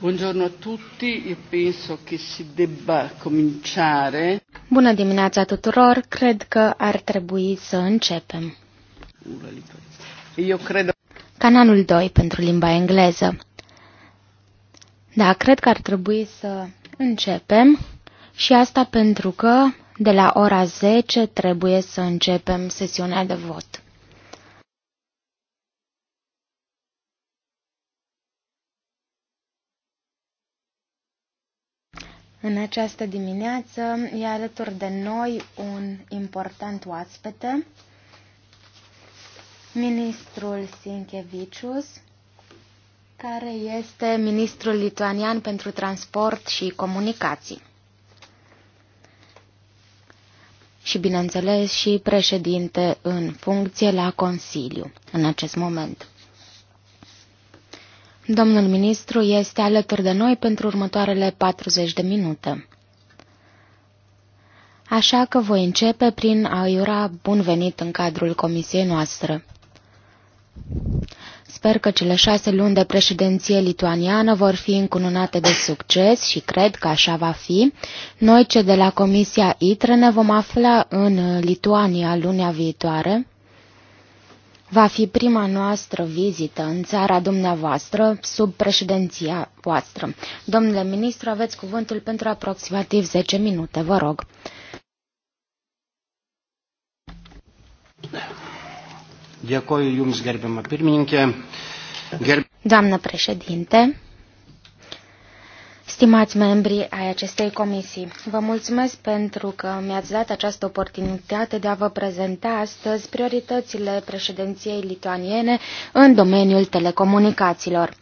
Buongiorno a tutti, io penso che si debba cominciare. Bună dimineața tuturor, cred că ar trebui să începem. Eu cred... Canalul 2 pentru limba engleză. Da, cred că ar trebui să începem și asta pentru că de la ora 10 trebuie să începem sesiunea de vot. În această dimineață e alături de noi un important oaspete, ministrul Sinkevicius, care este ministrul lituanian pentru transport și comunicații. Și, bineînțeles, și președinte în funcție la Consiliu în acest moment. Domnul ministru este alături de noi pentru următoarele 40 de minute. Așa că voi începe prin a iura bun venit în cadrul comisiei noastre. Sper că cele șase luni de președinție lituaniană vor fi încununate de succes și cred că așa va fi. Noi, ce de la Comisia ITRE, ne vom afla în Lituania lunea viitoare Va fi prima noastră vizită în țara dumneavoastră sub președinția voastră. Domnule ministru, aveți cuvântul pentru aproximativ 10 minute, vă rog. Dėkoju Jums, gerbiamă pirmininkė. Gerb... Doamnă președinte, Stimați membri ai acestei comisii, vă mulțumesc pentru că mi-ați dat această oportunitate de a vă prezenta astăzi prioritățile președinției lituaniene în domeniul telecomunicațiilor.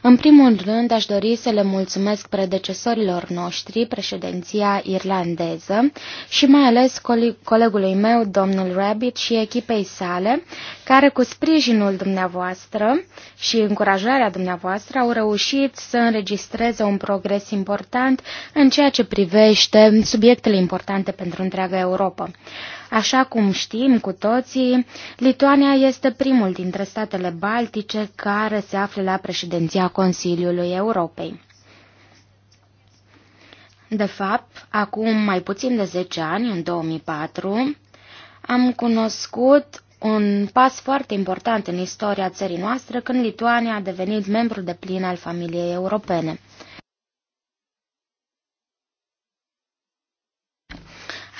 În primul rând, aș dori să le mulțumesc predecesorilor noștri, președinția irlandeză și mai ales colegului meu, domnul Rabbit, și echipei sale, care cu sprijinul dumneavoastră și încurajarea dumneavoastră au reușit să înregistreze un progres important în ceea ce privește subiectele importante pentru întreaga Europa. Așa cum știm cu toții, Lituania este primul dintre statele baltice care se află la președinția Consiliului Europei. De fapt, acum mai puțin de 10 ani, în 2004, am cunoscut un pas foarte important în istoria țării noastre când Lituania a devenit membru de plin al familiei europene.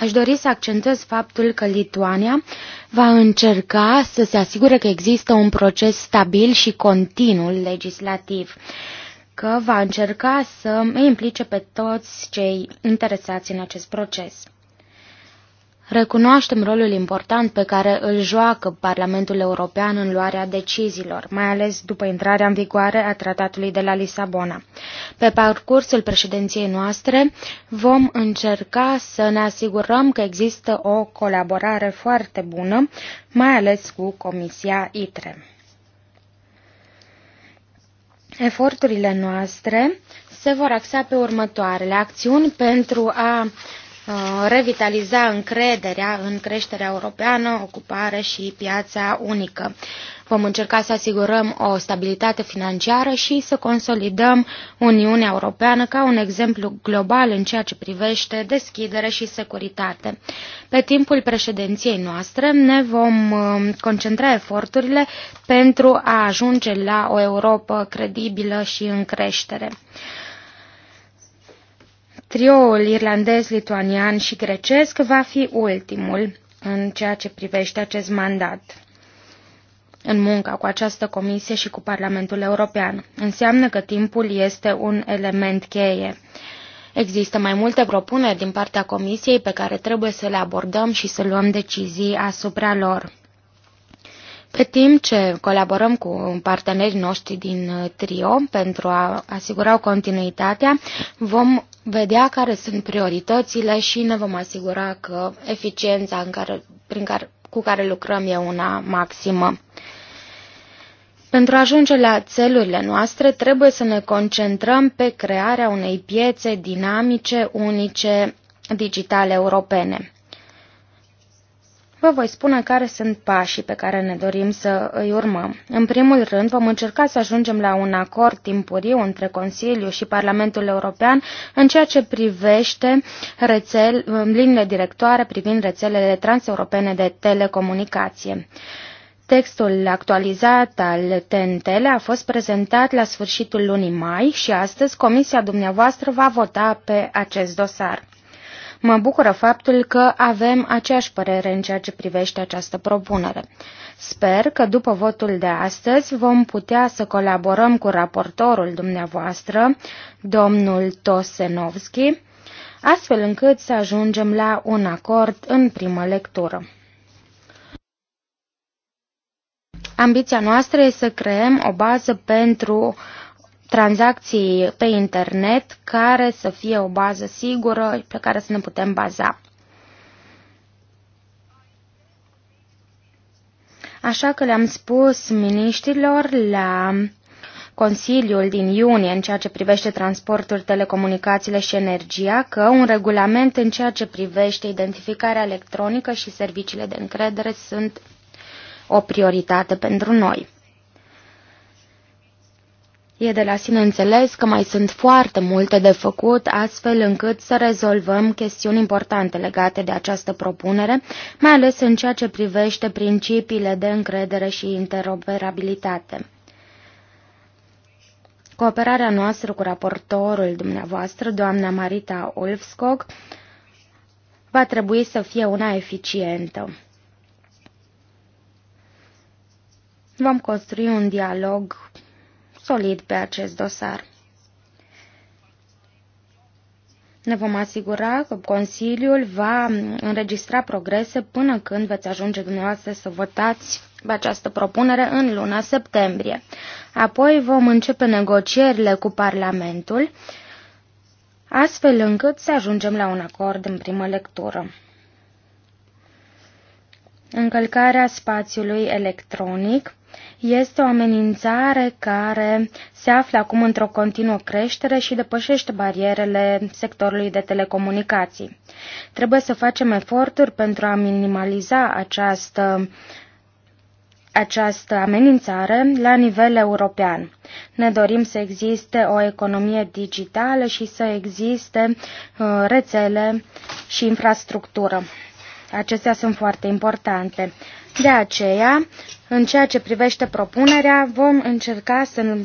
Aș dori să accentuez faptul că Lituania va încerca să se asigure că există un proces stabil și continuu legislativ, că va încerca să implice pe toți cei interesați în acest proces. Recunoaștem rolul important pe care îl joacă Parlamentul European în luarea deciziilor, mai ales după intrarea în vigoare a Tratatului de la Lisabona. Pe parcursul președinției noastre vom încerca să ne asigurăm că există o colaborare foarte bună, mai ales cu Comisia ITRE. Eforturile noastre se vor axa pe următoarele acțiuni pentru a Uh, revitaliza încrederea în creșterea europeană, ocupare și piața unică. Vom încerca să asigurăm o stabilitate financiară și să consolidăm Uniunea Europeană ca un exemplu global în ceea ce privește deschidere și securitate. Pe timpul președinției noastre ne vom uh, concentra eforturile pentru a ajunge la o Europa credibilă și în creștere. Trioul irlandez, lituanian și grecesc va fi ultimul în ceea ce privește acest mandat în munca cu această comisie și cu Parlamentul European. Înseamnă că timpul este un element cheie. Există mai multe propuneri din partea comisiei pe care trebuie să le abordăm și să luăm decizii asupra lor. Pe timp ce colaborăm cu partenerii noștri din TRIO pentru a asigura continuitatea, vom vedea care sunt prioritățile și ne vom asigura că eficiența în care, prin care, cu care lucrăm e una maximă. Pentru a ajunge la țelurile noastre, trebuie să ne concentrăm pe crearea unei piețe dinamice, unice, digitale europene. Vă voi spune care sunt pașii pe care ne dorim să îi urmăm. În primul rând, vom încerca să ajungem la un acord timpuriu între Consiliu și Parlamentul European în ceea ce privește rețel, linile directoare privind rețelele transeuropene de telecomunicație. Textul actualizat al tnt a fost prezentat la sfârșitul lunii mai și astăzi Comisia dumneavoastră va vota pe acest dosar. Mă bucură faptul că avem aceeași părere în ceea ce privește această propunere. Sper că după votul de astăzi vom putea să colaborăm cu raportorul dumneavoastră, domnul Tosenovski, astfel încât să ajungem la un acord în primă lectură. Ambiția noastră este să creăm o bază pentru tranzacții pe internet care să fie o bază sigură pe care să ne putem baza. Așa că le-am spus miniștrilor la Consiliul din iunie în ceea ce privește transportul, telecomunicațiile și energia că un regulament în ceea ce privește identificarea electronică și serviciile de încredere sunt o prioritate pentru noi. E de la sine înțeles că mai sunt foarte multe de făcut, astfel încât să rezolvăm chestiuni importante legate de această propunere, mai ales în ceea ce privește principiile de încredere și interoperabilitate. Cooperarea noastră cu raportorul dumneavoastră, doamna Marita Ulfskog, va trebui să fie una eficientă. Vom construi un dialog solid pe acest dosar. Ne vom asigura că Consiliul va înregistra progrese până când veți ajunge dumneavoastră să votați pe această propunere în luna septembrie. Apoi vom începe negocierile cu Parlamentul, astfel încât să ajungem la un acord în primă lectură încălcarea spațiului electronic este o amenințare care se află acum într-o continuă creștere și depășește barierele sectorului de telecomunicații. Trebuie să facem eforturi pentru a minimaliza această această amenințare la nivel european. Ne dorim să existe o economie digitală și să existe uh, rețele și infrastructură. Acestea sunt foarte importante. De aceea, în ceea ce privește propunerea, vom încerca să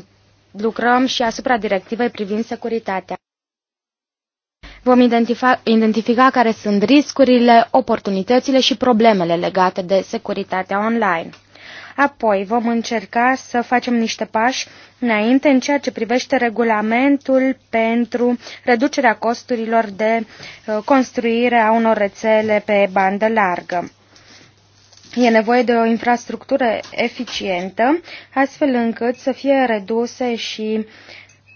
lucrăm și asupra directivei privind securitatea. Vom identifica, identifica care sunt riscurile, oportunitățile și problemele legate de securitatea online. Apoi vom încerca să facem niște pași înainte în ceea ce privește regulamentul pentru reducerea costurilor de uh, construire a unor rețele pe bandă largă. E nevoie de o infrastructură eficientă, astfel încât să fie reduse și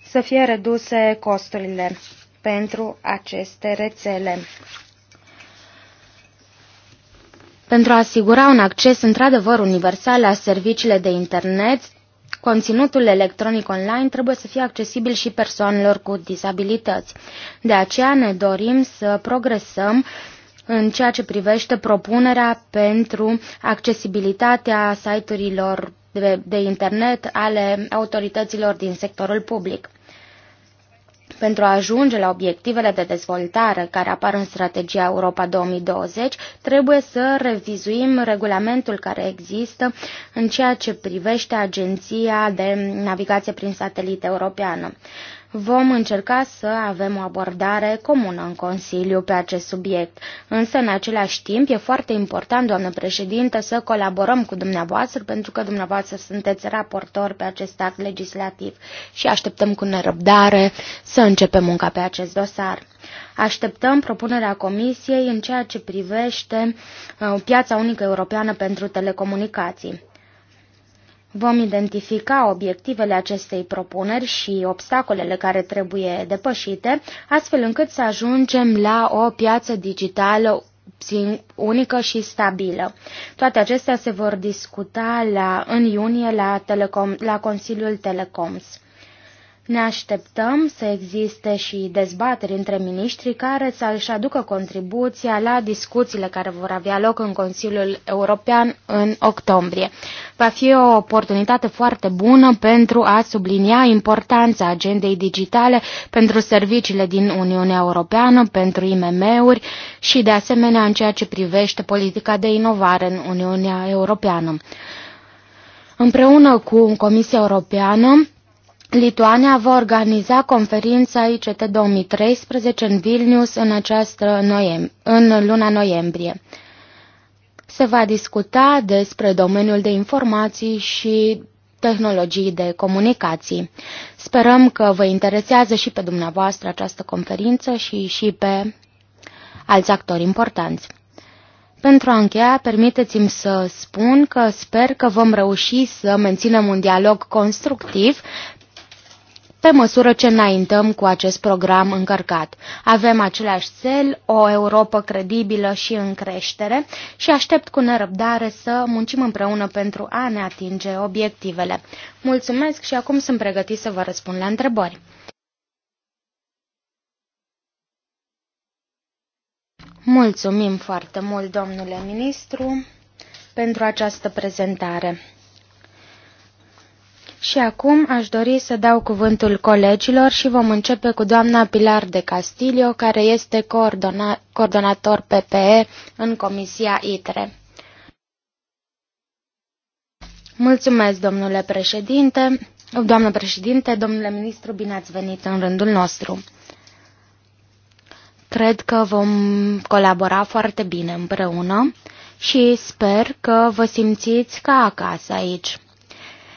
să fie reduse costurile pentru aceste rețele. Pentru a asigura un acces într-adevăr universal la serviciile de internet, Conținutul electronic online trebuie să fie accesibil și persoanelor cu dizabilități. De aceea ne dorim să progresăm în ceea ce privește propunerea pentru accesibilitatea site-urilor de, de internet ale autorităților din sectorul public. Pentru a ajunge la obiectivele de dezvoltare care apar în strategia Europa 2020, trebuie să revizuim regulamentul care există în ceea ce privește Agenția de Navigație prin Satelit Europeană. Vom încerca să avem o abordare comună în Consiliu pe acest subiect, însă în același timp e foarte important, doamnă președintă, să colaborăm cu dumneavoastră, pentru că dumneavoastră sunteți raportor pe acest act legislativ și așteptăm cu nerăbdare să începem munca pe acest dosar. Așteptăm propunerea Comisiei în ceea ce privește uh, piața unică europeană pentru telecomunicații. Vom identifica obiectivele acestei propuneri și obstacolele care trebuie depășite, astfel încât să ajungem la o piață digitală unică și stabilă. Toate acestea se vor discuta la, în iunie la, Telecom, la Consiliul Telecoms. Ne așteptăm să existe și dezbateri între miniștri care să-și aducă contribuția la discuțiile care vor avea loc în Consiliul European în octombrie. Va fi o oportunitate foarte bună pentru a sublinia importanța agendei digitale pentru serviciile din Uniunea Europeană, pentru IMM-uri și de asemenea în ceea ce privește politica de inovare în Uniunea Europeană. Împreună cu Comisia Europeană, Lituania va organiza conferința ICT 2013 în Vilnius în, această noiem- în luna noiembrie. Se va discuta despre domeniul de informații și tehnologii de comunicații. Sperăm că vă interesează și pe dumneavoastră această conferință și, și pe alți actori importanți. Pentru a încheia, permiteți-mi să spun că sper că vom reuși să menținem un dialog constructiv pe măsură ce înaintăm cu acest program încărcat. Avem același cel, o Europa credibilă și în creștere și aștept cu nerăbdare să muncim împreună pentru a ne atinge obiectivele. Mulțumesc și acum sunt pregătit să vă răspund la întrebări. Mulțumim foarte mult, domnule ministru, pentru această prezentare. Și acum aș dori să dau cuvântul colegilor și vom începe cu doamna Pilar de Castilio, care este coordona coordonator PPE în Comisia ITRE. Mulțumesc, domnule președinte. Doamnă președinte, domnule ministru, bine ați venit în rândul nostru. Cred că vom colabora foarte bine împreună și sper că vă simțiți ca acasă aici.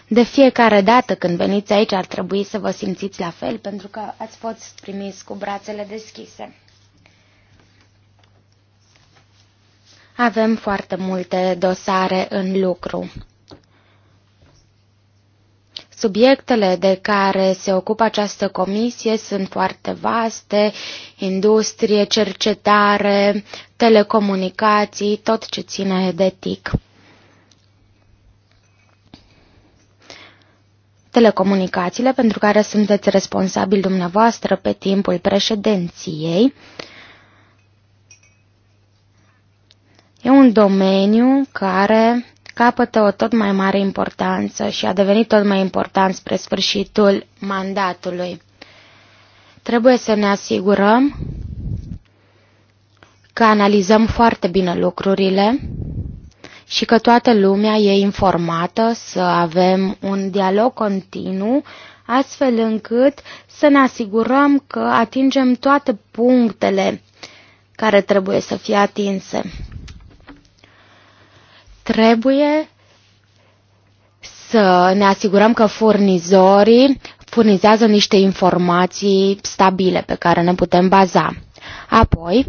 De fiecare dată când veniți aici ar trebui să vă simțiți la fel, pentru că ați fost primiți cu brațele deschise. Avem foarte multe dosare în lucru. Subiectele de care se ocupă această comisie sunt foarte vaste, industrie, cercetare, telecomunicații, tot ce ține de TIC. telecomunicațiile, pentru care sunteți responsabil dumneavoastră pe timpul președinției, e un domeniu care capătă o tot mai mare importanță și a devenit tot mai important spre sfârșitul mandatului. Trebuie să ne asigurăm că analizăm foarte bine lucrurile și că toată lumea e informată, să avem un dialog continuu, astfel încât să ne asigurăm că atingem toate punctele care trebuie să fie atinse. Trebuie să ne asigurăm că furnizorii furnizează niște informații stabile pe care ne putem baza. Apoi,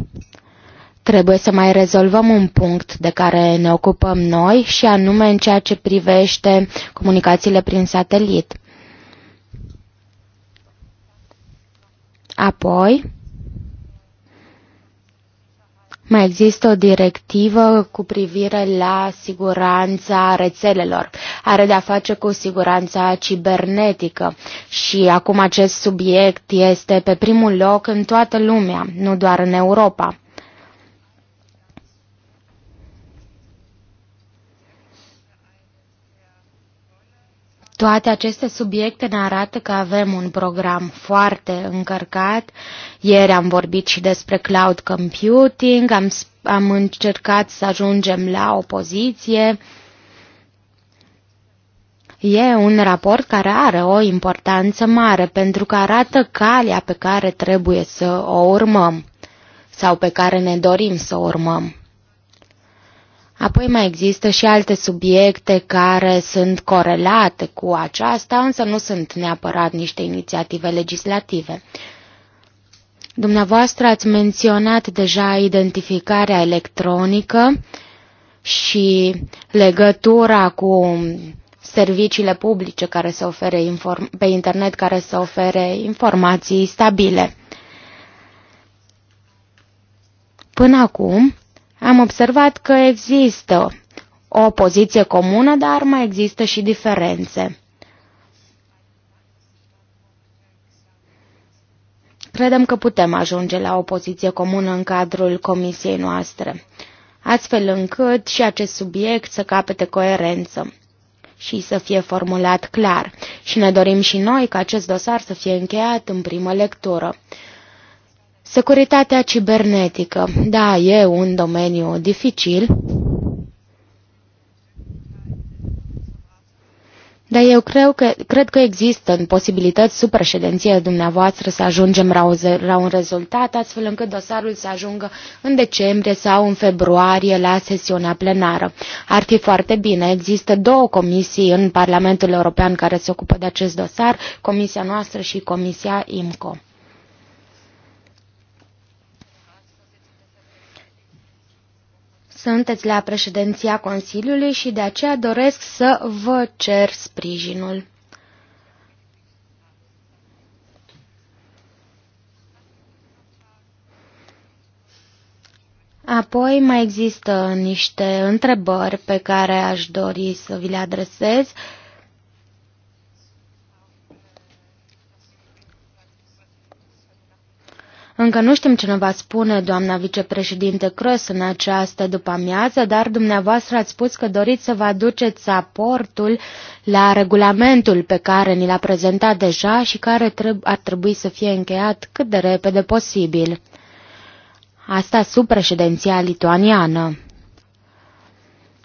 Trebuie să mai rezolvăm un punct de care ne ocupăm noi și anume în ceea ce privește comunicațiile prin satelit. Apoi, mai există o directivă cu privire la siguranța rețelelor. Are de-a face cu siguranța cibernetică și acum acest subiect este pe primul loc în toată lumea, nu doar în Europa. Toate aceste subiecte ne arată că avem un program foarte încărcat. Ieri am vorbit și despre cloud computing, am, am încercat să ajungem la o poziție. E un raport care are o importanță mare pentru că arată calea pe care trebuie să o urmăm sau pe care ne dorim să o urmăm. Apoi mai există și alte subiecte care sunt corelate cu aceasta, însă nu sunt neapărat niște inițiative legislative. Dumneavoastră ați menționat deja identificarea electronică și legătura cu serviciile publice care se ofere pe internet care să ofere informații stabile. Până acum, am observat că există o poziție comună, dar mai există și diferențe. Credem că putem ajunge la o poziție comună în cadrul comisiei noastre, astfel încât și acest subiect să capete coerență și să fie formulat clar. Și ne dorim și noi ca acest dosar să fie încheiat în primă lectură. Securitatea cibernetică, da, e un domeniu dificil, dar eu cred că, cred că există în posibilități sub președinția dumneavoastră să ajungem la, la un rezultat, astfel încât dosarul să ajungă în decembrie sau în februarie la sesiunea plenară. Ar fi foarte bine. Există două comisii în Parlamentul European care se ocupă de acest dosar, comisia noastră și comisia IMCO. Sunteți la președinția Consiliului și de aceea doresc să vă cer sprijinul. Apoi mai există niște întrebări pe care aș dori să vi le adresez Încă nu știm ce ne va spune doamna vicepreședinte Cross în această după-amiază, dar dumneavoastră ați spus că doriți să vă aduceți aportul la regulamentul pe care ni l-a prezentat deja și care treb- ar trebui să fie încheiat cât de repede posibil. Asta sub președinția lituaniană.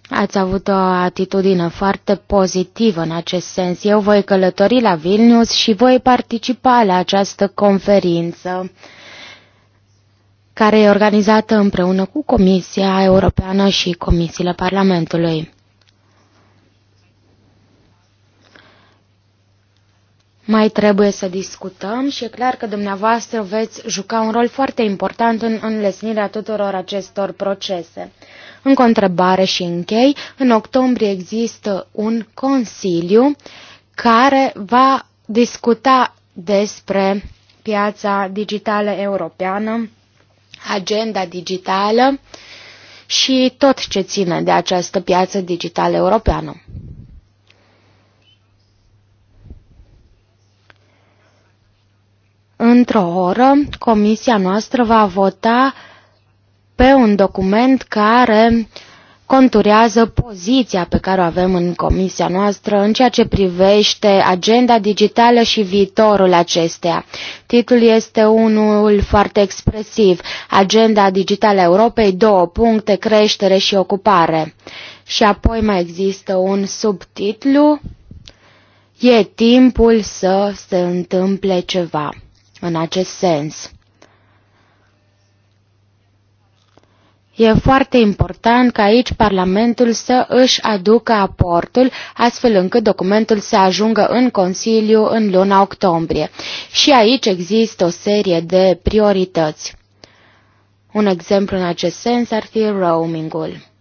Ați avut o atitudine foarte pozitivă în acest sens. Eu voi călători la Vilnius și voi participa la această conferință care e organizată împreună cu Comisia Europeană și Comisiile Parlamentului. Mai trebuie să discutăm și e clar că dumneavoastră veți juca un rol foarte important în înlesnirea tuturor acestor procese. În întrebare și închei, în octombrie există un consiliu care va discuta despre piața digitală europeană agenda digitală și tot ce ține de această piață digitală europeană. Într-o oră, comisia noastră va vota pe un document care uh, conturează poziția pe care o avem în comisia noastră în ceea ce privește agenda digitală și viitorul acesteia. Titlul este unul foarte expresiv, Agenda Digitală Europei, două puncte, creștere și ocupare. Și apoi mai există un subtitlu, E timpul să se întâmple ceva în acest sens. E foarte important ca aici Parlamentul să își aducă aportul, astfel încât documentul să ajungă în Consiliu în luna octombrie. Și aici există o serie de priorități. Un exemplu în acest sens ar fi roamingul.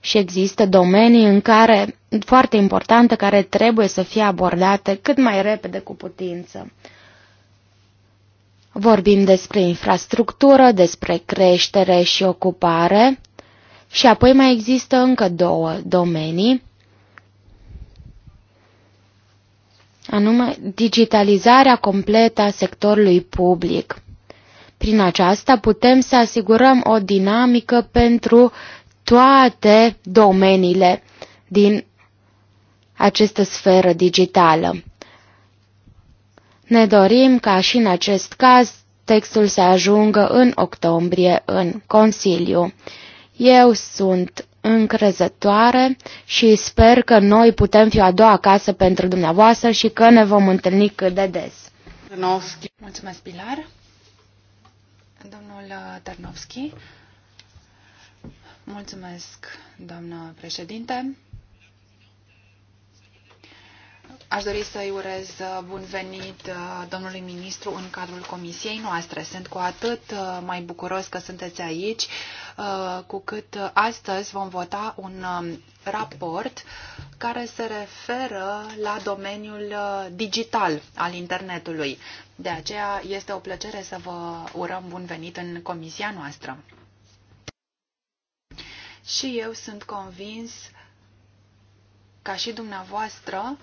și există domenii în care, foarte importante, care trebuie să fie abordate cât mai repede cu putință. Vorbim despre infrastructură, despre creștere și ocupare și apoi mai există încă două domenii, anume digitalizarea completă a sectorului public. Prin aceasta putem să asigurăm o dinamică pentru toate domeniile din această sferă digitală. Ne dorim ca și în acest caz textul să ajungă în octombrie în Consiliu. Eu sunt încrezătoare și sper că noi putem fi a doua casă pentru dumneavoastră și că ne vom întâlni cât de des. Mulțumesc, Pilar. Domnul uh, Tarnovski. Mulțumesc, doamnă președinte. Aș dori să-i urez uh, bun venit uh, domnului ministru în cadrul comisiei noastre. Sunt cu atât uh, mai bucuros că sunteți aici, cu cât astăzi vom vota un um, raport care se referă la domeniul digital al internetului. De aceea este o plăcere să vă urăm bun venit în comisia noastră. Și eu sunt convins, ca și dumneavoastră,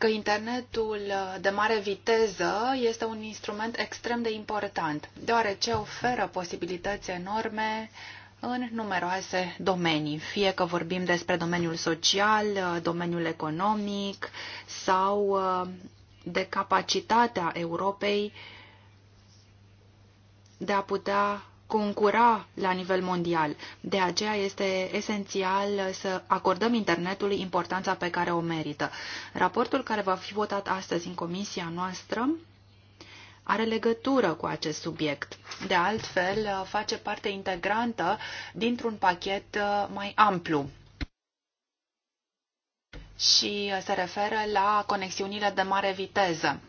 că internetul uh, de mare viteză este un instrument extrem de important, deoarece oferă posibilități enorme în numeroase domenii, fie că vorbim despre domeniul social, uh, domeniul economic sau uh, de capacitatea Europei de a putea concura la nivel mondial. De aceea este esențial să acordăm internetului importanța pe care o merită. Raportul care va fi votat astăzi în comisia noastră are legătură cu acest subiect. De altfel, face parte integrantă dintr-un pachet uh, mai amplu și uh, se referă la conexiunile de mare viteză.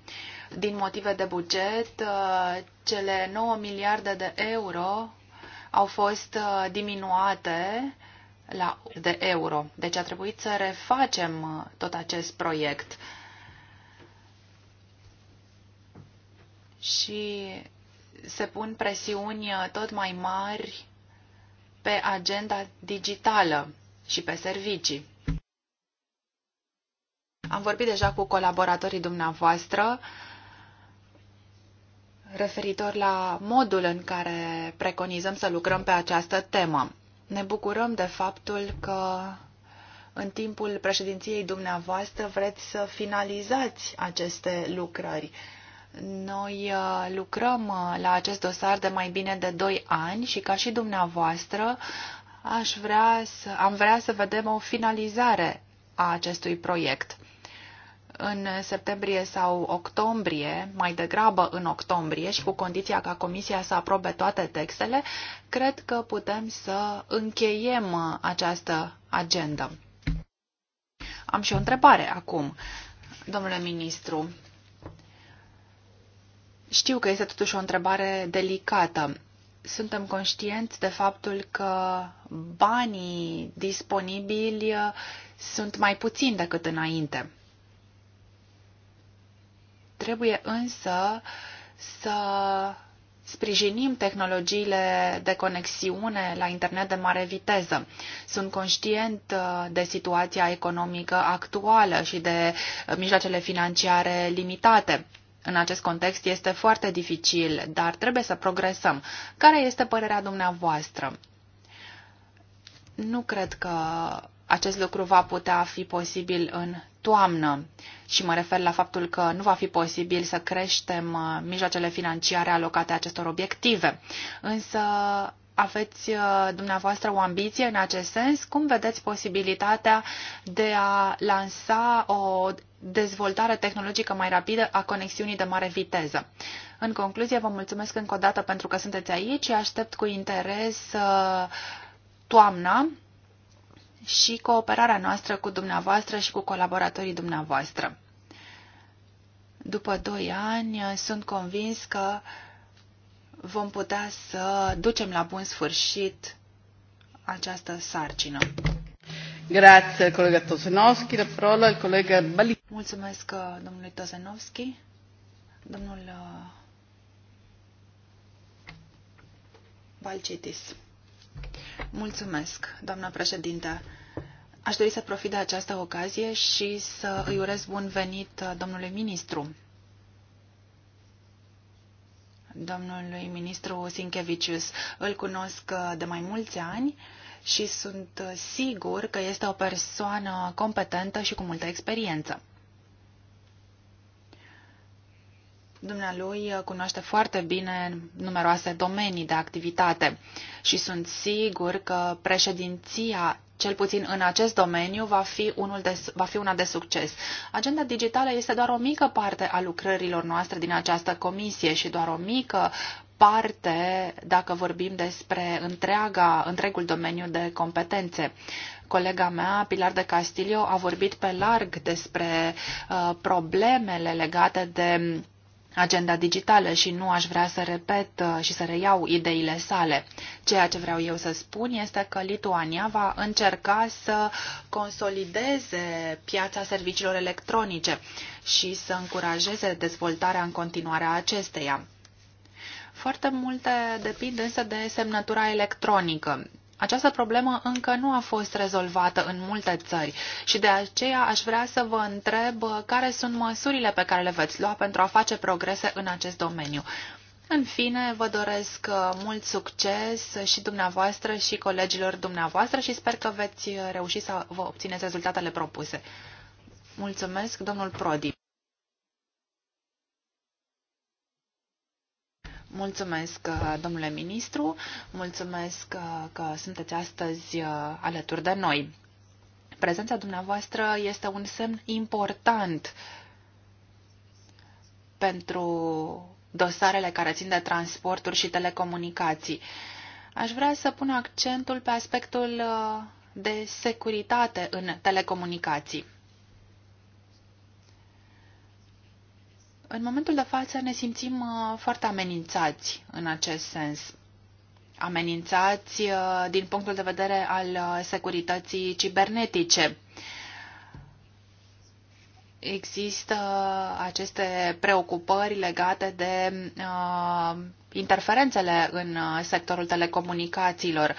Din motive de buget, uh, cele 9 miliarde de euro au fost uh, diminuate la de euro. Deci a trebuit să refacem uh, tot acest proiect. Și se pun presiuni tot mai mari pe agenda digitală și pe servicii. Am vorbit deja cu colaboratorii dumneavoastră referitor la modul în care preconizăm să lucrăm pe această temă. Ne bucurăm de faptul că în timpul președinției dumneavoastră vreți să finalizați aceste lucrări. Noi uh, lucrăm uh, la acest dosar de mai bine de 2 ani și ca și dumneavoastră aș vrea să, am vrea să vedem o finalizare a acestui proiect în septembrie sau octombrie, mai degrabă în octombrie și cu condiția ca Comisia să aprobe toate textele, cred că putem să încheiem această agendă. Am și o întrebare acum, domnule ministru. Știu că este totuși o întrebare delicată. Suntem conștienți de faptul că banii disponibili sunt mai puțini decât înainte. Trebuie însă să sprijinim tehnologiile de conexiune la internet de mare viteză. Sunt conștient uh, de situația economică actuală și de uh, mijloacele financiare limitate. În acest context este foarte dificil, dar trebuie să progresăm. Care este părerea dumneavoastră? Nu cred că acest lucru va putea fi posibil în toamnă și mă refer la faptul că nu va fi posibil să creștem uh, mijloacele financiare alocate acestor obiective. Însă aveți uh, dumneavoastră o ambiție în acest sens? Cum vedeți posibilitatea de a lansa o dezvoltare tehnologică mai rapidă a conexiunii de mare viteză? În concluzie, vă mulțumesc încă o dată pentru că sunteți aici și aștept cu interes uh, toamna și cooperarea noastră cu dumneavoastră și cu colaboratorii dumneavoastră. După doi ani, sunt convins că vom putea să ducem la bun sfârșit această sarcină. Grazie, colega Tosenovski. La parola al colega Bali. Mulțumesc, uh, domnului Tosenovski. Domnul uh, Balcetis. Mulțumesc, doamna președinte. Aș dori să profit de această ocazie și să îi urez bun venit domnului ministru. Domnului ministru Sinkevicius îl cunosc de mai mulți ani și sunt sigur că este o persoană competentă și cu multă experiență. Dumnealui uh, cunoaște foarte bine numeroase domenii de activitate și sunt sigur că președinția cel puțin în acest domeniu, va fi, unul de, va fi una de succes. Agenda digitală este doar o mică parte a lucrărilor noastre din această comisie și doar o mică parte dacă vorbim despre întreaga, întregul domeniu de competențe. Colega mea, Pilar de Castilio, a vorbit pe larg despre uh, problemele legate de agenda digitală și nu aș vrea să repet uh, și să reiau ideile sale. Ceea ce vreau eu să spun este că Lituania va încerca să consolideze piața serviciilor electronice și să încurajeze dezvoltarea în continuare a acesteia. Foarte multe depind însă de semnătura electronică această problemă încă nu a fost rezolvată în multe țări și de aceea aș vrea să vă întreb uh, care sunt măsurile pe care le veți lua pentru a face progrese în acest domeniu. În fine, vă doresc uh, mult succes și dumneavoastră și colegilor dumneavoastră și sper că veți uh, reuși să vă obțineți rezultatele propuse. Mulțumesc, domnul Prodi. Mulțumesc, uh, domnule ministru, mulțumesc uh, că sunteți astăzi uh, alături de noi. Prezența dumneavoastră este un semn important pentru dosarele care țin de transporturi și telecomunicații. Aș vrea să pun accentul pe aspectul de securitate în telecomunicații. În momentul de față ne simțim uh, foarte amenințați în acest sens. Amenințați uh, din punctul de vedere al uh, securității cibernetice. Există aceste preocupări legate de uh, interferențele în sectorul telecomunicațiilor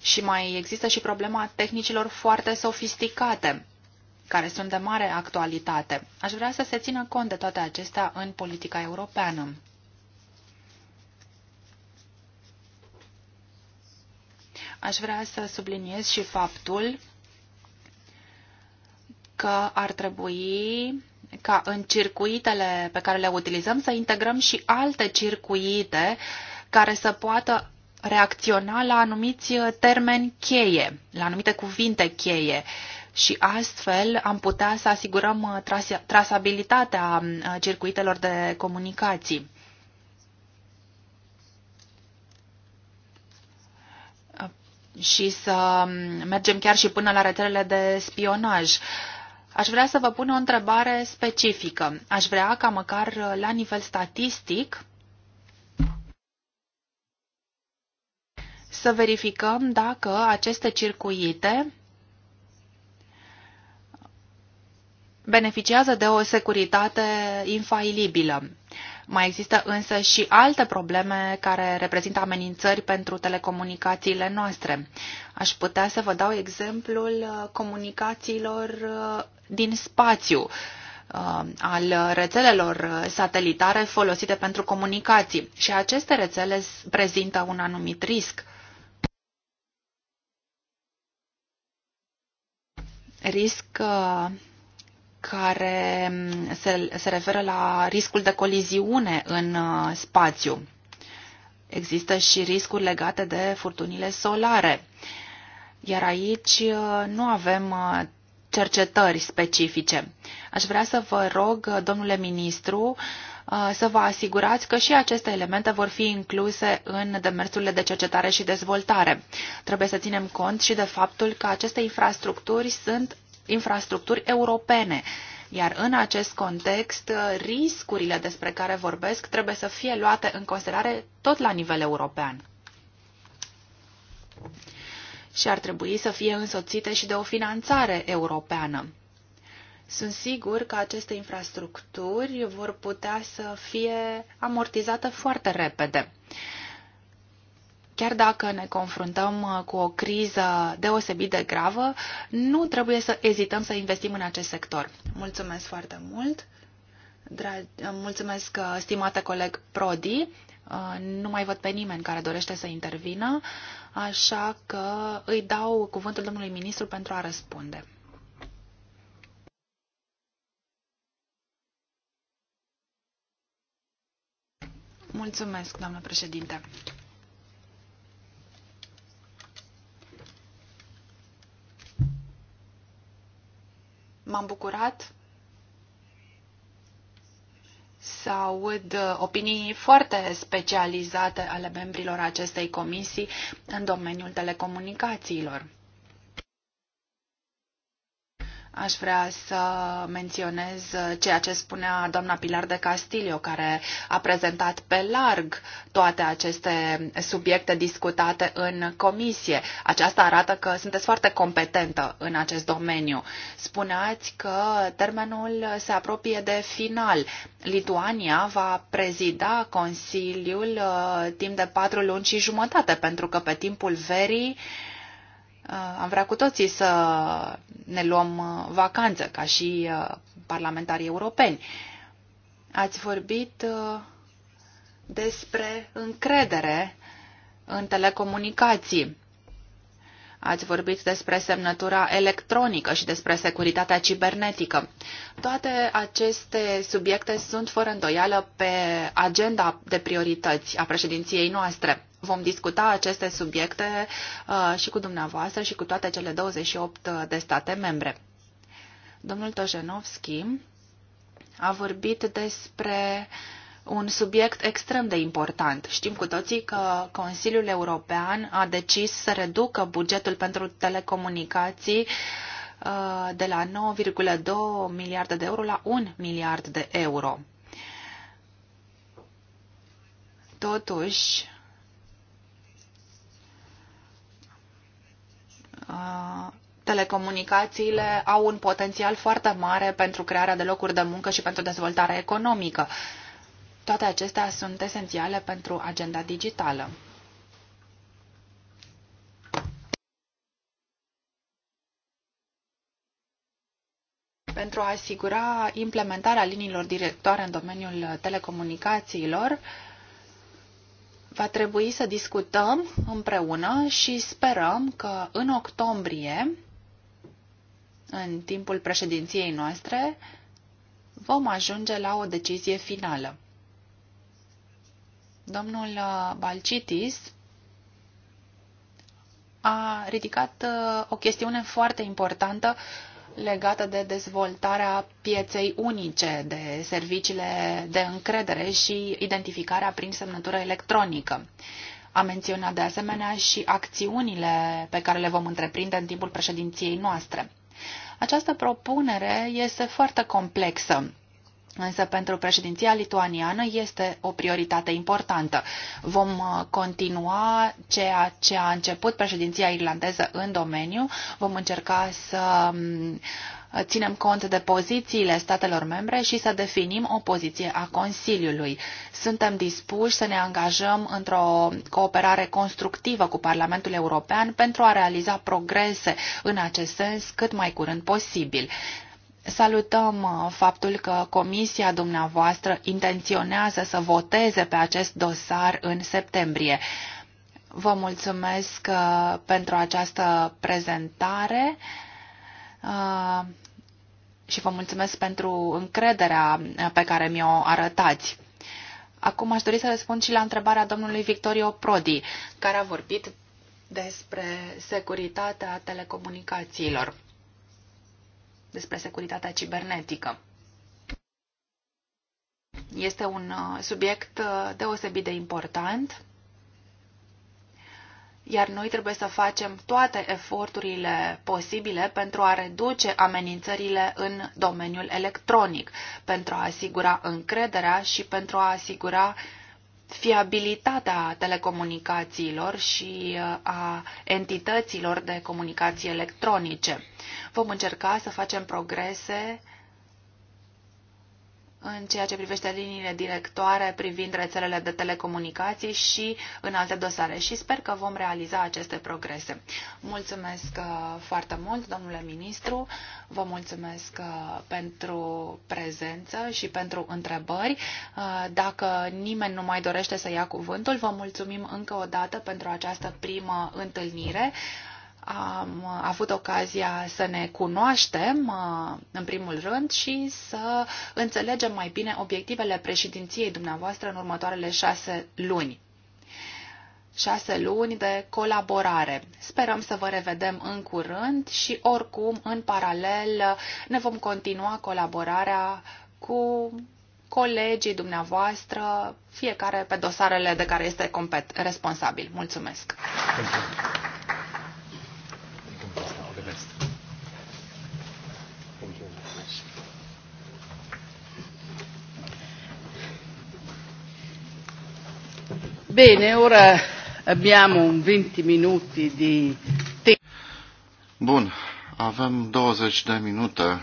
și mai există și problema tehnicilor foarte sofisticate care sunt de mare actualitate. Aș vrea să se țină cont de toate acestea în politica europeană. Aș vrea să subliniez și faptul că ar trebui ca în circuitele pe care le utilizăm să integrăm și alte circuite care să poată reacționa la anumiți termeni cheie, la anumite cuvinte cheie și astfel am putea să asigurăm uh, trasabilitatea uh, circuitelor de comunicații. Uh, și să um, mergem chiar și până la rețelele de spionaj. Aș vrea să vă pun o întrebare specifică. Aș vrea ca măcar la nivel statistic să verificăm dacă aceste circuite beneficiază de o securitate infailibilă. Mai există însă și alte probleme care reprezintă amenințări pentru telecomunicațiile noastre. Aș putea să vă dau exemplul uh, comunicațiilor uh, din spațiu uh, al rețelelor satelitare folosite pentru comunicații și aceste rețele prezintă un anumit risc. Risc care mm, se, se referă la riscul de coliziune în uh, spațiu. Există și riscuri legate de furtunile solare. Iar aici uh, nu avem uh, cercetări specifice. Aș vrea să vă rog, domnule ministru, să vă asigurați că și aceste elemente vor fi incluse în demersurile de cercetare și dezvoltare. Trebuie să ținem cont și de faptul că aceste infrastructuri sunt infrastructuri europene. Iar în acest context, uh, riscurile despre care vorbesc trebuie să fie luate în considerare tot la nivel european. Și ar trebui să fie însoțite și de o finanțare europeană. Sunt sigur că aceste infrastructuri vor putea să fie amortizate foarte repede. Chiar dacă ne confruntăm uh, cu o criză deosebit de gravă, nu trebuie să ezităm să investim în acest sector. Mulțumesc foarte mult! Dragi, uh, mulțumesc, uh, stimate coleg Prodi. Nu mai văd pe nimeni care dorește să intervină, așa că îi dau cuvântul domnului ministru pentru a răspunde. Mulțumesc, doamnă președinte. M-am bucurat să aud opinii foarte specializate ale membrilor acestei comisii în domeniul telecomunicațiilor. Aș vrea să menționez ceea ce spunea doamna Pilar de Castilio, care a prezentat pe larg toate aceste subiecte discutate în comisie. Aceasta arată că sunteți foarte competentă în acest domeniu. Spuneați că termenul se apropie de final. Lituania va prezida Consiliul uh, timp de patru luni și jumătate, pentru că pe timpul verii uh, Uh, am vrea cu toții să ne luăm uh, vacanță ca și uh, parlamentarii europeni. Ați vorbit despre încredere în telecomunicații Ați vorbit despre semnătura electronică și despre securitatea cibernetică. Toate aceste subiecte sunt fără îndoială pe agenda de priorități a președinției noastre. Vom discuta aceste subiecte uh, și cu dumneavoastră și cu toate cele 28 de state membre. Domnul Tojenovski a vorbit despre uh, un subiect extrem de important. Știm cu toții că Consiliul European a decis să reducă bugetul pentru telecomunicații uh, de la 9,2 miliarde de euro la 1 miliard de euro. Totuși, uh, telecomunicațiile au un potențial foarte mare pentru crearea de locuri de muncă și pentru dezvoltarea economică. Toate acestea sunt esențiale pentru agenda digitală. Pentru a asigura implementarea liniilor directoare în domeniul telecomunicațiilor, va trebui să discutăm împreună și sperăm că în octombrie, în timpul președinției noastre, vom ajunge la o decizie finală. Domnul uh, Balcitis a ridicat uh, o chestiune foarte importantă legată de dezvoltarea pieței unice, de serviciile de încredere și identificarea prin semnătură electronică. A menționat de asemenea și acțiunile pe care le vom întreprinde în timpul președinției noastre. Această propunere este foarte complexă Însă pentru președinția lituaniană este o prioritate importantă. Vom uh, continua ceea ce a început președinția irlandeză în domeniu. Vom încerca să um, ținem cont de pozițiile statelor membre și să definim o poziție a Consiliului. Suntem dispuși să ne angajăm într-o cooperare constructivă cu Parlamentul European pentru a realiza progrese în acest sens cât mai curând posibil. Salutăm uh, faptul că comisia dumneavoastră intenționează să voteze pe acest dosar în septembrie. Vă mulțumesc uh, pentru această prezentare uh, și vă mulțumesc pentru încrederea pe care mi-o arătați. Acum aș dori să răspund și la întrebarea domnului Victorio Prodi, care a vorbit despre securitatea telecomunicațiilor despre securitatea cibernetică. Este un uh, subiect uh, deosebit de important, iar noi trebuie să facem toate eforturile posibile pentru a reduce amenințările în domeniul electronic, pentru a asigura încrederea și pentru a asigura uh, fiabilitatea telecomunicațiilor și uh, a entităților de comunicații electronice. Vom încerca să facem progrese în ceea ce privește liniile directoare privind rețelele de telecomunicații și în alte dosare și sper că vom realiza aceste progrese. Mulțumesc uh, foarte mult, domnule ministru, vă mulțumesc uh, pentru prezență și pentru întrebări. Uh, dacă nimeni nu mai dorește să ia cuvântul, vă mulțumim încă o dată pentru această primă întâlnire am avut ocazia să ne cunoaștem uh, în primul rând și să înțelegem mai bine obiectivele președinției dumneavoastră în următoarele șase luni. Șase luni de colaborare. Sperăm să vă revedem în curând și oricum, în paralel, ne vom continua colaborarea cu colegii dumneavoastră, fiecare pe dosarele de care este responsabil. Mulțumesc! Mulțumesc. Bine, ora abbiamo un 20 minuti di Bun, avem 20 de minute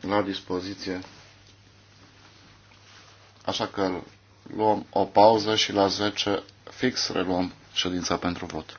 la dispoziție. Așa că luăm o pauză și la 10 fix reluăm ședința pentru vot.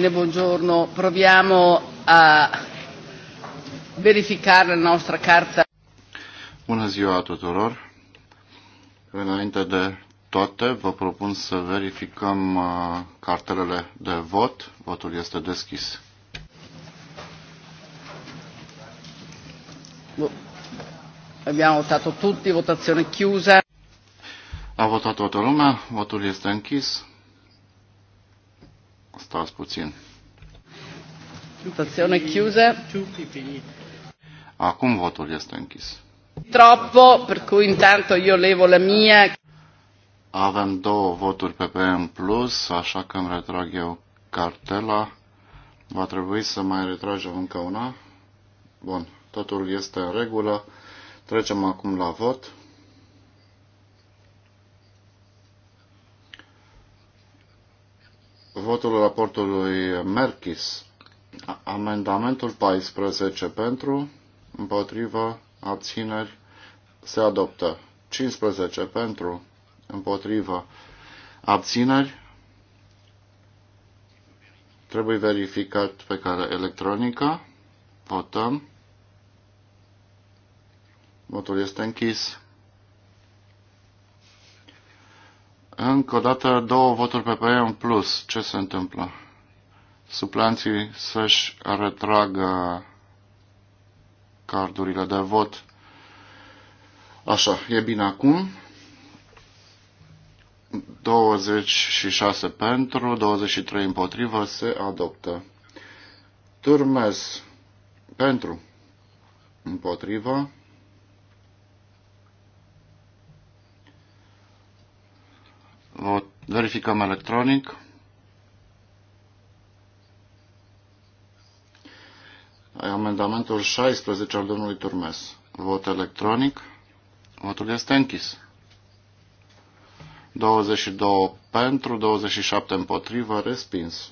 Bene, buongiorno. Proviamo a verificare la nostra carta. Bună ziua tuturor. Înainte de toate, vă propun să verificăm uh, cartelele de vot. Votul este deschis. Abbiamo votato tutti, votazione chiusa. Ha votat toată lumea, votul este închis. Stați puțin. Votazione chiusa. Acum votul este închis. Troppo, per cui intanto io levo la mia. Avem două voturi PP în plus, așa că îmi retrag eu cartela. Va trebui să mai retragem încă una. Bun, totul este în regulă. Trecem acum la vot. votul raportului Merkis. Amendamentul 14 pentru, împotrivă, abțineri, se adoptă. 15 pentru, împotrivă, abțineri, trebuie verificat pe care electronică, votăm, votul este închis. Încă o dată două voturi PP în plus. Ce se întâmplă? Suplanții să-și retragă cardurile de vot. Așa, e bine acum. 26 pentru, 23 împotrivă, se adoptă. Turmes pentru, împotrivă, Vot, verificăm electronic. Amendamentul 16 al domnului Turmes. Vot electronic. Votul este închis. 22 pentru, 27 împotrivă, respins.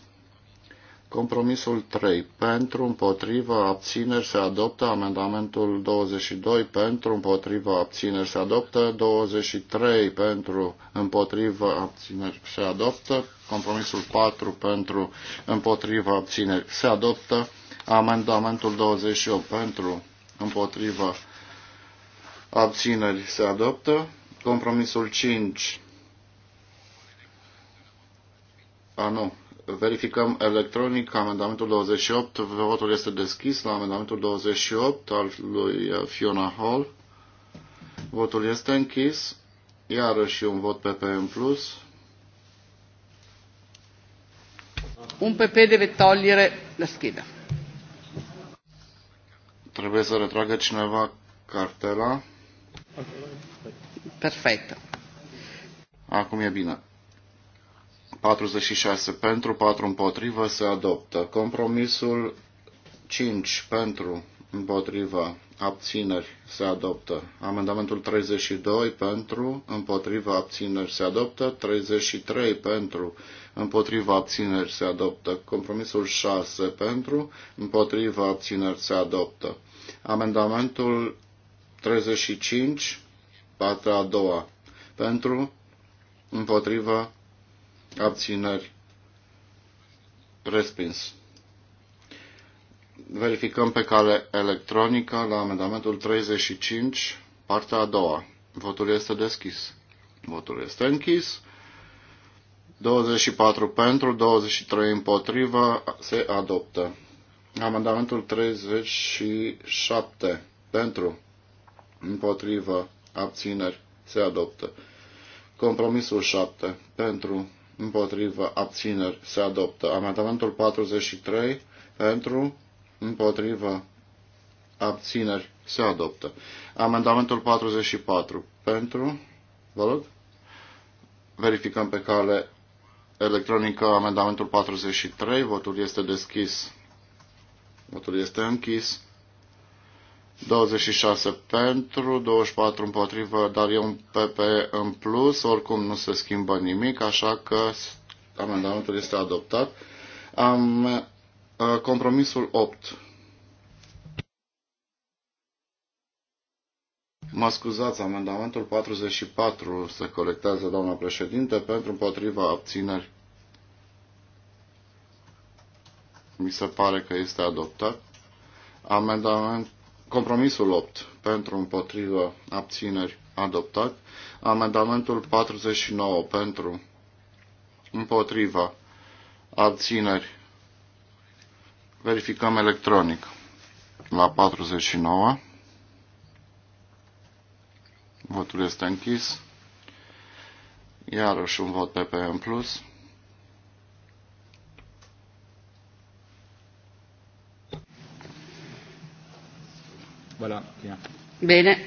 Compromisul 3. Pentru, împotrivă, abțineri se adoptă. Amendamentul 22. Pentru, împotrivă, abțineri se adoptă. 23. Pentru, împotrivă, abțineri se adoptă. Compromisul 4. Pentru, împotrivă, abțineri se adoptă. Amendamentul 28. Pentru, împotrivă, abțineri se adoptă. Compromisul 5. A, nu verificăm electronic amendamentul 28. Votul este deschis la amendamentul 28 al lui uh, Fiona Hall. Votul este închis. Iarăși un vot PP în plus. Un PP deve togliere la scheda. Trebuie să retragă cineva cartela. Perfect. Acum e bine. 46 pentru, 4 împotrivă, se adoptă. Compromisul 5 pentru, împotrivă, abțineri, se adoptă. Amendamentul 32 pentru, împotrivă, abțineri, se adoptă. 33 pentru, împotrivă, abțineri, se adoptă. Compromisul 6 pentru, împotrivă, abțineri, se adoptă. Amendamentul 35, patra a doua, pentru, împotrivă, abțineri, respins. Verificăm pe cale electronică la amendamentul 35, partea a doua. Votul este deschis. Votul este închis. 24 pentru, 23 împotrivă, se adoptă. Amendamentul 37 pentru, împotrivă, abțineri, se adoptă. Compromisul 7 pentru, împotrivă, abțineri, se adoptă. Amendamentul 43, pentru, împotrivă, abțineri, se adoptă. Amendamentul 44, pentru, vă rog, verificăm pe cale electronică amendamentul 43, votul este deschis, votul este închis. 26 pentru, 24 împotrivă, dar e un PP în plus, oricum nu se schimbă nimic, așa că amendamentul este adoptat. Am uh, compromisul 8. Mă scuzați, amendamentul 44 se corectează, doamna președinte, pentru împotriva abțineri. Mi se pare că este adoptat. Amendament Compromisul 8 pentru împotrivă abțineri adoptat. Amendamentul 49 pentru împotriva abțineri. Verificăm electronic la 49. Votul este închis. Iarăși un vot PP în plus. Voilà. Bine. 22-29.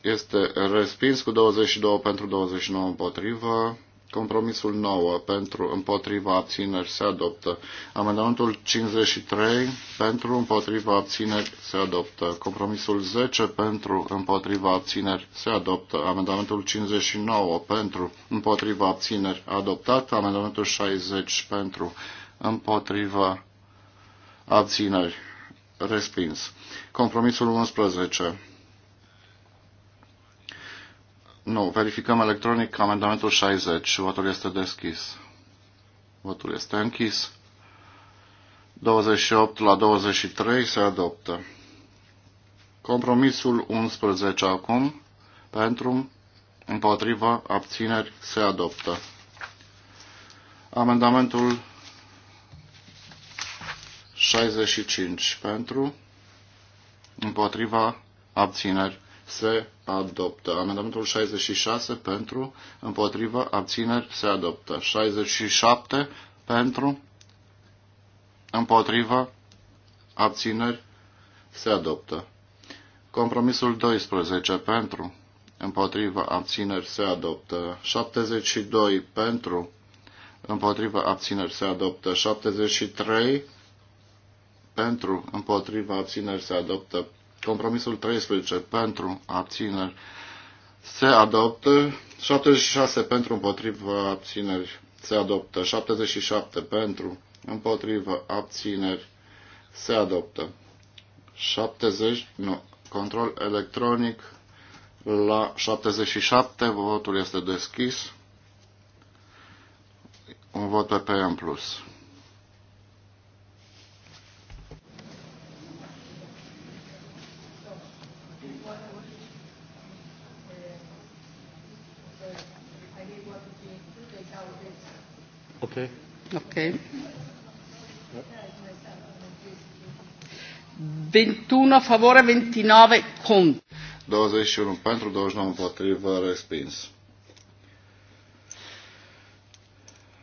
Este respins cu 22 pentru 29 împotrivă. Compromisul 9 pentru împotriva abțineri se adoptă. Amendamentul 53 pentru împotriva abțineri se adoptă. Compromisul 10 pentru împotriva abțineri se adoptă. Amendamentul 59 pentru împotriva abțineri adoptat. Amendamentul 60 pentru împotriva abțineri, respins. Compromisul 11. Nu, verificăm electronic amendamentul 60. Votul este deschis. Votul este închis. 28 la 23 se adoptă. Compromisul 11 acum, pentru, împotriva, abțineri, se adoptă. Amendamentul 65 pentru, împotriva, abțineri, se adoptă. Amendamentul 66 pentru, împotriva, abțineri, se adoptă. 67 pentru, împotriva, abțineri, se adoptă. Compromisul 12 pentru, împotriva, abțineri, se adoptă. 72 pentru, împotriva, abțineri, se adoptă. 73 pentru, împotriva, abțineri se adoptă. Compromisul 13 pentru, abțineri se adoptă. 76 pentru, împotriva, abțineri se adoptă. 77 pentru, împotriva, abțineri se adoptă. 70, nu, control electronic la 77, votul este deschis. Un vot pe în plus. Okay. Okay. 21 favore, 29 con. 21 pentru, 29 împotrivă, respins.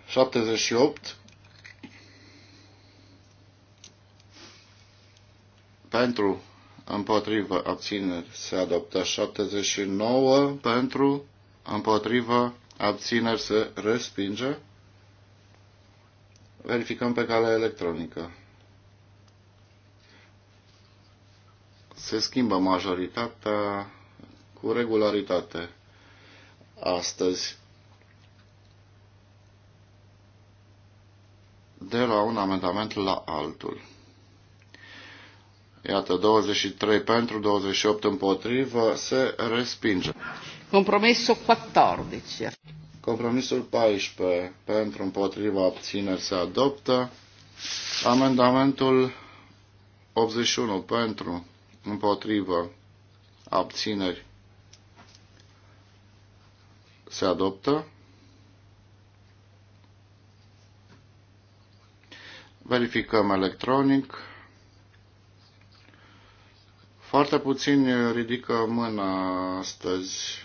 78 pentru, împotrivă, abțineri, se adoptă 79 pentru, împotrivă, abțineri, se respinge. Verificăm pe calea electronică. Se schimbă majoritatea cu regularitate astăzi. de la un amendament la altul. Iată, 23 pentru, 28 împotrivă, se respinge. Compromisul 14. Compromisul 14 pentru împotriva abțineri se adoptă. Amendamentul 81 pentru împotriva abțineri se adoptă. Verificăm electronic. Foarte puțin ridică mâna astăzi.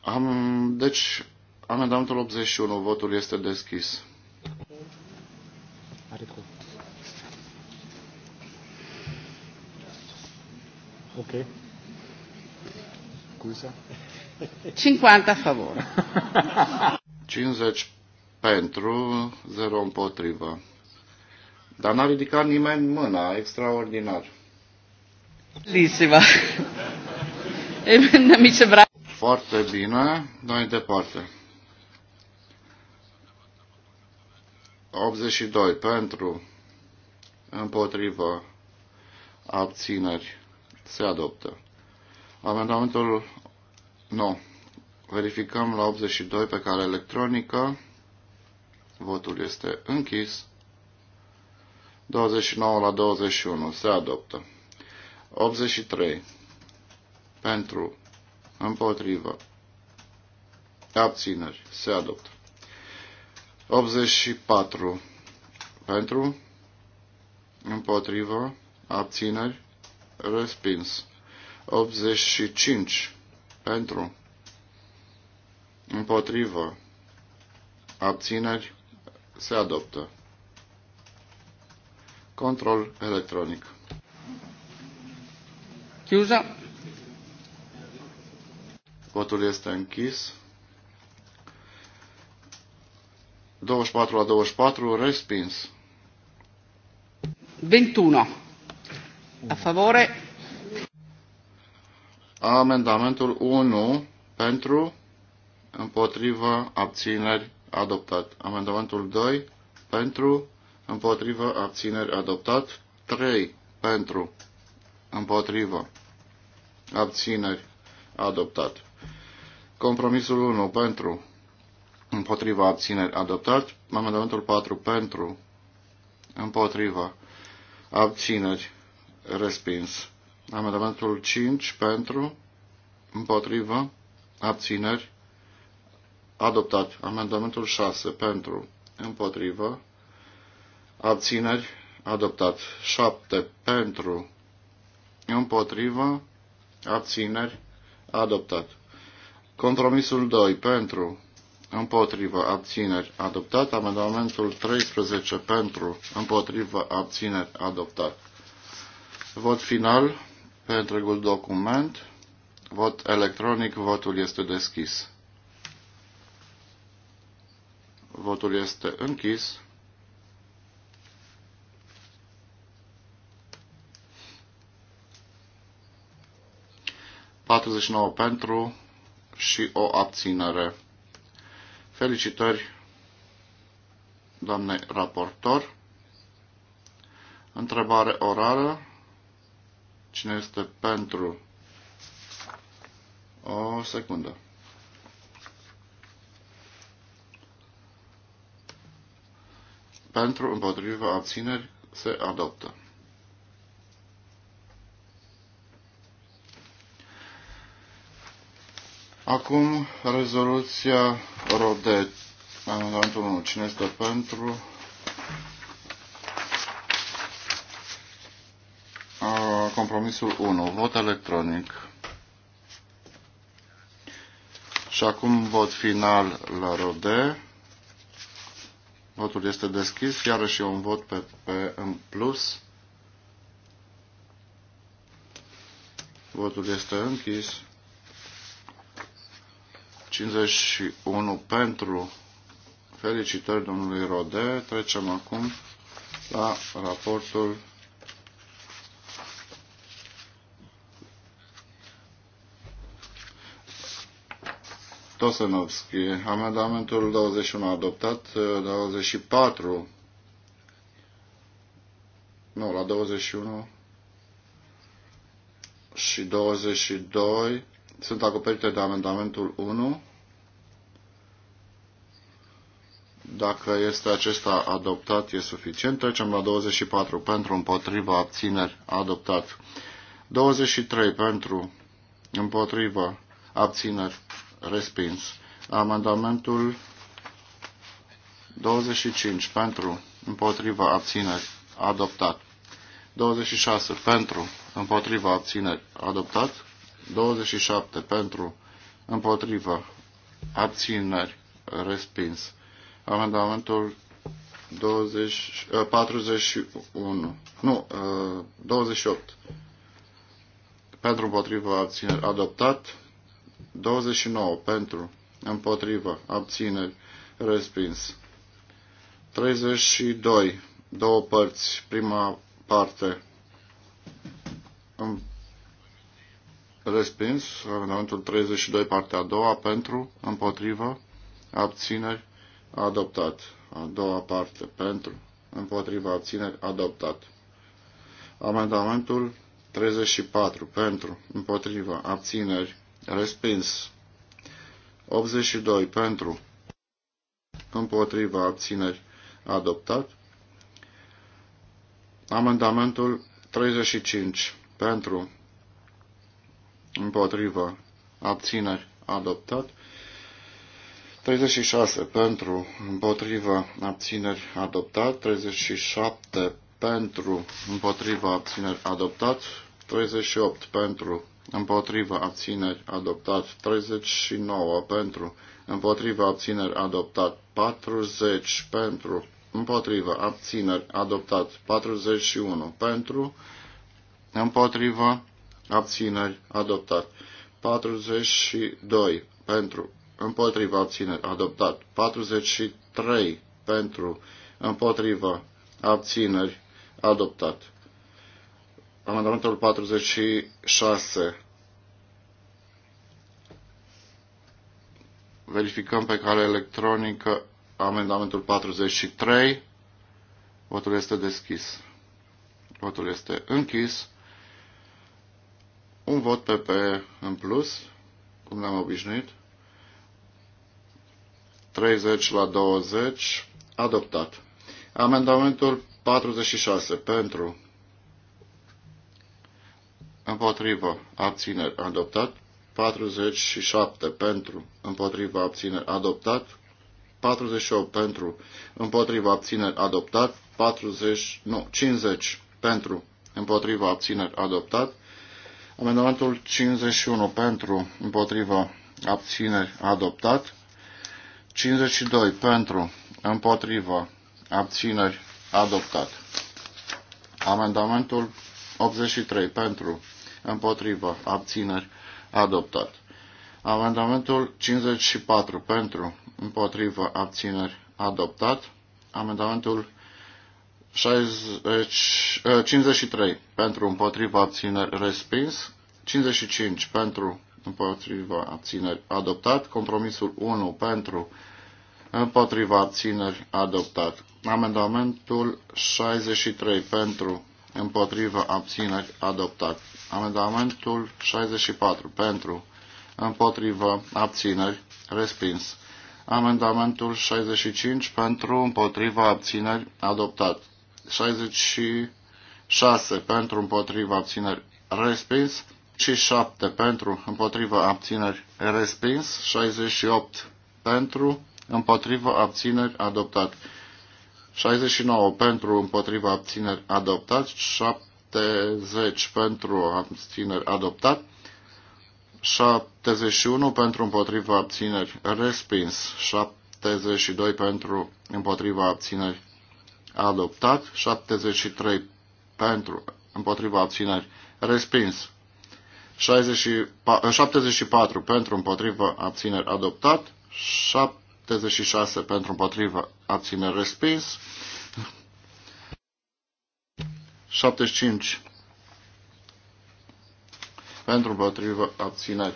Am, deci, amendamentul 81, votul este deschis. Ok. Scusa. 50 a favor. 50 pentru, 0 împotrivă. Dar n-a ridicat nimeni mâna, extraordinar. Bellissima. E ehm, mi se vrea. Foarte bine. Noi departe. 82 pentru împotriva abțineri se adoptă. Amendamentul nu. Verificăm la 82 pe care electronică. Votul este închis. 29 la 21 se adoptă. 83 pentru Împotrivă. Abțineri. Se adoptă. 84. Pentru. Împotrivă. Abțineri. Respins. 85. Pentru. Împotrivă. Abțineri. Se adoptă. Control electronic. Chiusa. Votul este închis. 24 la 24, respins. 21. A favore. Amendamentul 1 pentru, împotrivă, abțineri, adoptat. Amendamentul 2 pentru, împotrivă, abțineri, adoptat. 3 pentru, împotrivă, abțineri, adoptat. Compromisul 1 pentru, împotriva abțineri adoptat. Amendamentul 4 pentru, împotriva abțineri respins. Amendamentul 5 pentru, împotriva abțineri adoptat. Amendamentul 6 pentru, împotriva abțineri adoptat. 7 pentru, împotriva abțineri adoptat. Compromisul 2 pentru împotrivă abțineri adoptat. Amendamentul 13 pentru împotrivă abțineri adoptat. Vot final pe întregul document. Vot electronic. Votul este deschis. Votul este închis. patruzeci nouă pentru, și o abținere. Felicitări, doamne raportor. Întrebare orală. Cine este pentru? O secundă. Pentru, împotriva abțineri se adoptă. Acum rezoluția Rodet. Amendamentul 1. Cine este pentru? compromisul 1, vot electronic. Și acum vot final la rode. Votul este deschis, iarăși un vot pe, pe în plus. Votul este închis. 51 pentru. Felicitări domnului Rode. Trecem acum la raportul Tosenovski. Amendamentul 21 adoptat, 24. Nu, la 21 și 22 sunt acoperite de amendamentul 1. Dacă este acesta adoptat, e suficient. Trecem la 24 pentru împotriva abțineri adoptat. 23 pentru împotriva abțineri respins. Amendamentul 25 pentru împotriva abțineri adoptat. 26 pentru împotriva abțineri adoptat. 27 pentru împotriva abțineri respins. Amendamentul 20, 41. Uh, nu, 28. Uh, pentru împotrivă abțineri adoptat. 29 pentru împotrivă abțineri respins. 32. Două părți. Prima parte respins. Amendamentul 32, partea a doua pentru împotrivă abțineri adoptat. A doua parte, pentru, împotriva abțineri, adoptat. Amendamentul 34, pentru, împotriva abțineri, respins. 82, pentru, împotriva abțineri, adoptat. Amendamentul 35, pentru, împotriva abțineri, adoptat. 36 pentru, împotriva, abțineri, adoptat. 37 pentru, împotriva, abțineri, adoptat. 38 pentru, împotriva, abțineri, adoptat. 39 pentru, împotriva, abțineri, adoptat. 40 pentru, împotriva, abțineri, adoptat. 41 pentru, împotriva, abțineri, adoptat. 42 pentru, împotriva abțineri adoptat. 43 pentru împotriva abțineri adoptat. Amendamentul 46 verificăm pe cale electronică amendamentul 43. Votul este deschis. Votul este închis. Un vot PP în plus, cum ne-am obișnuit. 30 la 20, adoptat. Amendamentul 46 pentru împotrivă abțineri adoptat, 47 pentru împotrivă abțineri adoptat, 48 pentru împotrivă abțineri adoptat, 40, nu, 50 pentru împotrivă abțineri adoptat, amendamentul 51 pentru împotrivă abțineri adoptat, 52 pentru, împotrivă, abțineri, adoptat. Amendamentul 83 pentru, împotrivă, abțineri, adoptat. Amendamentul 54 pentru, împotrivă, abțineri, adoptat. Amendamentul 60, 53 pentru, împotrivă, abțineri, respins. 55 pentru, împotrivă, abțineri, adoptat. Compromisul 1 pentru, împotriva abțineri adoptat. Amendamentul 63 pentru împotriva abțineri adoptat. Amendamentul 64 pentru împotriva abțineri respins. Amendamentul 65 pentru împotriva abțineri adoptat. 66 pentru împotriva abțineri respins și 7 pentru împotriva abțineri respins. 68 pentru împotrivă abțineri adoptat. 69 pentru împotrivă abțineri adoptat, 70 pentru abțineri adoptat, 71 pentru împotriva abțineri respins, 72 pentru împotriva abțineri adoptat, 73 pentru împotriva abțineri respins, 64, 74 pentru împotriva abțineri adoptat, 7 76 pentru împotrivă, abține respins. 75 pentru împotrivă, abține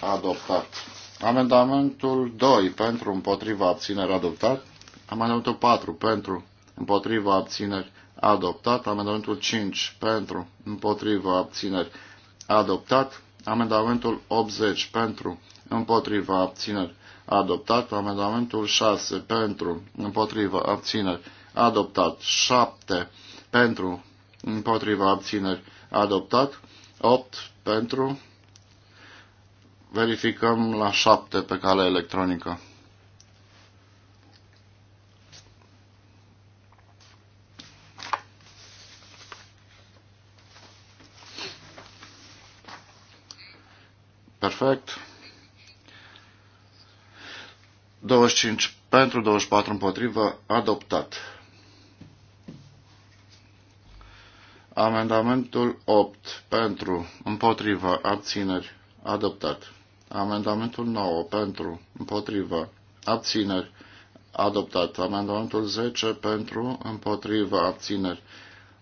adoptat. Amendamentul 2 pentru împotrivă, abțineri adoptat. Amendamentul 4 pentru împotrivă, abțineri adoptat. Amendamentul 5 pentru împotrivă, abțineri adoptat. Amendamentul 80 pentru împotriva abțineri adoptat. Amendamentul 6 pentru, împotriva, abțineri, adoptat. 7 pentru, împotriva, abțineri, adoptat. 8 pentru, verificăm la 7 pe cale electronică. Perfect. 25 pentru, 24 împotrivă, adoptat. Amendamentul 8 pentru, împotrivă, abțineri, adoptat. Amendamentul 9 pentru, împotrivă, abțineri, adoptat. Amendamentul 10 pentru, împotrivă, abțineri,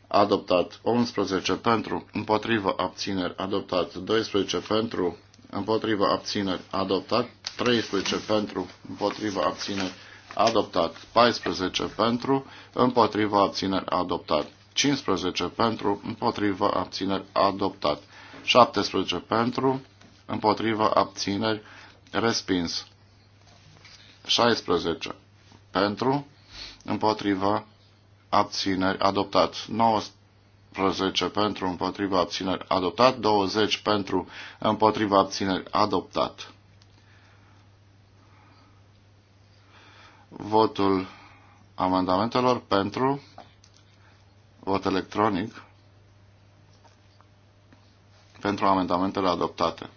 adoptat. 11 pentru, împotrivă, abțineri, adoptat. 12 pentru, împotrivă, abțineri, adoptat. 13 pentru, împotriva abțineri adoptat. 14 pentru, împotriva abțineri adoptat. 15 pentru, împotriva abțineri adoptat. 17 pentru, împotriva abțineri respins. 16 pentru, împotriva abțineri adoptat. 19 19 pentru împotriva abțineri adoptat, 20 pentru împotriva abțineri adoptat. votul amendamentelor pentru vot electronic pentru amendamentele adoptate.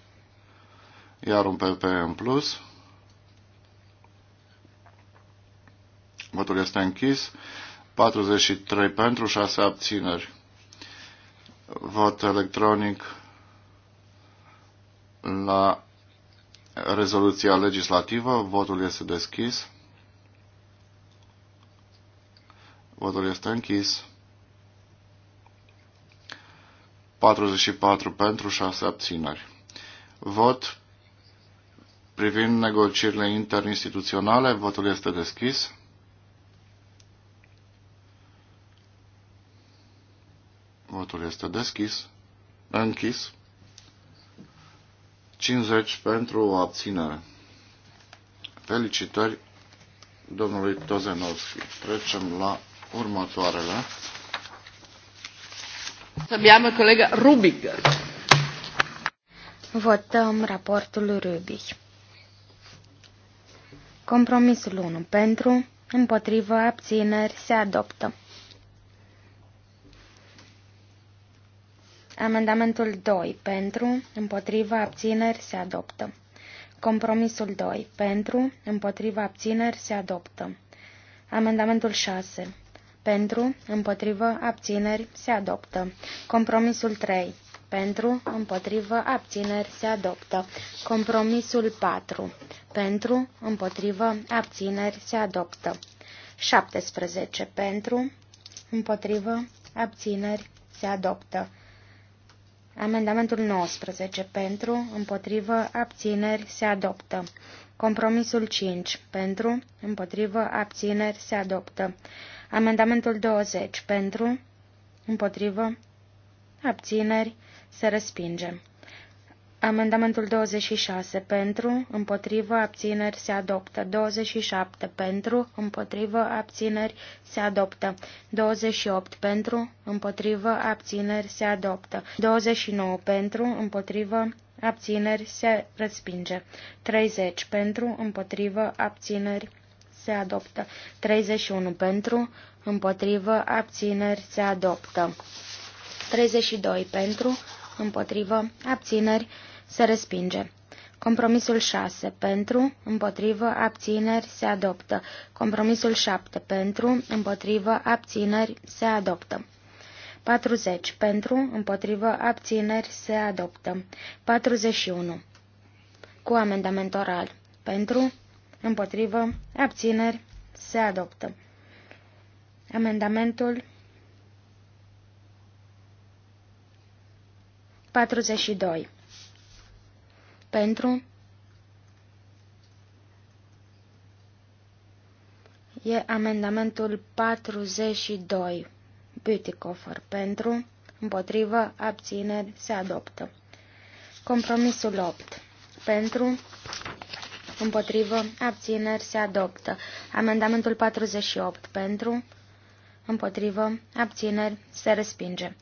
Iar un PP în plus. Votul este închis. 43 pentru, 6 abțineri. Vot electronic la rezoluția legislativă. Votul este deschis. Votul este închis. 44 pentru, 6 abțineri. Vot privind negocierile interinstituționale. Votul este deschis. Votul este deschis. Închis. 50 pentru abținere. Felicitări domnului Tozenovski. Trecem la următoarele. Să biamă colega Rubic. Votăm raportul lui Rubic. Compromisul 1 pentru, împotrivă, abțineri, se adoptă. Amendamentul 2 pentru, împotrivă, abțineri, se adoptă. Compromisul 2 pentru, împotrivă, abțineri, se adoptă. Amendamentul 6 pentru, împotrivă, abțineri, se adoptă. Compromisul 3. Pentru, împotrivă, abțineri, se adoptă. Compromisul 4. Pentru, împotrivă, abțineri, se adoptă. 17. Pentru, împotrivă, abțineri, se adoptă. Amendamentul 19. Pentru, împotrivă, abțineri, se adoptă. Compromisul 5. Pentru, împotrivă, abțineri, se adoptă. Amendamentul 20 pentru, împotrivă, abțineri, se respinge. Amendamentul 26 pentru, împotrivă, abțineri, se adoptă. 27 pentru, împotrivă, abțineri, se adoptă. 28 pentru, împotrivă, abțineri, se adoptă. 29 pentru, împotrivă, abțineri, se respinge. 30 pentru, împotrivă, abțineri, se adoptă. 31 pentru, împotrivă, abțineri, se adoptă. 32 pentru, împotrivă, abțineri, se respinge. Compromisul 6 pentru, împotrivă, abțineri, se adoptă. Compromisul 7 pentru, împotrivă, abțineri, se adoptă. 40 pentru, împotrivă, abțineri, se adoptă. 41 cu amendament oral pentru, împotrivă, abțineri, se adoptă. Amendamentul 42. Pentru e amendamentul 42. Bütikofer pentru, împotrivă, abțineri, se adoptă. Compromisul 8. Pentru, împotrivă, abțineri se adoptă. Amendamentul 48 pentru, împotrivă, abțineri se respinge.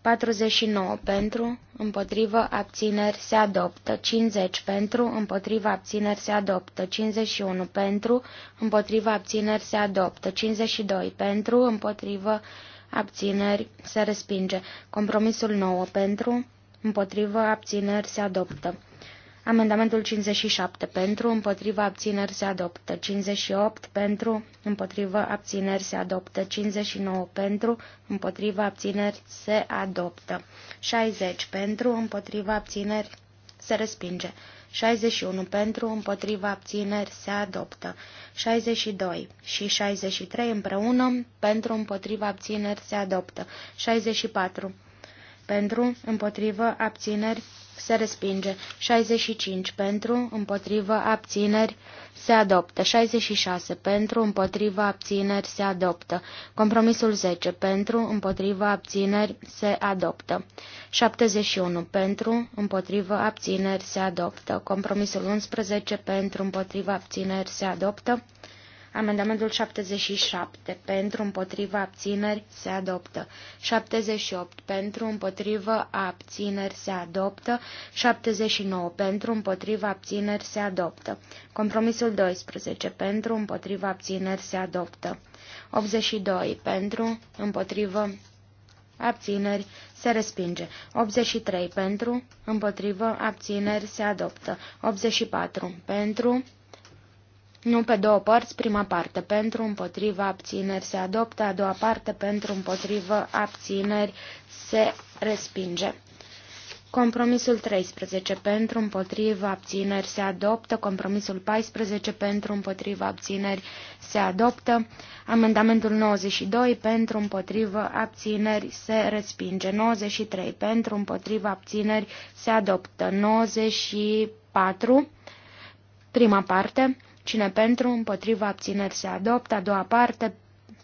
49 pentru, împotrivă, abțineri se adoptă. 50 pentru, împotrivă, abțineri se adoptă. 51 pentru, împotrivă, abțineri se adoptă. 52 pentru, împotrivă, abțineri se respinge. Compromisul 9 pentru, împotrivă, abțineri se adoptă. Amendamentul 57 pentru, împotriva abțineri se adoptă. 58 pentru, împotriva abțineri se adoptă. 59 pentru, împotriva abțineri se adoptă. 60 pentru, împotriva abțineri se respinge. 61 pentru, împotriva abțineri se adoptă. 62 și 63 împreună, pentru, împotriva abțineri se adoptă. 64 pentru, împotriva abțineri se respinge. 65 pentru, împotrivă, abțineri, se adoptă. 66 pentru, împotrivă, abțineri, se adoptă. Compromisul 10 pentru, împotrivă, abțineri, se adoptă. 71 pentru, împotrivă, abțineri, se adoptă. Compromisul 11 pentru, împotrivă, abțineri, se adoptă. Amendamentul 77 pentru împotriva abțineri se adoptă. 78 pentru împotriva abțineri se adoptă. 79 pentru împotriva abțineri se adoptă. Compromisul 12 pentru împotriva abțineri se adoptă. 82 pentru împotriva abțineri se respinge. 83 pentru împotriva abțineri se adoptă. 84 pentru nu pe două părți, prima parte pentru, împotriva, abțineri se adoptă, a doua parte pentru, împotriva, abțineri se respinge. Compromisul 13 pentru, împotriva, abțineri se adoptă. Compromisul 14 pentru, împotriva, abțineri se adoptă. Amendamentul 92 pentru, împotriva, abțineri se respinge. 93 pentru, împotriva, abțineri se adoptă. 94 prima parte Cine pentru, împotriva, abțineri se adoptă. A doua parte,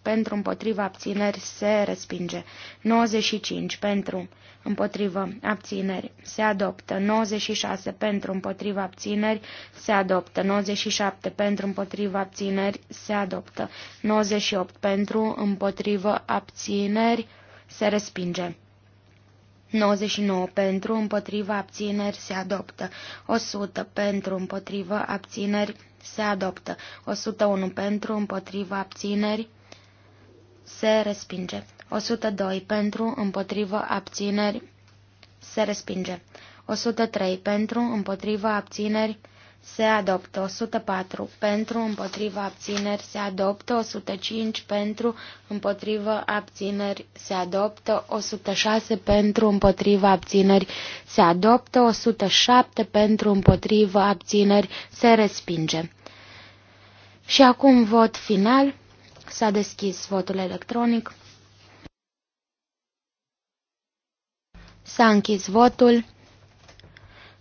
pentru, împotriva, abțineri se respinge. 95 pentru, împotriva, abțineri se adoptă. 96 pentru, împotriva, abțineri se adoptă. 97 pentru, împotriva, abțineri se adoptă. 98 pentru, împotriva, abțineri se respinge. 99 pentru, împotriva, abțineri se adoptă. 100 pentru, împotriva, abțineri se adoptă. 101 pentru, împotriva abțineri, se respinge. 102 pentru, împotriva abțineri, se respinge. 103 pentru, împotriva abțineri, se respinge se adoptă 104 pentru, împotriva abțineri se adoptă 105 pentru, împotriva abțineri se adoptă 106 pentru, împotriva abțineri se adoptă 107 pentru, împotriva abțineri se respinge. Și acum vot final. S-a deschis votul electronic. S-a închis votul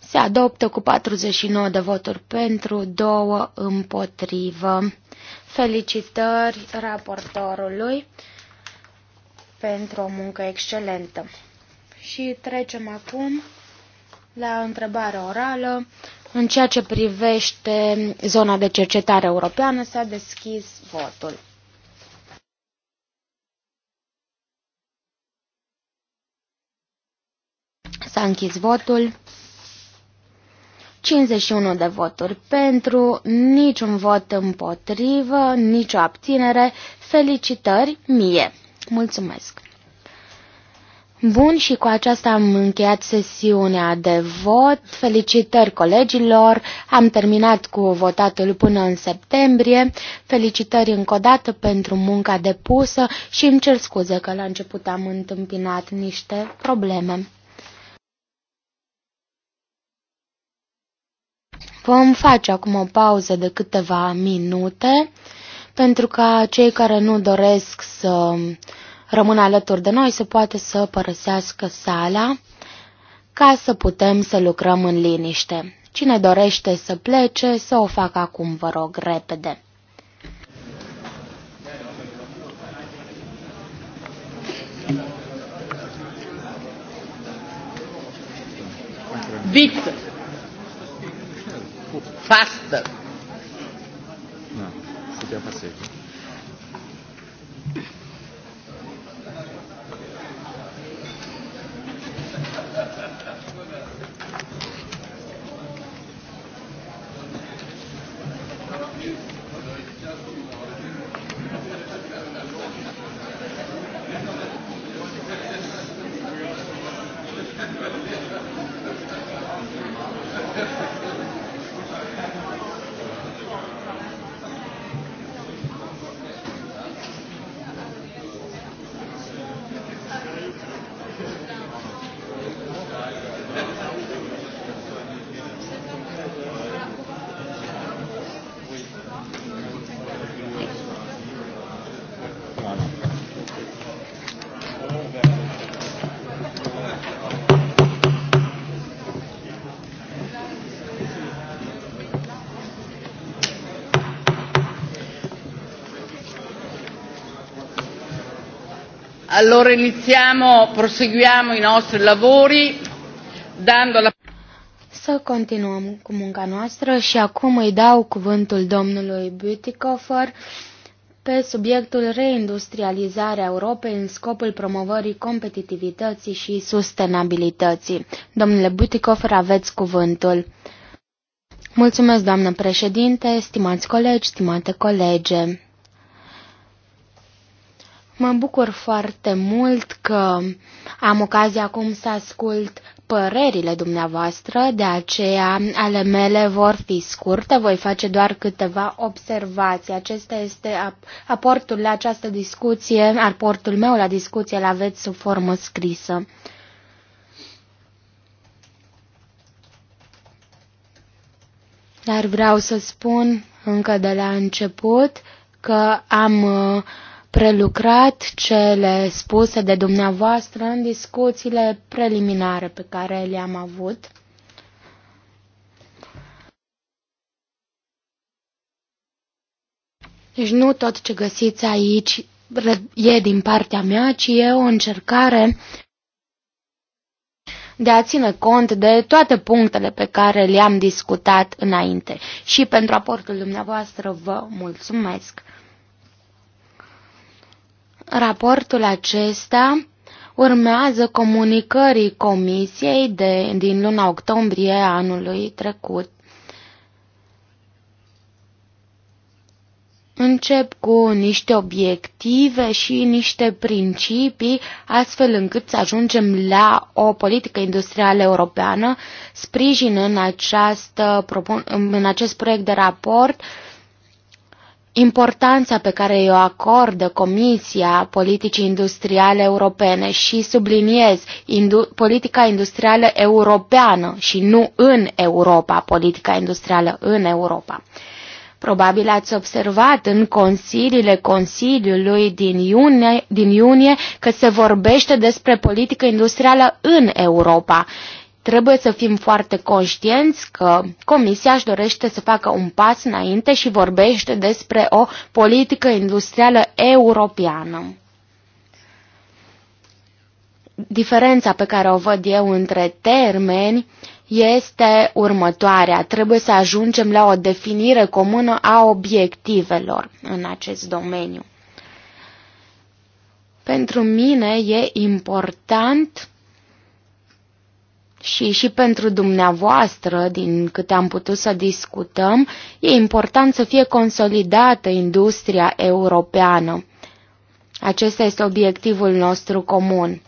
se adoptă cu 49 de voturi pentru, 2 împotrivă. Felicitări raportorului pentru o muncă excelentă. Și trecem acum la întrebare orală. În ceea ce privește zona de cercetare europeană s-a deschis votul. S-a închis votul. 51 de voturi pentru, niciun vot împotrivă, nicio abținere. Felicitări mie! Mulțumesc! Bun, și cu aceasta am încheiat sesiunea de vot. Felicitări colegilor, am terminat cu votatul până în septembrie. Felicitări încă o dată pentru munca depusă și îmi cer scuze că la început am întâmpinat niște probleme. Vom face acum o pauză de câteva minute pentru ca cei care nu doresc să rămână alături de noi să poată să părăsească sala ca să putem să lucrăm în liniște. Cine dorește să plece, să o facă acum, vă rog, repede. Vite fastă. Da, putea face. Allora iniziamo, proseguiamo i nostri lavori dando la să continuăm cu munca noastră și acum îi dau cuvântul domnului Butikofer pe subiectul reindustrializarea Europei în scopul promovării competitivității și sustenabilității. Domnule Butikofer, aveți cuvântul. Mulțumesc, doamnă președinte, stimați colegi, stimate colege. Mă bucur foarte mult că am ocazia acum să ascult părerile dumneavoastră, de aceea ale mele vor fi scurte, voi face doar câteva observații. Acesta este aportul la această discuție, aportul meu la discuție, îl aveți sub formă scrisă. Dar vreau să spun încă de la început că am uh, prelucrat cele spuse de dumneavoastră în discuțiile preliminare pe care le-am avut. Deci nu tot ce găsiți aici e din partea mea, ci e o încercare de a ține cont de toate punctele pe care le-am discutat înainte. Și pentru aportul dumneavoastră vă mulțumesc! Raportul acesta urmează comunicării Comisiei de, din luna octombrie anului trecut. Încep cu niște obiective și niște principii, astfel încât să ajungem la o politică industrială europeană. Sprijin în, această, în acest proiect de raport uh, importanța pe care o acordă Comisia Politicii Industriale Europene și subliniez indu politica industrială europeană și nu în Europa, politica industrială în Europa. Probabil ați observat în consiliile Consiliului din iunie, din iunie că se vorbește despre politică industrială în Europa Trebuie să fim foarte conștienți că Comisia își dorește să facă un pas înainte și vorbește despre o politică industrială europeană diferența pe care o văd eu între termeni este următoarea. Trebuie să ajungem la o definire comună a obiectivelor în acest domeniu. Pentru mine e important și și pentru dumneavoastră, din câte am putut să discutăm, e important să fie consolidată industria europeană. Acesta este obiectivul nostru comun.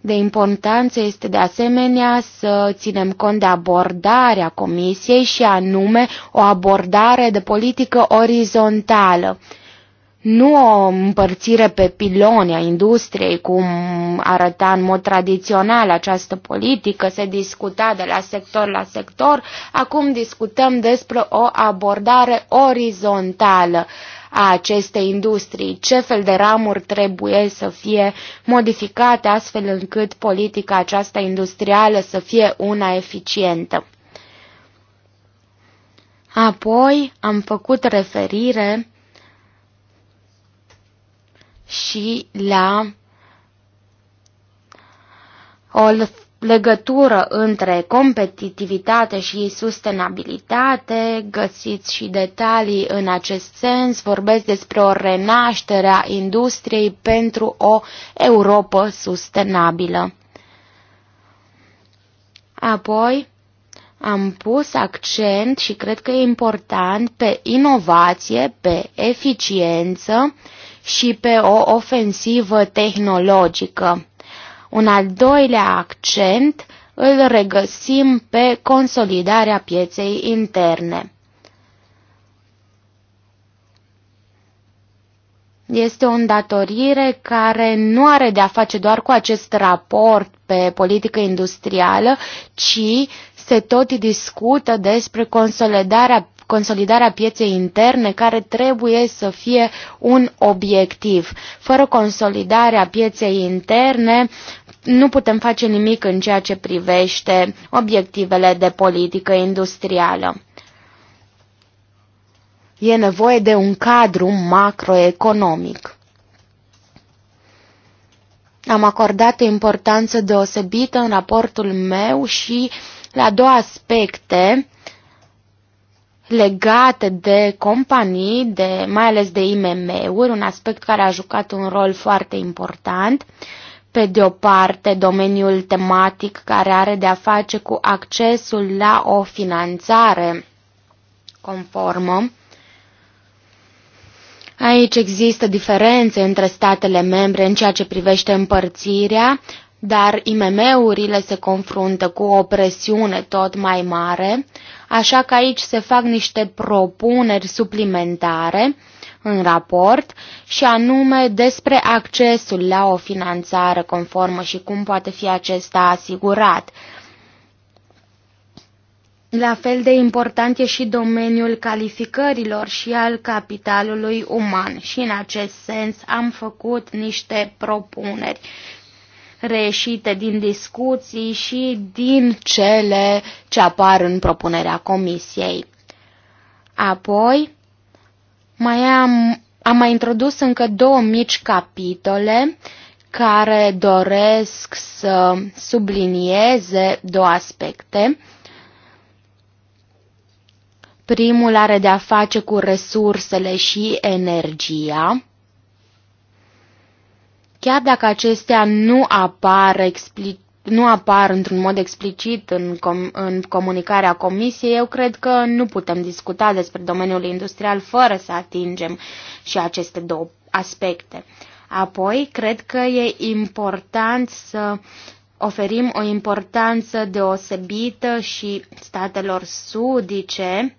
De importanță este de asemenea să ținem cont de abordarea Comisiei și anume o abordare de politică orizontală nu o împărțire pe piloni a industriei, cum arăta în mod tradițional această politică, se discuta de la sector la sector, acum discutăm despre o abordare orizontală a acestei industrii, ce fel de ramuri trebuie să fie modificate astfel încât politica aceasta industrială să fie una eficientă. Apoi am făcut referire și la o legătură între competitivitate și sustenabilitate, găsiți și detalii în acest sens, vorbesc despre o renaștere a industriei pentru o Europa sustenabilă. Apoi, am pus accent și cred că e important pe inovație, pe eficiență, și pe o ofensivă tehnologică. Un al doilea accent îl regăsim pe consolidarea pieței interne. Este o îndatorire care nu are de-a face doar cu acest raport pe politică industrială, ci se tot discută despre consolidarea consolidarea pieței interne care trebuie să fie un obiectiv. Fără consolidarea pieței interne nu putem face nimic în ceea ce privește obiectivele de politică industrială. E nevoie de un cadru macroeconomic. Am acordat o importanță deosebită în raportul meu și la două aspecte legate de companii, de, mai ales de IMM-uri, un aspect care a jucat un rol foarte important. Pe de o parte, domeniul tematic care are de a face cu accesul la o finanțare conformă. Aici există diferențe între statele membre în ceea ce privește împărțirea, dar IMM-urile se confruntă cu o presiune tot mai mare, așa că aici se fac niște propuneri suplimentare în raport și anume despre accesul la o finanțare conformă și cum poate fi acesta asigurat. La fel de important e și domeniul calificărilor și al capitalului uman și în acest sens am făcut niște propuneri reieșite din discuții și din cele ce apar în propunerea comisiei. Apoi, mai am, am mai introdus încă două mici capitole care doresc să sublinieze două aspecte. Primul are de-a face cu resursele și energia. Chiar dacă acestea nu apar explicit, nu apar într-un mod explicit în, com- în comunicarea Comisiei, eu cred că nu putem discuta despre domeniul industrial fără să atingem și aceste două aspecte. Apoi, cred că e important să oferim o importanță deosebită și statelor sudice,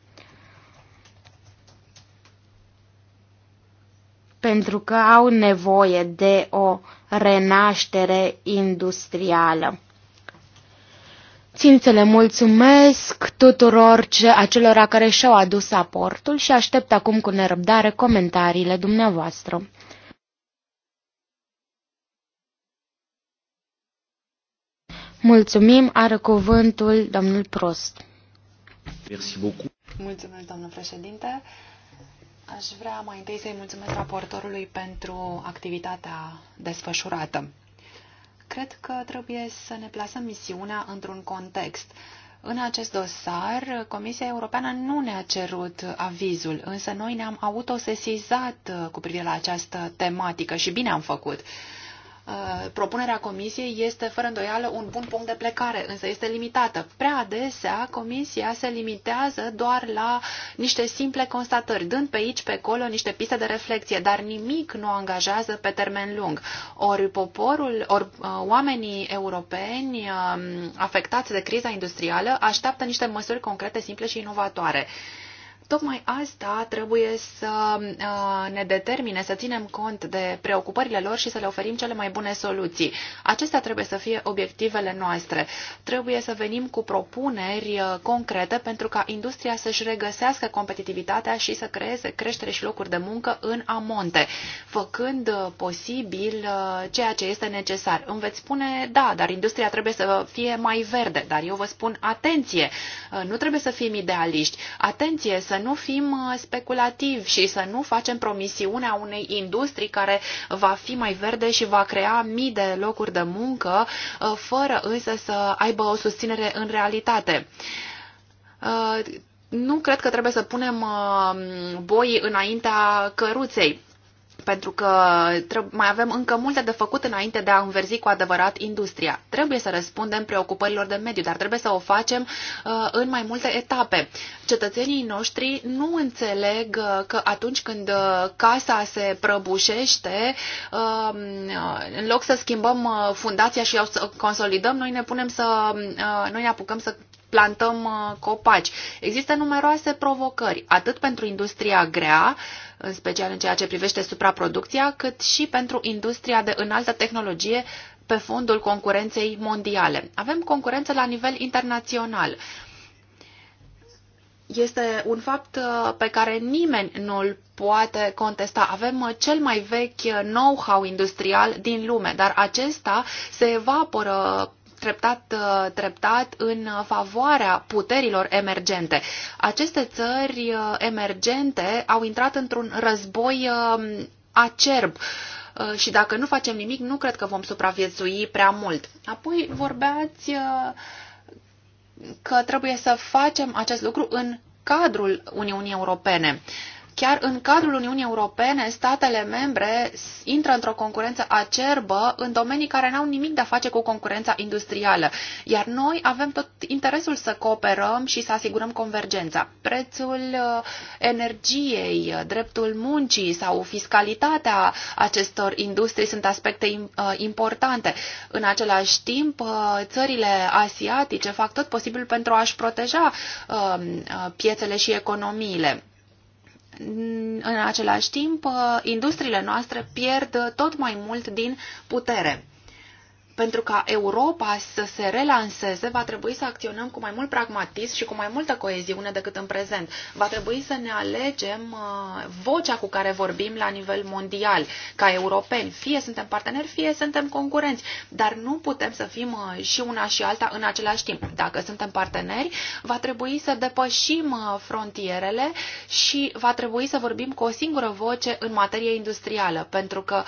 pentru că au nevoie de o renaștere industrială. Țin să le mulțumesc tuturor ce, acelora care și-au adus aportul și aștept acum cu nerăbdare comentariile dumneavoastră. Mulțumim, are cuvântul domnul Prost. Mulțumesc, doamnă președinte. Aș vrea mai întâi să-i mulțumesc raportorului pentru activitatea desfășurată. Cred că trebuie să ne plasăm misiunea într-un context. În acest dosar, Comisia Europeană nu ne-a cerut avizul, însă noi ne-am autosesizat cu privire la această tematică și bine am făcut. Uh, propunerea comisiei este fără îndoială un bun punct de plecare, însă este limitată. Prea adesea comisia se limitează doar la niște simple constatări, dând pe aici, pe acolo, niște piste de reflexie, dar nimic nu angajează pe termen lung. Ori poporul, ori uh, oamenii europeni um, afectați de criza industrială așteaptă niște măsuri concrete, simple și inovatoare. Tocmai asta trebuie să ne determine, să ținem cont de preocupările lor și să le oferim cele mai bune soluții. Acestea trebuie să fie obiectivele noastre. Trebuie să venim cu propuneri concrete pentru ca industria să-și regăsească competitivitatea și să creeze creștere și locuri de muncă în amonte, făcând posibil ceea ce este necesar. Îmi veți spune, da, dar industria trebuie să fie mai verde, dar eu vă spun, atenție, nu trebuie să fim idealiști, atenție să nu fim uh, speculativi și să nu facem promisiunea unei industrii care va fi mai verde și va crea mii de locuri de muncă, uh, fără însă să aibă o susținere în realitate uh, nu cred că trebuie să punem boi înaintea căruței pentru că mai avem încă multe de făcut înainte de a înverzi cu adevărat industria. Trebuie să răspundem preocupărilor de mediu, dar trebuie să o facem uh, în mai multe etape. Cetățenii noștri nu înțeleg uh, că atunci când uh, casa se prăbușește, um, în loc să schimbăm fundația și o să consolidăm, noi ne punem să noi ne apucăm să plantăm uh, copaci. Există numeroase provocări, atât pentru industria grea, în special în ceea ce privește supraproducția, cât și pentru industria de înaltă tehnologie pe fondul concurenței mondiale. Avem concurență la nivel internațional. Este un fapt uh, pe care nimeni nu îl poate contesta. Avem uh, cel mai vechi know-how industrial din lume, dar acesta se evaporă treptat, uh, treptat în favoarea puterilor emergente. Aceste țări uh, emergente au intrat într-un război um, acerb uh, și dacă nu facem nimic, nu cred că vom supraviețui prea mult. Apoi vorbeați că trebuie să facem acest lucru în cadrul Uniunii Europene. Uh, Chiar în cadrul Uniunii Europene, statele membre intră într-o concurență acerbă în domenii care n-au nimic de a face cu concurența industrială, iar noi avem tot interesul să cooperăm și să asigurăm convergența. Prețul uh, energiei, uh, dreptul muncii sau fiscalitatea acestor industrii sunt aspecte uh, importante. În același timp, țările asiatice fac tot posibil pentru a-și proteja piețele și economiile în același timp, industriile noastre pierd tot mai mult din putere pentru ca Europa să se relanseze, va trebui să acționăm cu mai mult pragmatism și cu mai multă coeziune decât în prezent. Va trebui să ne alegem uh, vocea cu care vorbim la nivel mondial, ca europeni. Fie suntem parteneri, fie suntem concurenți, dar nu putem să fim uh, și una și alta în același timp. Dacă suntem parteneri, va trebui să depășim uh, frontierele și va trebui să vorbim cu o singură voce în materie industrială, pentru că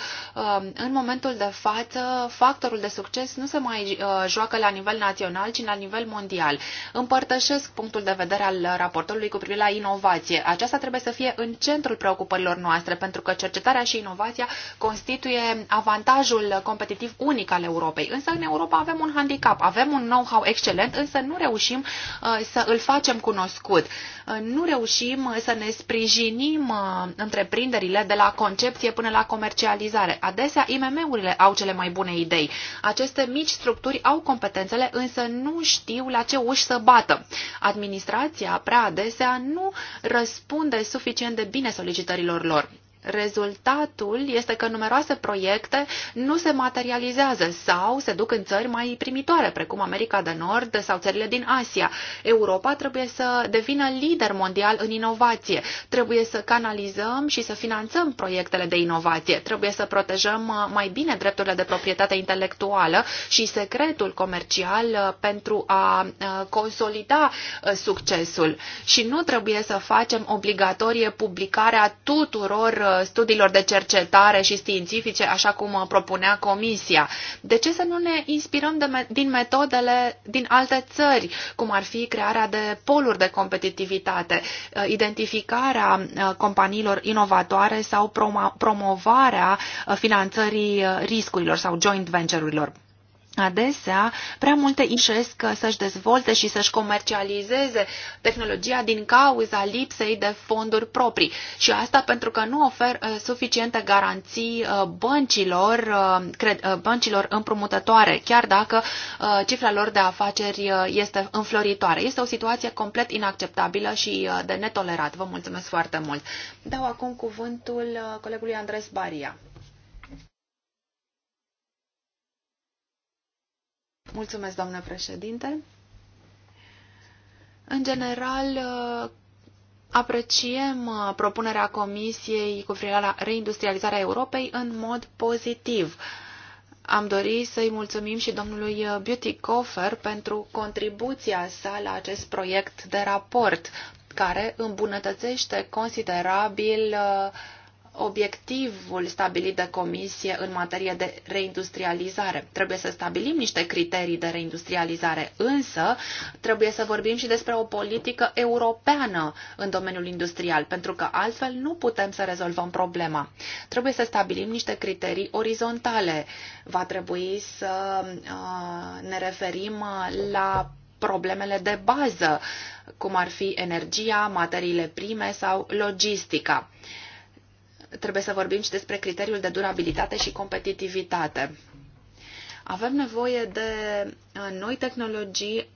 în momentul de față factorul de succes nu se mai uh, joacă la nivel național, ci la nivel mondial. Împărtășesc punctul de vedere al raportorului cu privire la inovație. Aceasta trebuie să fie în centrul preocupărilor noastre, pentru că cercetarea și inovația constituie avantajul competitiv unic al Europei. Însă în Europa avem un handicap, avem un know-how excelent, însă nu reușim uh, să îl facem cunoscut. Uh, nu reușim să ne sprijinim întreprinderile de la concepție până la comercializare. Adesea, IMM-urile au cele mai bune idei, aceste mici structuri au competențele, însă nu știu la ce uși să bată. Administrația prea adesea nu răspunde suficient de bine solicitărilor lor. Rezultatul este că numeroase proiecte nu se materializează sau se duc în țări mai primitoare, precum America de Nord sau țările din Asia. Europa trebuie să devină lider mondial în inovație. Trebuie să canalizăm și să finanțăm proiectele de inovație. Trebuie să protejăm uh, mai bine drepturile de proprietate intelectuală și secretul comercial uh, pentru a uh, consolida succesul. Și nu trebuie să facem obligatorie publicarea tuturor studiilor de cercetare și științifice, așa cum uh, propunea Comisia. De ce să nu ne inspirăm de, din metodele din alte țări, cum ar fi crearea de poluri de competitivitate, uh, identificarea uh, companiilor inovatoare sau promovarea finanțării riscurilor sau joint venture-urilor? Adesea, prea multe ieșesc să-și dezvolte și să-și comercializeze tehnologia din cauza lipsei de fonduri proprii. Și asta pentru că nu ofer uh, suficiente garanții uh, băncilor, uh, cred, băncilor împrumutătoare, chiar dacă cifra lor de afaceri este înfloritoare. Este o situație complet inacceptabilă și de netolerat. Vă mulțumesc foarte mult. Dau acum cuvântul colegului Andres Baria. Mulțumesc, doamnă președinte. În general, ă, apreciem ă, propunerea Comisiei cu privire la reindustrializarea Europei în mod pozitiv. Am dorit să-i mulțumim și domnului Beauty Coffer pentru contribuția sa la acest proiect de raport, care îmbunătățește considerabil uh, obiectivul stabilit de comisie în materie de reindustrializare. Trebuie să stabilim niște criterii de reindustrializare, însă trebuie să vorbim și despre o politică europeană în domeniul industrial, pentru că altfel nu putem să rezolvăm problema. Trebuie să stabilim niște criterii orizontale. Va trebui să uh, ne referim la problemele de bază, cum ar fi energia, materiile prime sau logistica trebuie să vorbim și despre criteriul de durabilitate și competitivitate. Avem nevoie de uh, noi tehnologii,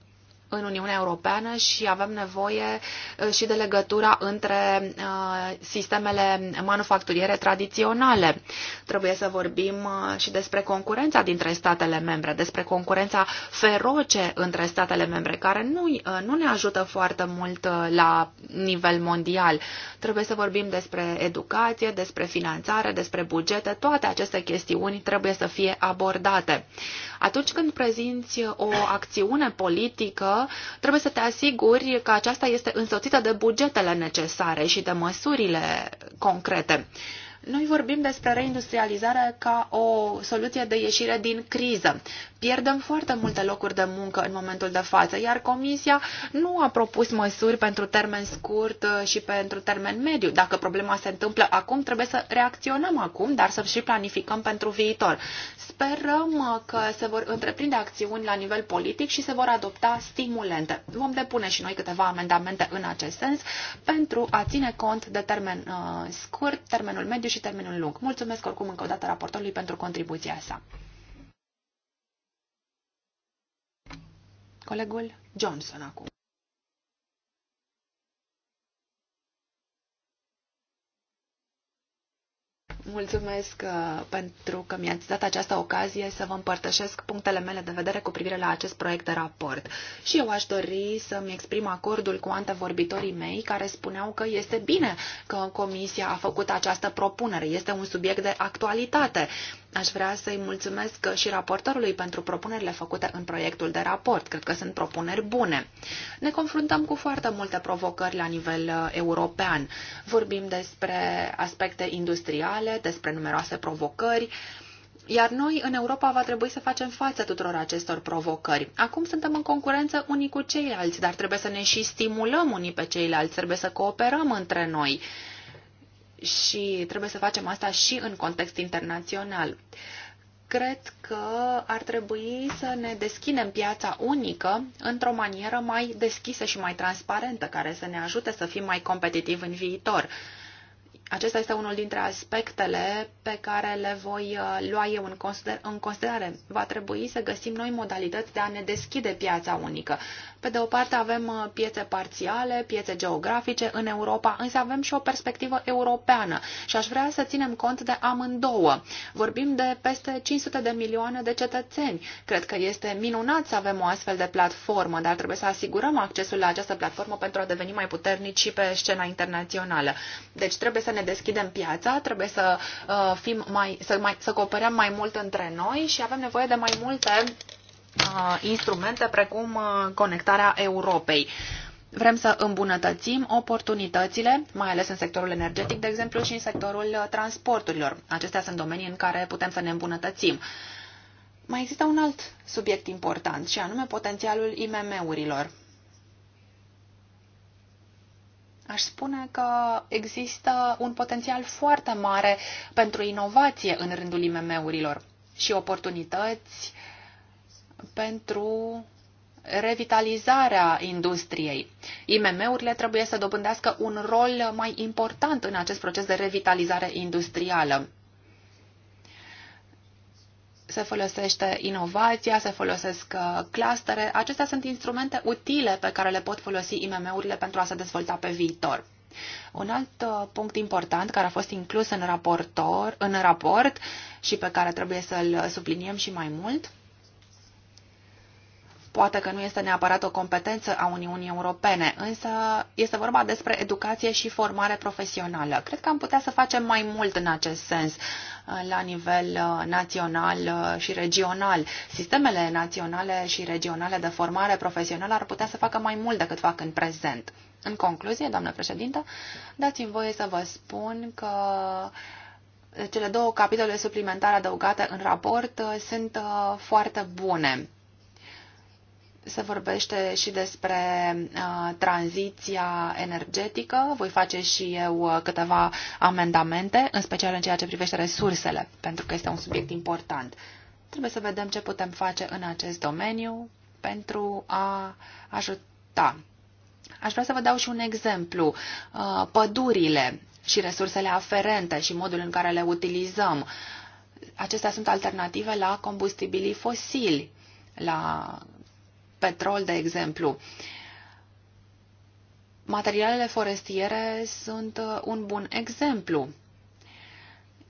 în Uniunea Europeană și avem nevoie uh, și de legătura între uh, sistemele manufacturiere tradiționale. Trebuie să vorbim uh, și despre concurența dintre statele membre, despre concurența feroce între statele membre, care nu, nu ne ajută foarte mult la nivel mondial. Trebuie să vorbim despre educație, despre finanțare, despre bugete, toate aceste chestiuni trebuie să fie abordate. Atunci când prezinți o acțiune politică, trebuie să te asiguri că aceasta este însoțită de bugetele necesare și de măsurile concrete. Noi vorbim despre reindustrializare ca o soluție de ieșire din criză. Pierdem foarte multe locuri de muncă în momentul de față, iar Comisia nu a propus măsuri pentru termen scurt uh, și pentru termen mediu. Dacă problema se întâmplă acum, trebuie să reacționăm acum, dar să și planificăm pentru viitor. Sperăm uh, că se vor întreprinde acțiuni la nivel politic și se vor adopta stimulente. Vom depune și noi câteva amendamente în acest sens pentru a ține cont de termen uh, scurt, termenul mediu și și termenul lung. Mulțumesc oricum încă o dată raportorului pentru contribuția sa. Colegul Johnson acum. Mulțumesc uh, pentru că mi-ați dat această ocazie să vă împărtășesc punctele mele de vedere cu privire la acest proiect de raport. Și eu aș dori să-mi exprim acordul cu antevorbitorii mei care spuneau că este bine că Comisia a făcut această propunere. Este un subiect de actualitate Aș vrea să-i mulțumesc și raportorului pentru propunerile făcute în proiectul de raport. Cred că sunt propuneri bune. Ne confruntăm cu foarte multe provocări la nivel uh, european. Vorbim despre aspecte industriale, despre numeroase provocări, iar noi în Europa va trebui să facem față tuturor acestor provocări. Acum suntem în concurență unii cu ceilalți, dar trebuie să ne și stimulăm unii pe ceilalți, trebuie să cooperăm între noi și trebuie să facem asta și în context internațional. Cred că ar trebui să ne deschidem piața unică într-o manieră mai deschisă și mai transparentă, care să ne ajute să fim mai competitivi în viitor. Acesta este unul dintre aspectele pe care le voi uh, lua eu în, consider- în considerare. Va trebui să găsim noi modalități de a ne deschide piața unică. Pe de o parte avem uh, piețe parțiale, piețe geografice în Europa, însă avem și o perspectivă europeană și aș vrea să ținem cont de amândouă. Vorbim de peste 500 de milioane de cetățeni. Cred că este minunat să avem o astfel de platformă, dar trebuie să asigurăm accesul la această platformă pentru a deveni mai puternici și pe scena internațională. Deci trebuie să ne deschidem piața, trebuie să uh, fim mai, să, mai, să cooperăm mai mult între noi și avem nevoie de mai multe Uh, instrumente precum uh, conectarea Europei. Vrem să îmbunătățim oportunitățile, mai ales în sectorul energetic, de exemplu, și în sectorul uh, transporturilor. Acestea sunt domenii în care putem să ne îmbunătățim. Mai există un alt subiect important, și anume potențialul IMM-urilor. Aș spune că există un potențial foarte mare pentru inovație în rândul IMM-urilor și oportunități uh, pentru revitalizarea industriei. IMM-urile trebuie să dobândească un rol mai important în acest proces de revitalizare industrială. Se folosește inovația, se folosesc uh, clustere. Acestea sunt instrumente utile pe care le pot folosi IMM-urile pentru a se dezvolta pe viitor. Un alt uh, punct important care a fost inclus în, raportor, în raport și pe care trebuie să-l subliniem și mai mult Poate că nu este neapărat o competență a Uniunii Europene, însă este vorba despre educație și formare profesională. Cred că am putea să facem mai mult în acest sens uh, la nivel uh, național uh, și regional. Sistemele naționale și regionale de formare profesională ar putea să facă mai mult decât fac în prezent. În concluzie, doamnă președintă, dați-mi voie să vă spun că cele două capitole suplimentare adăugate în raport sunt foarte bune se vorbește și despre uh, tranziția energetică. Voi face și eu uh, câteva amendamente, în special în ceea ce privește resursele, pentru că este un subiect important. Trebuie să vedem ce putem face în acest domeniu pentru a ajuta. Aș vrea să vă dau și un exemplu. Uh, pădurile și resursele aferente și modul în care le utilizăm. Acestea sunt alternative la combustibilii fosili, la petrol, de exemplu. Materialele forestiere sunt uh, un bun exemplu.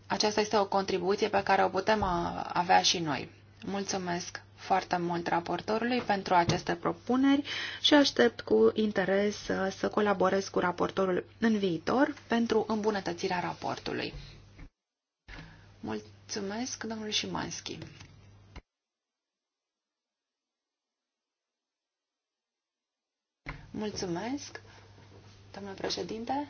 Aceasta este o contribuție pe care o putem uh, avea și noi. Mulțumesc foarte mult raportorului pentru aceste propuneri și aștept cu interes uh, să colaborez cu raportorul în viitor pentru îmbunătățirea raportului. Mulțumesc, domnul Șimanski. Mulțumesc, doamnă președinte.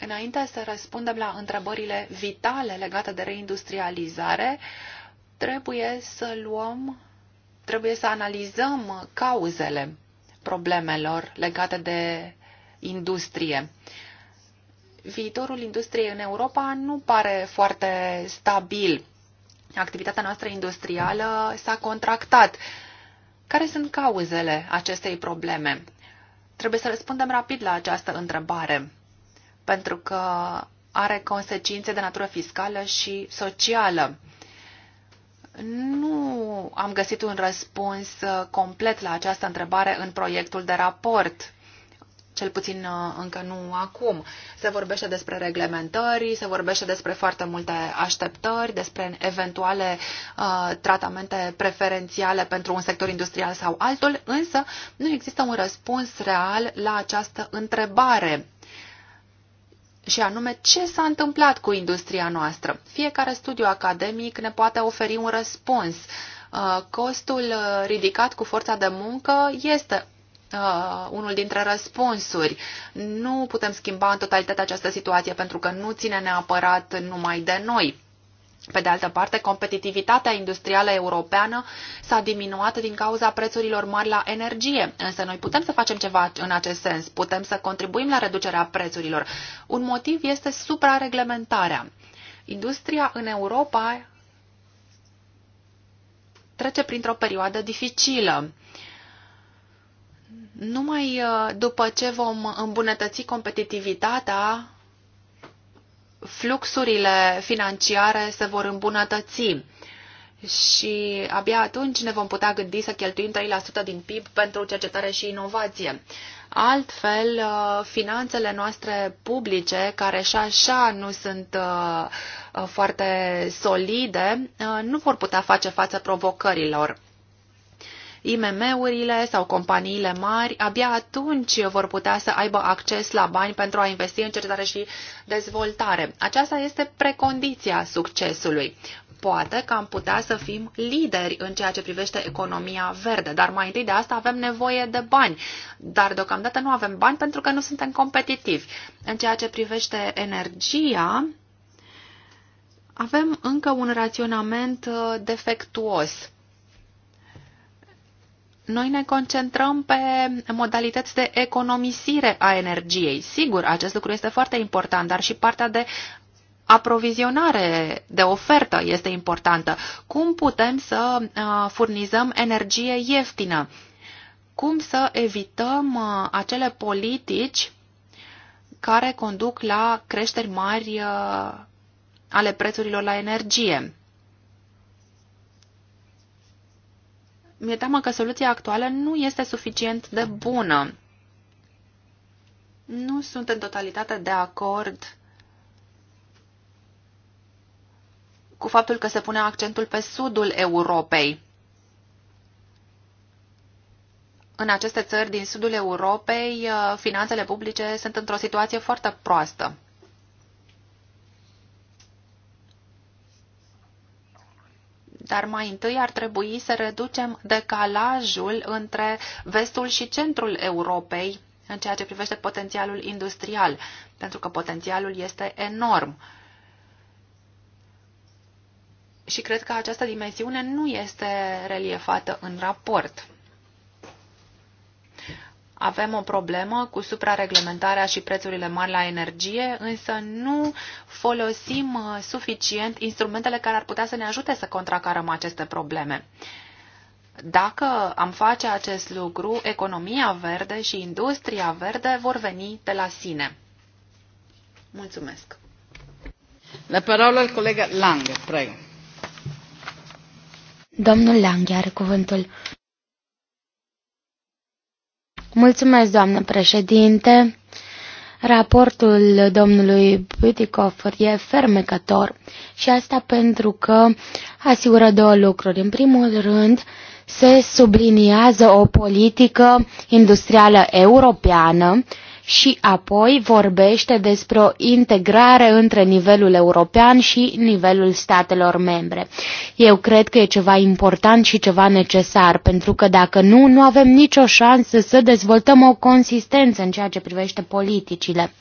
Înainte să răspundem la întrebările vitale legate de reindustrializare, trebuie să luăm, trebuie să analizăm cauzele problemelor legate de industrie. Viitorul industriei în Europa nu pare foarte stabil activitatea noastră industrială s-a contractat. Care sunt cauzele acestei probleme? Trebuie să răspundem rapid la această întrebare, pentru că are consecințe de natură fiscală și socială. Nu am găsit un răspuns complet la această întrebare în proiectul de raport cel puțin uh, încă nu acum. Se vorbește despre reglementări, se vorbește despre foarte multe așteptări, despre eventuale uh, tratamente preferențiale pentru un sector industrial sau altul, însă nu există un răspuns real la această întrebare și anume ce s-a întâmplat cu industria noastră. Fiecare studiu academic ne poate oferi un răspuns. Uh, costul uh, ridicat cu forța de muncă este uh, unul dintre răspunsuri. Nu putem schimba în totalitate această situație pentru că nu ține neapărat numai de noi. Pe de altă parte, competitivitatea industrială europeană s-a diminuat din cauza prețurilor mari la energie, însă noi putem să facem ceva în acest sens, putem să contribuim la reducerea prețurilor. Un motiv este suprareglementarea. Industria în Europa trece printr-o perioadă dificilă numai uh, după ce vom îmbunătăți competitivitatea, fluxurile financiare se vor îmbunătăți și abia atunci ne vom putea gândi să cheltuim 3% din PIB pentru cercetare și inovație. Altfel, uh, finanțele noastre publice, care și așa nu sunt uh, foarte solide, nu vor putea face față provocărilor. IMM-urile sau companiile mari abia atunci vor putea să aibă acces la bani pentru a investi în cercetare și dezvoltare. Aceasta este precondiția succesului. Poate că am putea să fim lideri în ceea ce privește economia verde, dar mai întâi de asta avem nevoie de bani. Dar deocamdată nu avem bani pentru că nu suntem competitivi. În ceea ce privește energia, avem încă un raționament uh, defectuos noi ne concentrăm pe modalități de economisire a energiei. Sigur, acest lucru este foarte important, dar și partea de aprovizionare de ofertă este importantă. Cum putem să furnizăm energie ieftină? Cum să evităm acele politici care conduc la creșteri mari ale prețurilor la energie? mi-e teamă că soluția actuală nu este suficient de bună. Nu sunt în totalitate de acord cu faptul că se pune accentul pe sudul Europei. În aceste țări din sudul Europei, uh, finanțele publice sunt într-o situație foarte proastă. Dar mai întâi ar trebui să reducem decalajul între vestul și centrul Europei în ceea ce privește potențialul industrial, pentru că potențialul este enorm. Și cred că această dimensiune nu este reliefată în raport. Avem o problemă cu suprareglementarea și prețurile mari la energie, însă nu folosim uh, suficient instrumentele care ar putea să ne ajute să contracarăm aceste probleme. Dacă am face acest lucru, economia verde și industria verde vor veni de la sine. Mulțumesc. La parola al colega Lange, prego. Domnul Lange are cuvântul. Mulțumesc, doamnă președinte. Raportul domnului Bütikofer e fermecător și asta pentru că asigură două lucruri. În primul rând, se subliniază o politică industrială europeană și apoi vorbește despre o integrare între nivelul european și nivelul statelor membre. Eu cred că e ceva important și ceva necesar, pentru că dacă nu, nu avem nicio șansă să dezvoltăm o consistență în ceea ce privește politicile.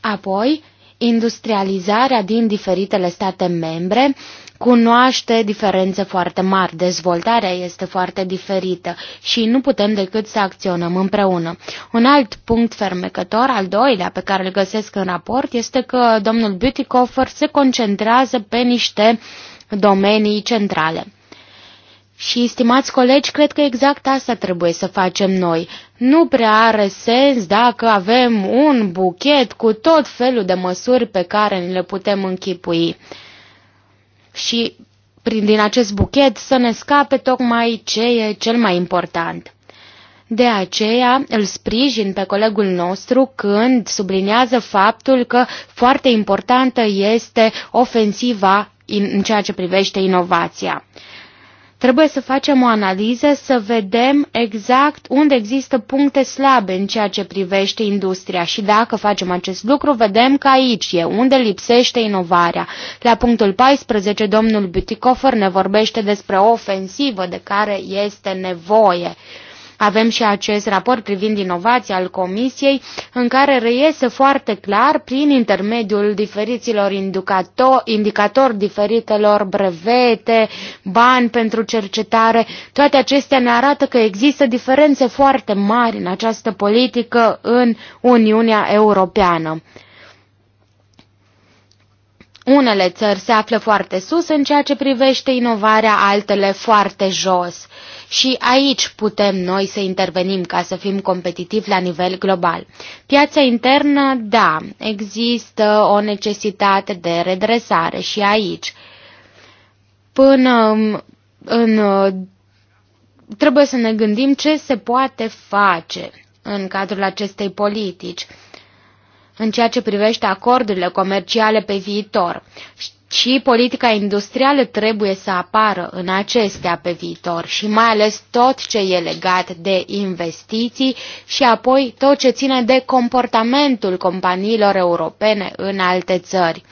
Apoi, industrializarea din diferitele state membre, uh, cunoaște diferențe foarte mari, dezvoltarea este foarte diferită și nu putem decât să acționăm împreună. Un alt punct fermecător, al doilea pe care îl găsesc în raport, este că domnul Butikofer se concentrează pe niște domenii centrale. Și, stimați colegi, cred că exact asta trebuie să facem noi. Nu prea are sens dacă avem un buchet cu tot felul de măsuri pe care ni le putem închipui și prin, din acest buchet să ne scape tocmai ce e cel mai important. De aceea îl sprijin pe colegul nostru când subliniază faptul că foarte importantă este ofensiva în ceea ce privește inovația. Trebuie să facem o analiză, să vedem exact unde există puncte slabe în ceea ce privește industria și dacă facem acest lucru, vedem că aici e unde lipsește inovarea. La punctul 14, domnul Butikofer ne vorbește despre o ofensivă de care este nevoie avem și acest raport privind inovația al Comisiei, în care reiese foarte clar, prin intermediul diferiților indicatori, diferitelor brevete, bani pentru cercetare, toate acestea ne arată că există diferențe foarte mari în această politică în Uniunea Europeană. Unele țări se află foarte sus în ceea ce privește inovarea, altele foarte jos. Și aici putem noi să intervenim ca să fim competitivi la nivel global. Piața internă, da, există o necesitate de redresare și aici. Până în, trebuie să ne gândim ce se poate face în cadrul acestei politici în ceea ce privește acordurile comerciale pe viitor și politica industrială trebuie să apară în acestea pe viitor și mai ales tot ce e legat de investiții și apoi tot ce ține de comportamentul companiilor europene în alte țări.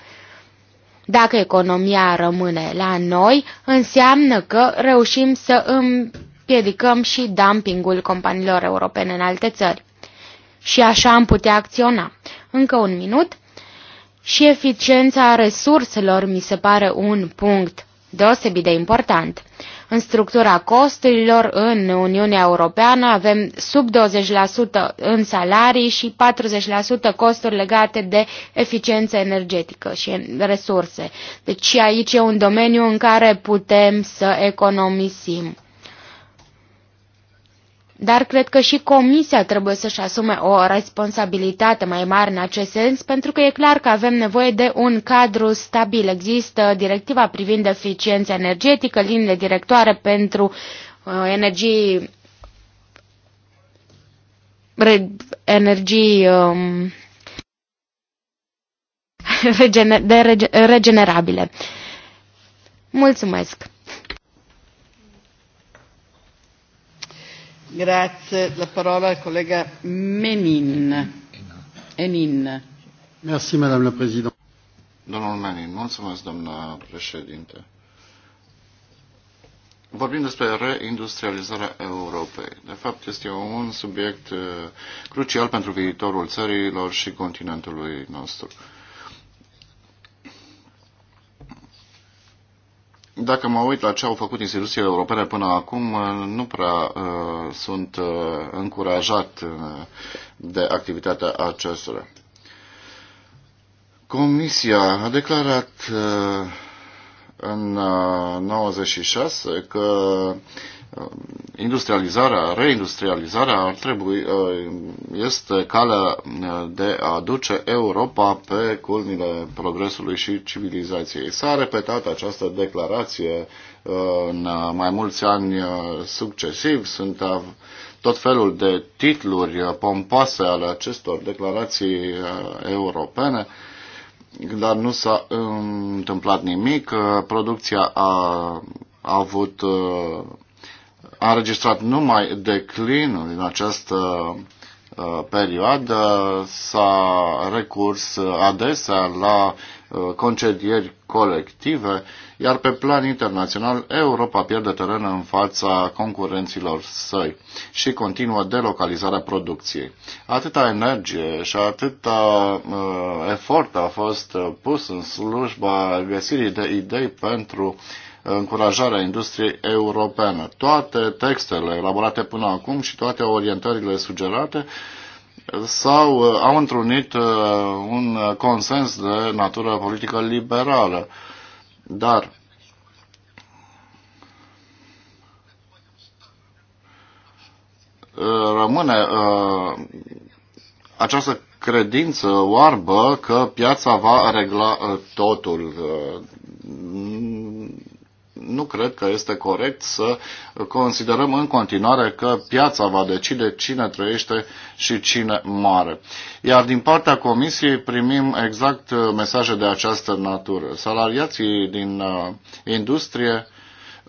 Dacă economia rămâne la noi, înseamnă că reușim să împiedicăm și dumpingul companiilor europene în alte țări și așa am putea acționa. Încă un minut. Și eficiența resurselor mi se pare un punct deosebit de important. În structura costurilor în Uniunea Europeană avem sub 20% în salarii și 40% costuri legate de eficiență energetică și resurse. Deci aici e un domeniu în care putem să economisim. Dar cred că și Comisia trebuie să-și asume o responsabilitate mai mare în acest sens, pentru că e clar că avem nevoie de un cadru stabil. Există directiva privind eficiența energetică, liniile directoare pentru uh, energii, re, energii um, de regenerabile. Mulțumesc! Grazie. La parola al collega Menin. Enin. Merci, Madame la Présidente. Domnul Menin, mulțumesc, doamna președinte. Vorbim despre reindustrializarea Europei. De fapt, este un subiect eh, crucial pentru viitorul țărilor și continentului nostru. Dacă mă uit la ce au făcut instituțiile europene până acum, uh, nu prea uh, sunt uh, încurajat uh, de activitatea acestora. Comisia a declarat uh, în 96 uh, că uh, industrializarea, reindustrializarea ar trebui, uh, este calea de a duce Europa pe culmile progresului și civilizației. S-a repetat această declarație în mai mulți ani succesiv. Sunt tot felul de titluri pompoase ale acestor declarații europene dar nu s-a întâmplat nimic. Producția a, a avut a înregistrat numai declinul în această perioadă s-a recurs adesea la Uh, concedieri colective, iar pe plan internațional Europa pierde teren în fața concurenților săi și continuă delocalizarea producției. Atâta energie și atâta uh, efort a fost uh, pus în slujba găsirii de idei pentru încurajarea industriei europene. Toate textele elaborate până acum și toate orientările sugerate uh, sau uh, au întrunit uh, un uh, consens de natură politică liberală. Dar rămâne această credință oarbă că piața va regla totul nu cred că este corect să considerăm în continuare că piața va decide cine trăiește și cine moare. Iar din partea Comisiei primim exact uh, mesaje de această natură. Salariații din uh, industrie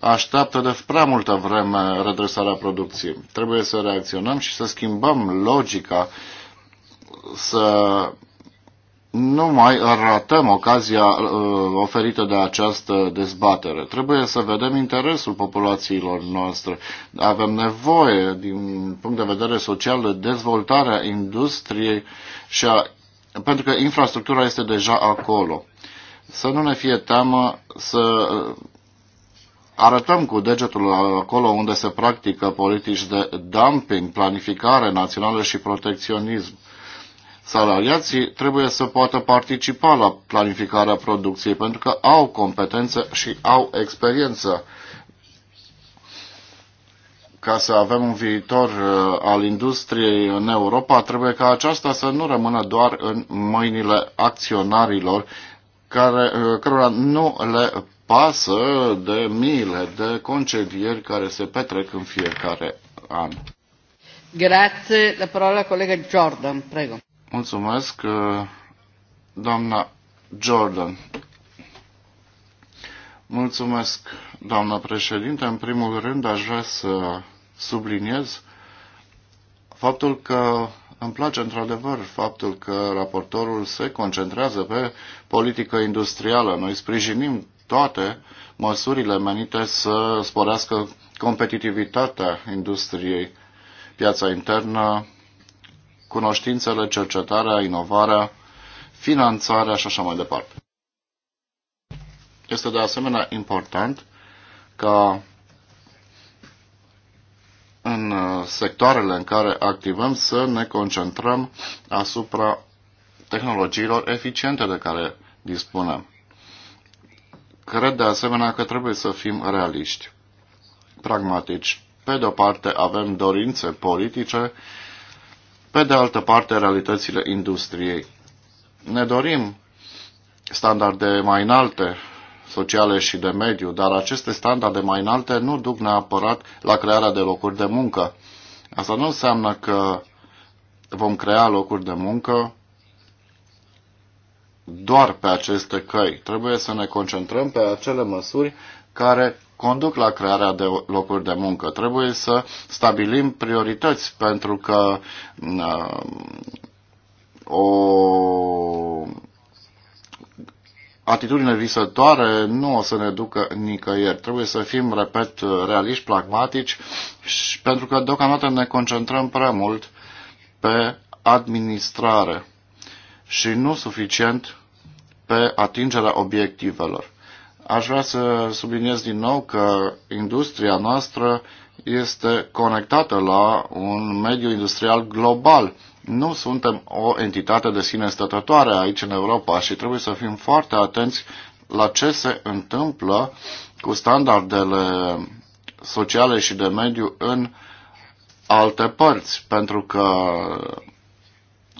așteaptă de prea multă vreme redresarea producției. Trebuie să reacționăm și să schimbăm logica, să nu mai ratăm ocazia uh, oferită de această dezbatere. Trebuie să vedem interesul populațiilor noastre. Avem nevoie, din punct de vedere social, de dezvoltarea industriei și a, pentru că infrastructura este deja acolo. Să nu ne fie teamă să uh, arătăm cu degetul acolo unde se practică politici de dumping, planificare națională și protecționism salariații trebuie să poată participa la planificarea producției pentru că au competență și au experiență ca să avem un viitor uh, al industriei în Europa, trebuie ca aceasta să nu rămână doar în mâinile acționarilor care, uh, cărora nu le pasă de miile de concedieri care se petrec în fiecare an. Grazie. La parola colega Jordan, prego. Mulțumesc, uh, doamna Jordan. Mulțumesc, doamna președinte. În primul rând, aș vrea să subliniez faptul că îmi place într-adevăr faptul că raportorul se concentrează pe politică industrială. Noi sprijinim toate măsurile menite să sporească competitivitatea industriei, piața internă, cunoștințele, cercetarea, inovarea, finanțarea și așa mai departe. Este de asemenea important ca în uh, sectoarele în care activăm să ne concentrăm asupra tehnologiilor eficiente de care dispunem. Cred de asemenea că trebuie să fim realiști, pragmatici. Pe de o parte avem dorințe politice pe de altă parte realitățile industriei. Ne dorim standarde mai înalte sociale și de mediu, dar aceste standarde mai înalte nu duc neapărat la crearea de locuri de muncă. Asta nu înseamnă că vom crea locuri de muncă doar pe aceste căi. Trebuie să ne concentrăm pe acele măsuri care conduc la crearea de locuri de muncă. Trebuie să stabilim priorități pentru că mm, uh, o atitudine visătoare nu o să ne ducă nicăieri. Trebuie să fim, repet, realiști, pragmatici, și pentru că deocamdată ne concentrăm prea mult pe administrare și nu suficient pe atingerea obiectivelor. Aș vrea să subliniez din nou că industria noastră este conectată la un mediu industrial global. Nu suntem o entitate de sine stătătoare aici în Europa și trebuie să fim foarte atenți la ce se întâmplă cu standardele sociale și de mediu în alte părți, pentru că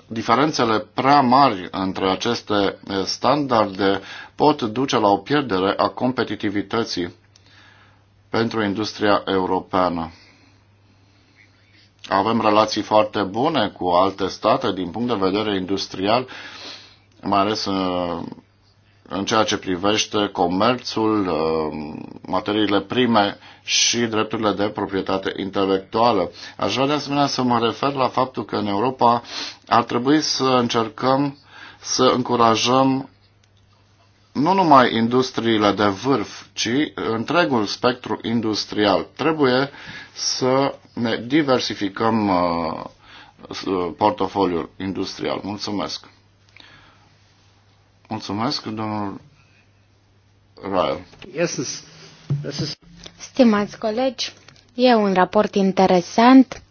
diferențele prea mari între aceste eh, standarde pot duce la o pierdere a competitivității pentru industria europeană. Avem relații foarte bune cu alte state din punct de vedere industrial, mai ales eh, în ceea ce privește comerțul, uh, materiile prime și drepturile de proprietate intelectuală. Aș vrea de asemenea să mă refer la faptul că în Europa ar trebui să încercăm să încurajăm nu numai industriile de vârf, ci întregul spectru industrial. Trebuie să ne diversificăm uh, uh, portofoliul industrial. Mulțumesc! Mulțumesc, domnul Rael. Stimați colegi, e un raport interesant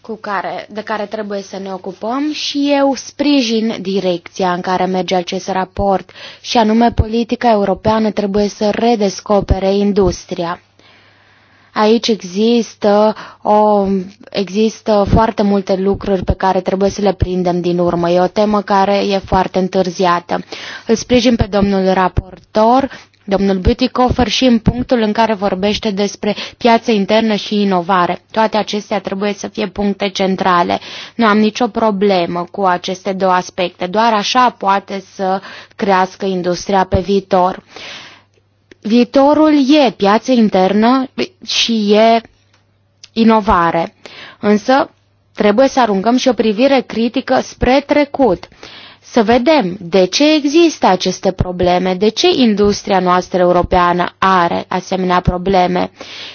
cu care, de care trebuie să ne ocupăm și eu sprijin direcția în care merge acest raport și anume politica europeană trebuie să redescopere industria. Aici există, o, există foarte multe lucruri pe care trebuie să le prindem din urmă. E o temă care e foarte întârziată. Îl sprijin pe domnul raportor, domnul Butikofer și în punctul în care vorbește despre piață internă și inovare. Toate acestea trebuie să fie puncte centrale. Nu am nicio problemă cu aceste două aspecte, doar așa poate să crească industria pe viitor. Uh, Viitorul e piață internă și e inovare, însă trebuie să aruncăm și o privire critică spre trecut. Să vedem de ce există aceste probleme, de ce industria noastră europeană are asemenea probleme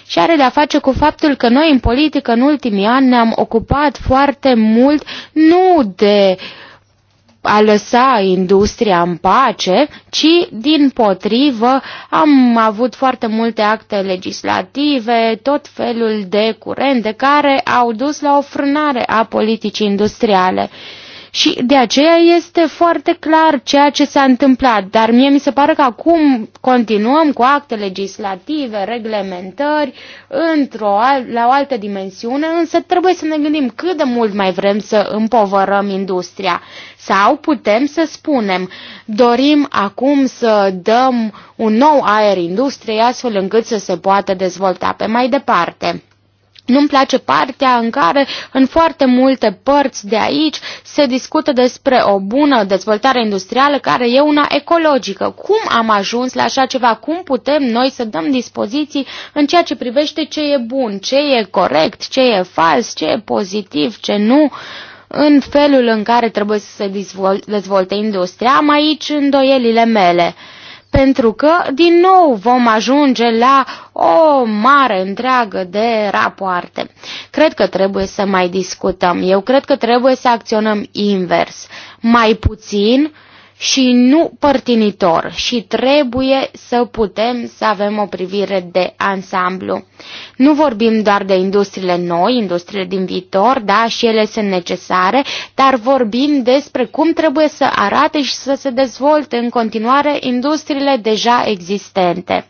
și are de-a face cu faptul că noi în politică în ultimii ani ne-am ocupat foarte mult nu de uh, a lăsa industria în pace, ci din potrivă am avut foarte multe acte legislative, tot felul de curente care au dus la o frânare a politicii industriale. Și de aceea este foarte clar ceea ce s-a întâmplat, dar mie mi se pare că acum continuăm cu acte legislative, reglementări, într-o, la o altă dimensiune, însă trebuie să ne gândim cât de mult mai vrem să împovărăm industria. Sau putem să spunem, dorim acum să dăm un nou aer industriei astfel încât să se poată dezvolta pe mai departe. Nu-mi place partea în care în foarte multe părți de aici se discută despre o bună dezvoltare industrială care e una ecologică. Cum am ajuns la așa ceva? Cum putem noi să dăm dispoziții în ceea ce privește ce e bun, ce e corect, ce e fals, ce e pozitiv, ce nu? În felul în care trebuie să se dezvolte industria, am aici îndoielile mele pentru că din nou vom ajunge la o mare întreagă de rapoarte. Cred că trebuie să mai discutăm. Eu cred că trebuie să acționăm invers. Mai puțin, și nu părtinitor și trebuie să putem să avem o privire de ansamblu. Nu vorbim doar de industriile noi, industriile din viitor, da, și ele sunt necesare, dar vorbim despre cum trebuie să arate și să se dezvolte în continuare industriile deja existente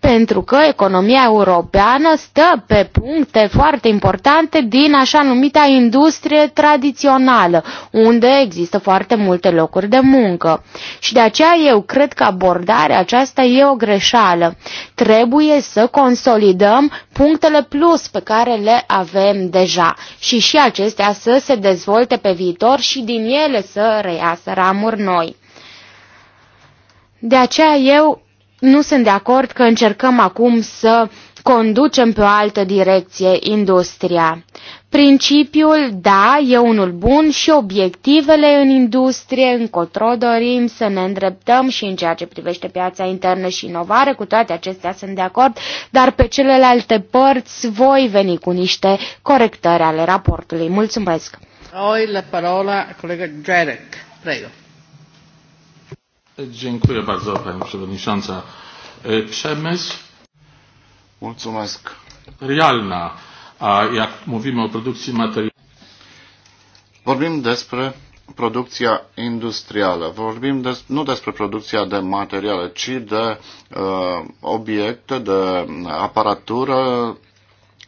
pentru că economia europeană stă pe puncte foarte importante din așa numita industrie tradițională, unde există foarte multe locuri de muncă. Și de aceea eu cred că abordarea aceasta e o greșeală. Trebuie să consolidăm punctele plus pe care le avem deja și și acestea să se dezvolte pe viitor și din ele să reiasă ramuri noi. De aceea eu nu sunt de acord că încercăm acum să conducem pe o altă direcție industria. Principiul, da, e unul bun și obiectivele în industrie, încotro dorim să ne îndreptăm și în ceea ce privește piața internă și inovare, cu toate acestea sunt de acord, dar pe celelalte părți voi veni cu niște corectări ale raportului. Mulțumesc! Oi la parola colega Jarek, prego. Dziękuję bardzo, pani przewodnicząca. Przemysł. Mulțumesc. Realna. A jak mówimy o produkcji materiału? Vorbim despre producția industrială. Vorbim des, nu despre producția de materiale, ci de uh, obiecte, de aparatură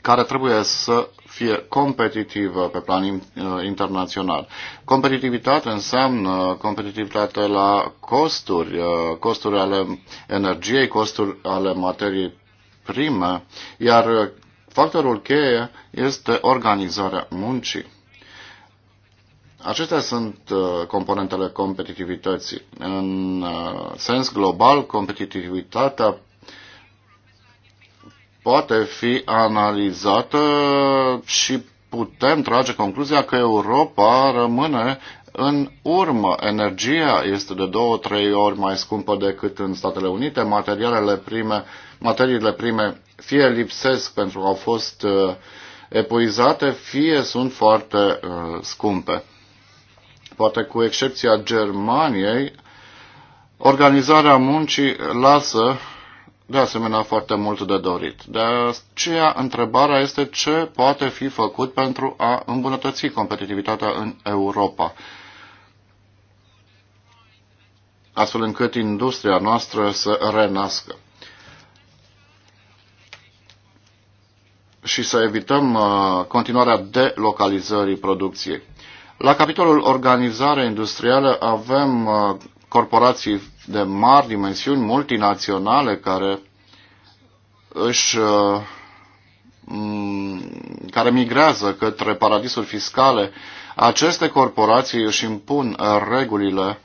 care trebuie să fie competitivă pe plan uh, internațional. Competitivitate înseamnă competitivitate la costuri, uh, costuri ale energiei, costuri ale materiei prime, iar factorul cheie este organizarea muncii. Acestea sunt uh, componentele competitivității. În sens global, competitivitatea poate fi analizată și putem trage concluzia că Europa rămâne în urmă. Energia este de două, trei ori mai scumpă decât în Statele Unite. Materialele prime, materiile prime fie lipsesc pentru că au fost uh, epuizate, fie sunt foarte uh, scumpe. Poate cu excepția Germaniei, organizarea muncii lasă de asemenea foarte mult de dorit. De aceea, întrebarea este ce poate fi făcut pentru a îmbunătăți competitivitatea în Europa, astfel încât industria noastră să renască. și să evităm uh, continuarea delocalizării producției. La capitolul organizare industrială avem uh, corporații de mari dimensiuni multinaționale care își uh, care migrează către paradisuri fiscale, aceste corporații își impun regulile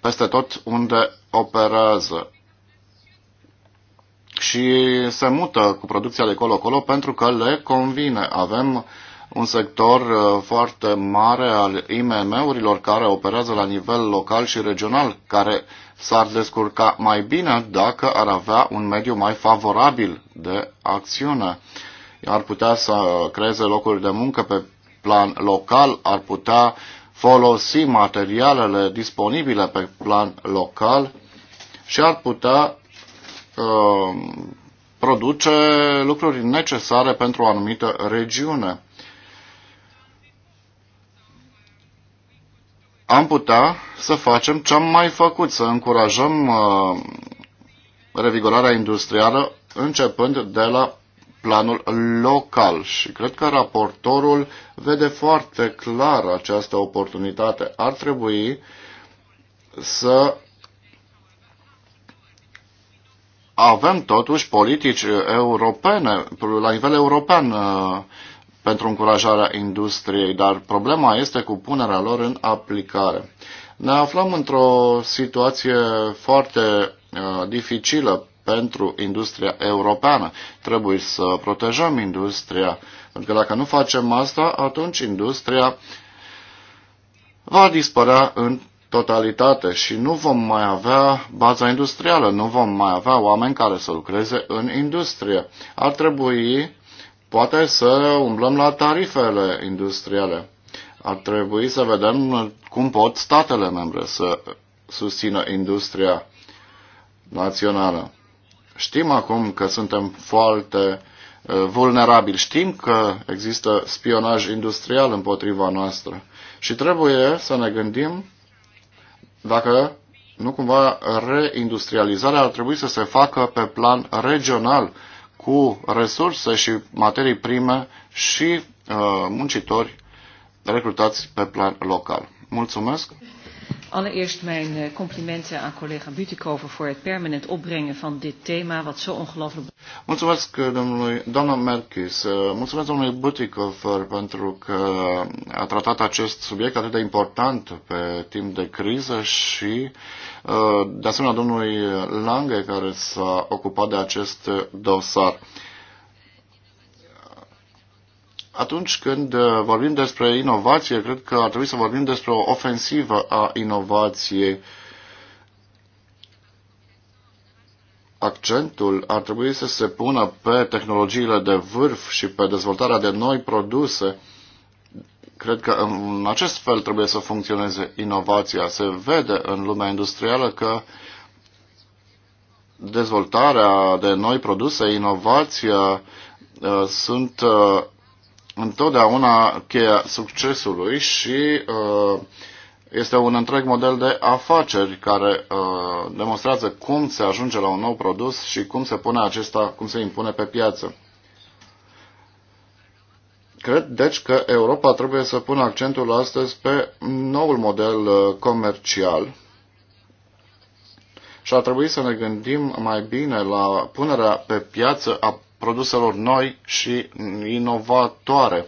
peste tot unde operează și se mută cu producția de colo-colo pentru că le convine. Avem un sector uh, foarte mare al IMM-urilor care operează la nivel local și regional, care s-ar descurca mai bine dacă ar avea un mediu mai favorabil de acțiune. Ar putea să creeze locuri de muncă pe plan local, ar putea folosi materialele disponibile pe plan local și ar putea uh, produce lucruri necesare pentru o anumită regiune. am putea să facem ce am mai făcut, să încurajăm uh, revigorarea industrială începând de la planul local și cred că raportorul vede foarte clar această oportunitate. Ar trebui să avem totuși politici europene, la nivel european, uh, pentru încurajarea industriei, dar problema este cu punerea lor în aplicare. Ne aflăm într-o situație foarte uh, dificilă pentru industria europeană. Trebuie să protejăm industria, pentru că dacă nu facem asta, atunci industria va dispărea în totalitate și nu vom mai avea baza industrială, nu vom mai avea oameni care să lucreze în industrie. Ar trebui poate să umblăm la tarifele industriale. Ar trebui să vedem cum pot statele membre să susțină industria națională. Știm acum că suntem foarte uh, vulnerabili, știm că există spionaj industrial împotriva noastră și trebuie să ne gândim dacă nu cumva reindustrializarea ar trebui să se facă pe plan regional cu resurse și materii prime și uh, muncitori recrutați pe plan local. Mulțumesc! Allereerst mijn eh, complimenten aan collega Butikover voor het permanent opbrengen van dit thema, wat zo ongelooflijk... is. Mulțumesc, eh, domnului, doamna Merkis. Eh, mulțumesc, domnului Butikover, pentru că a tratat acest subiect atât de important pe timp de criză și, de asemenea, domnului Lange, care s-a ocupat de acest dosar. Atunci când uh, vorbim despre inovație, cred că ar trebui să vorbim despre o ofensivă a inovației. Accentul ar trebui să se pună pe tehnologiile de vârf și pe dezvoltarea de noi produse. Cred că în acest fel trebuie să funcționeze inovația. Se vede în lumea industrială că dezvoltarea de noi produse, inovația uh, sunt uh, întotdeauna cheia succesului și uh, este un întreg model de afaceri care uh, demonstrează cum se ajunge la un nou produs și cum se pune acesta, cum se impune pe piață. Cred, deci, că Europa trebuie să pună accentul astăzi pe noul model uh, comercial și ar trebui să ne gândim mai bine la punerea pe piață a produselor noi și inovatoare.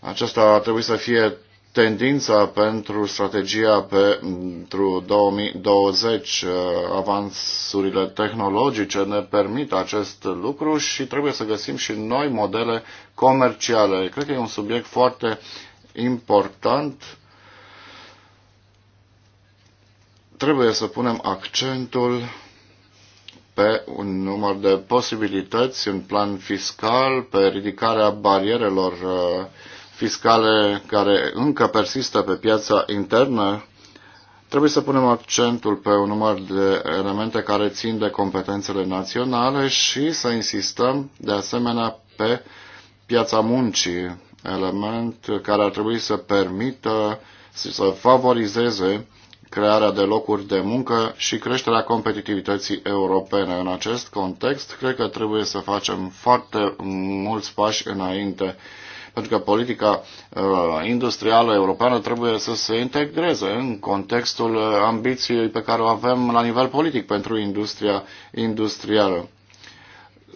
Aceasta ar trebui să fie tendința pentru strategia pentru 2020. Uh, avansurile tehnologice ne permit acest lucru și trebuie să găsim și noi modele comerciale. Cred că e un subiect foarte important. Trebuie să punem accentul pe un număr de posibilități în plan fiscal, pe ridicarea barierelor uh, fiscale care încă persistă pe piața internă, trebuie să punem accentul pe un număr de elemente care țin de competențele naționale și să insistăm de asemenea pe piața muncii, element care ar trebui să permită să favorizeze crearea de locuri de muncă și creșterea competitivității europene. În acest context, cred că trebuie să facem foarte mulți pași înainte, pentru că politica uh, industrială europeană trebuie să se integreze în contextul uh, ambiției pe care o avem la nivel politic pentru industria industrială.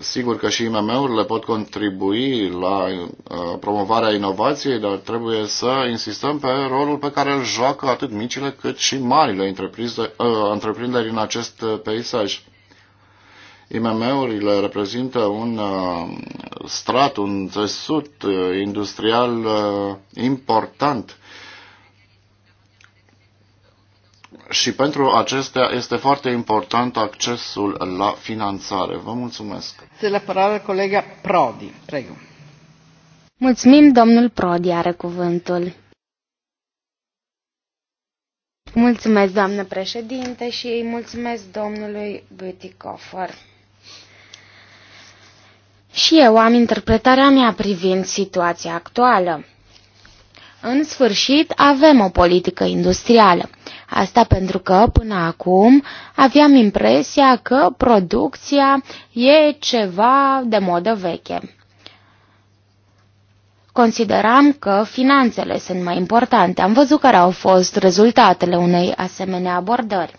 Sigur că și IMM-urile pot contribui la uh, promovarea inovației, dar trebuie să insistăm pe rolul pe care îl joacă atât micile cât și marile uh, întreprinderi în acest uh, peisaj. IMM-urile reprezintă un strat, un țesut industrial important și pentru acestea este foarte important accesul la finanțare. Vă mulțumesc. Se la parola colega Prodi. Prego. Mulțumim, domnul Prodi are cuvântul. Mulțumesc, doamnă președinte, și îi mulțumesc domnului Butikofer. Și eu am interpretarea mea privind situația actuală. În sfârșit, avem o politică industrială. Asta pentru că până acum aveam impresia că producția e ceva de modă veche. Consideram că finanțele sunt mai importante. Am văzut care au fost rezultatele unei asemenea abordări.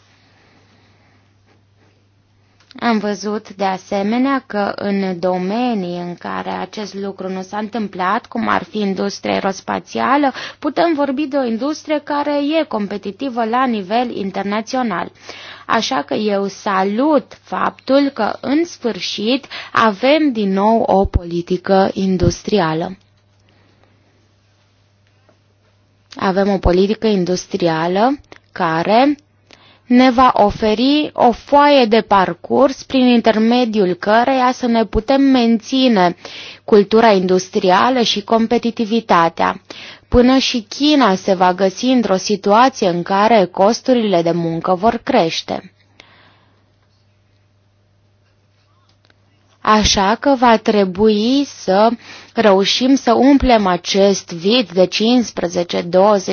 Am văzut de asemenea că în domenii în care acest lucru nu s-a întâmplat, cum ar fi industria aerospațială, putem vorbi de o industrie care e competitivă la nivel internațional. Așa că eu salut faptul că în sfârșit avem din nou o politică industrială. Avem o politică industrială care ne va oferi o foaie de parcurs prin intermediul căreia să ne putem menține cultura industrială și competitivitatea. Până și China se va găsi într-o situație în care costurile de muncă vor crește. Așa că va trebui să reușim să umplem acest vid de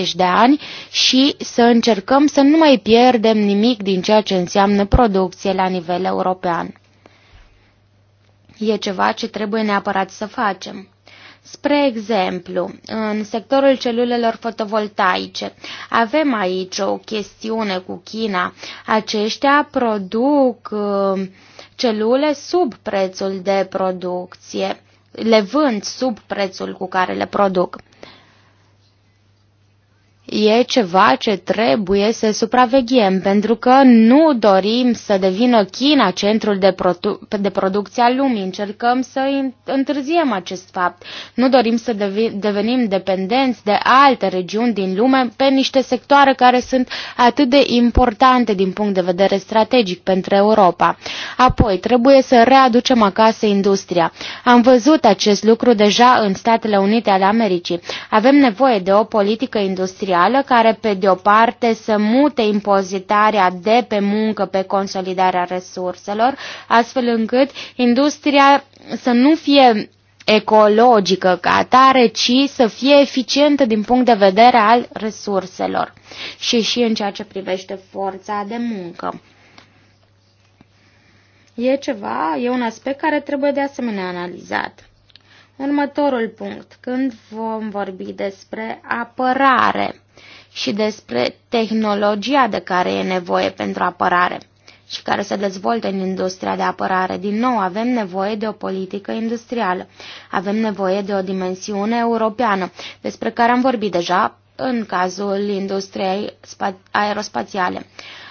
15-20 de ani și să încercăm să nu mai pierdem nimic din ceea ce înseamnă producție la nivel european. E ceva ce trebuie neapărat să facem. Spre exemplu, în sectorul celulelor fotovoltaice, avem aici o chestiune cu China. Aceștia produc uh, celule sub prețul de producție, le vând sub prețul cu care le produc e ceva ce trebuie să supraveghem, pentru că nu dorim să devină China centrul de, produ- de producție al lumii. Încercăm să întârziem acest fapt. Nu dorim să devenim dependenți de alte regiuni din lume pe niște sectoare care sunt atât de importante din punct de vedere strategic pentru Europa. Apoi, trebuie să readucem acasă industria. Am văzut acest lucru deja în Statele Unite ale Americii. Avem nevoie de o politică industrială socială care, pe de o parte, să mute impozitarea de pe muncă pe consolidarea resurselor, astfel încât industria să nu fie ecologică ca atare, ci să fie eficientă din punct de vedere al resurselor și și în ceea ce privește forța de muncă. E ceva, e un aspect care trebuie de asemenea analizat. Următorul punct, când vom vorbi despre apărare și despre tehnologia de care e nevoie pentru apărare și care se dezvoltă în industria de apărare. Din nou, avem nevoie de o politică industrială, avem nevoie de o dimensiune europeană, despre care am vorbit deja în cazul industriei aerospațiale.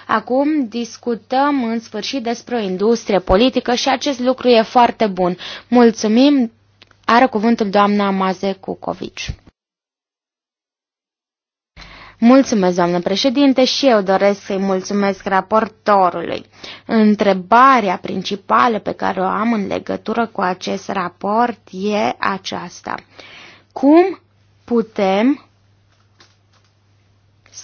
Acum discutăm în sfârșit despre o industrie politică și acest lucru e foarte bun. Mulțumim! Are cuvântul doamna Maze Cucovici. Mulțumesc, doamnă președinte, și eu doresc să-i mulțumesc raportorului. Întrebarea principală pe care o am în legătură cu acest raport e aceasta. Cum putem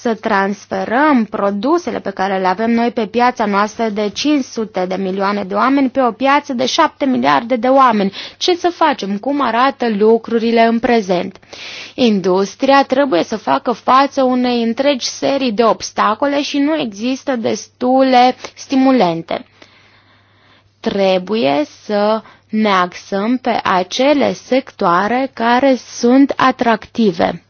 să transferăm produsele pe care le avem noi pe piața noastră de 500 de milioane de oameni pe o piață de 7 miliarde de oameni. Ce să facem? Cum arată lucrurile în prezent? Industria trebuie să facă față unei întregi serii de obstacole și nu există destule stimulente. Trebuie să ne axăm pe acele sectoare care sunt atractive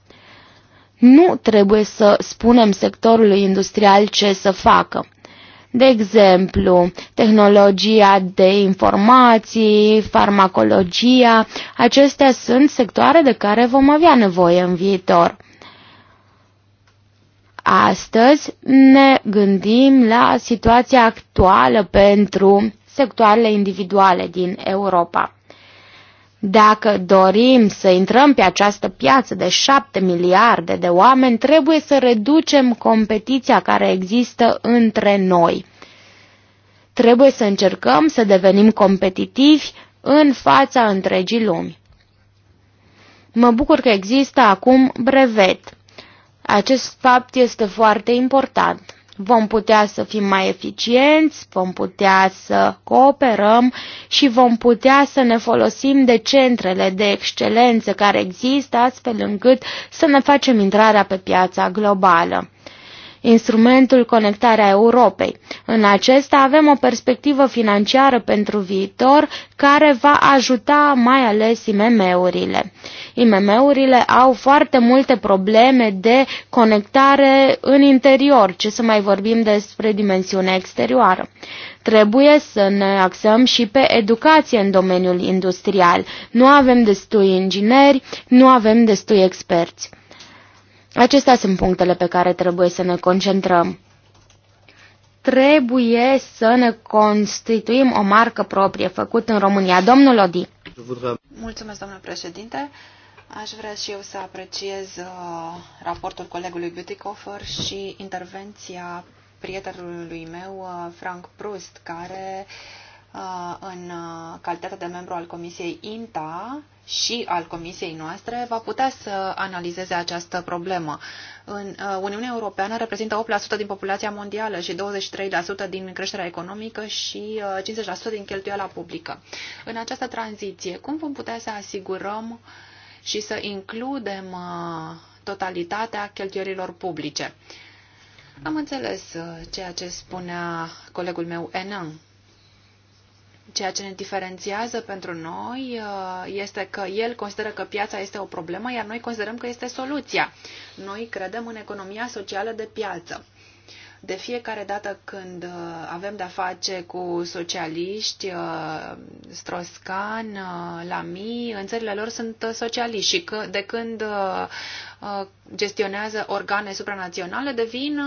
nu trebuie să spunem sectorului industrial ce să facă. De exemplu, tehnologia de informații, farmacologia, acestea sunt sectoare de care vom avea nevoie în viitor. Astăzi ne gândim la situația actuală pentru sectoarele individuale din Europa. Dacă dorim să intrăm pe această piață de șapte miliarde de oameni, trebuie să reducem competiția care există între noi. Trebuie să încercăm să devenim competitivi în fața întregii lumi. Mă bucur că există acum brevet. Acest fapt este foarte important vom putea să fim mai eficienți, vom putea să cooperăm și vom putea să ne folosim de centrele de excelență care există astfel încât să ne facem intrarea pe piața globală instrumentul Conectarea Europei. În acesta avem o perspectivă financiară pentru viitor care va ajuta mai ales IMM-urile. IMM-urile au foarte multe probleme de conectare în interior, ce să mai vorbim despre dimensiunea exterioară. Trebuie să ne axăm și pe educație în domeniul industrial. Nu avem destui ingineri, nu avem destui experți. Acestea sunt punctele pe care trebuie să ne concentrăm. Trebuie să ne constituim o marcă proprie făcută în România. Domnul Odi. Mulțumesc, domnule președinte. Aș vrea și eu să apreciez uh, raportul colegului Beautycoffer și intervenția prietenului meu, uh, Frank Prust, care uh, în uh, calitate de membru al Comisiei INTA și al comisiei noastre va putea să analizeze această problemă. În uh, Uniunea Europeană reprezintă 8% din populația mondială și 23% din creșterea economică și 50% uh, din cheltuiala publică. În această tranziție, cum vom putea să asigurăm și să includem uh, totalitatea cheltuielilor publice? Am înțeles ceea ce spunea colegul meu Enan Ceea ce ne diferențiază pentru noi uh, este că el consideră că piața este o problemă, iar noi considerăm că este soluția. Noi credem în economia socială de piață. De fiecare dată când uh, avem de-a face cu socialiști, uh, Stroscan, Lami, în țările lor sunt socialiști și de când gestionează organe supranaționale devin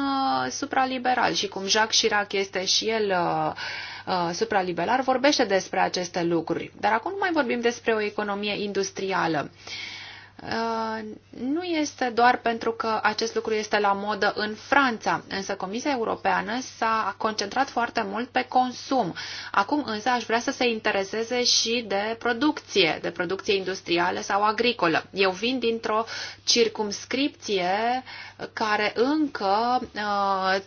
supraliberali și cum Jacques Chirac este și el uh, Uh, supraliberal vorbește despre aceste lucruri. Dar acum nu mai vorbim despre o economie industrială. Uh, nu este doar pentru că acest lucru este la modă în Franța, însă Comisia Europeană s-a concentrat foarte mult pe consum. Acum însă aș vrea să se intereseze și de producție, de producție industrială sau agricolă. Eu vin dintr-o circumscripție care încă uh,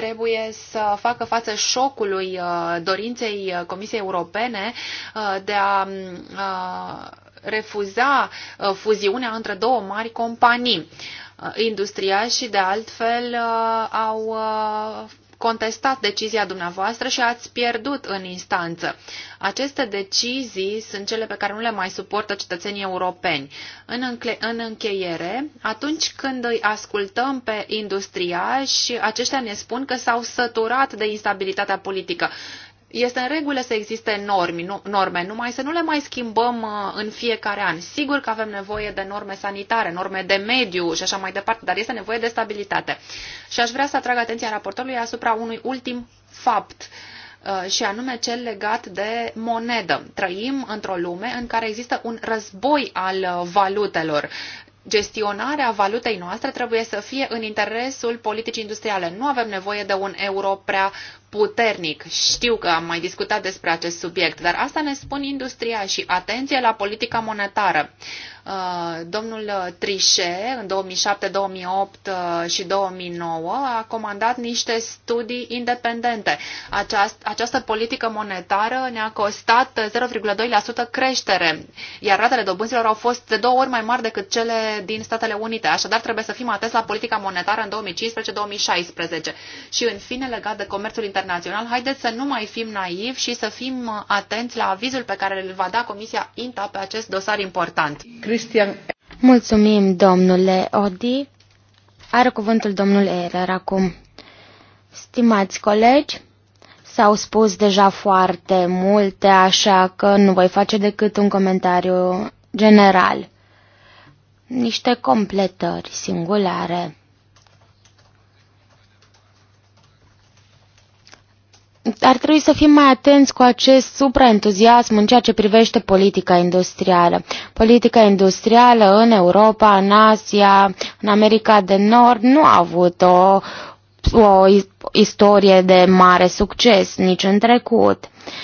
trebuie să facă față șocului uh, dorinței uh, Comisiei Europene uh, de a refuza fuziunea între două mari companii. Industria și de altfel au contestat decizia dumneavoastră și ați pierdut în instanță. Aceste decizii sunt cele pe care nu le mai suportă cetățenii europeni. În, în încheiere, atunci când îi ascultăm pe industriași, aceștia ne spun că s-au săturat de instabilitatea politică este în regulă să existe normi, nu, norme, numai să nu le mai schimbăm uh, în fiecare an. Sigur că avem nevoie de norme sanitare, norme de mediu și așa mai departe, dar este nevoie de stabilitate. Și aș vrea să atrag atenția raportorului asupra unui ultim fapt uh, și anume cel legat de monedă. Trăim într-o lume în care există un război al uh, valutelor gestionarea valutei noastre trebuie să fie în interesul politicii industriale. Nu avem nevoie de un euro prea puternic. Știu că am mai discutat despre acest subiect, dar asta ne spun industria și atenție la politica monetară. Uh, domnul Trichet, în 2007, 2008 uh, și 2009, a comandat niște studii independente. Această, această politică monetară ne-a costat 0,2% creștere, iar ratele dobânzilor au fost de două ori mai mari decât cele din Statele Unite. Așadar, trebuie să fim atenți la politica monetară în 2015-2016. Și, în fine, legat de comerțul internațional, internațional, haideți să nu mai fim naivi și să fim atenți la avizul pe care îl va da Comisia INTA pe acest dosar important. Christian, Mulțumim, domnule Odi. Are cuvântul domnul Erer acum. Stimați colegi, s-au spus deja foarte multe, așa că nu voi face decât un comentariu general. Niște completări singulare. ar trebui să fim mai atenți cu acest supraentuziasm în ceea ce privește politica industrială. Politica industrială în Europa, în Asia, în America de Nord nu a avut o, o istorie de mare succes nici în trecut. Uh,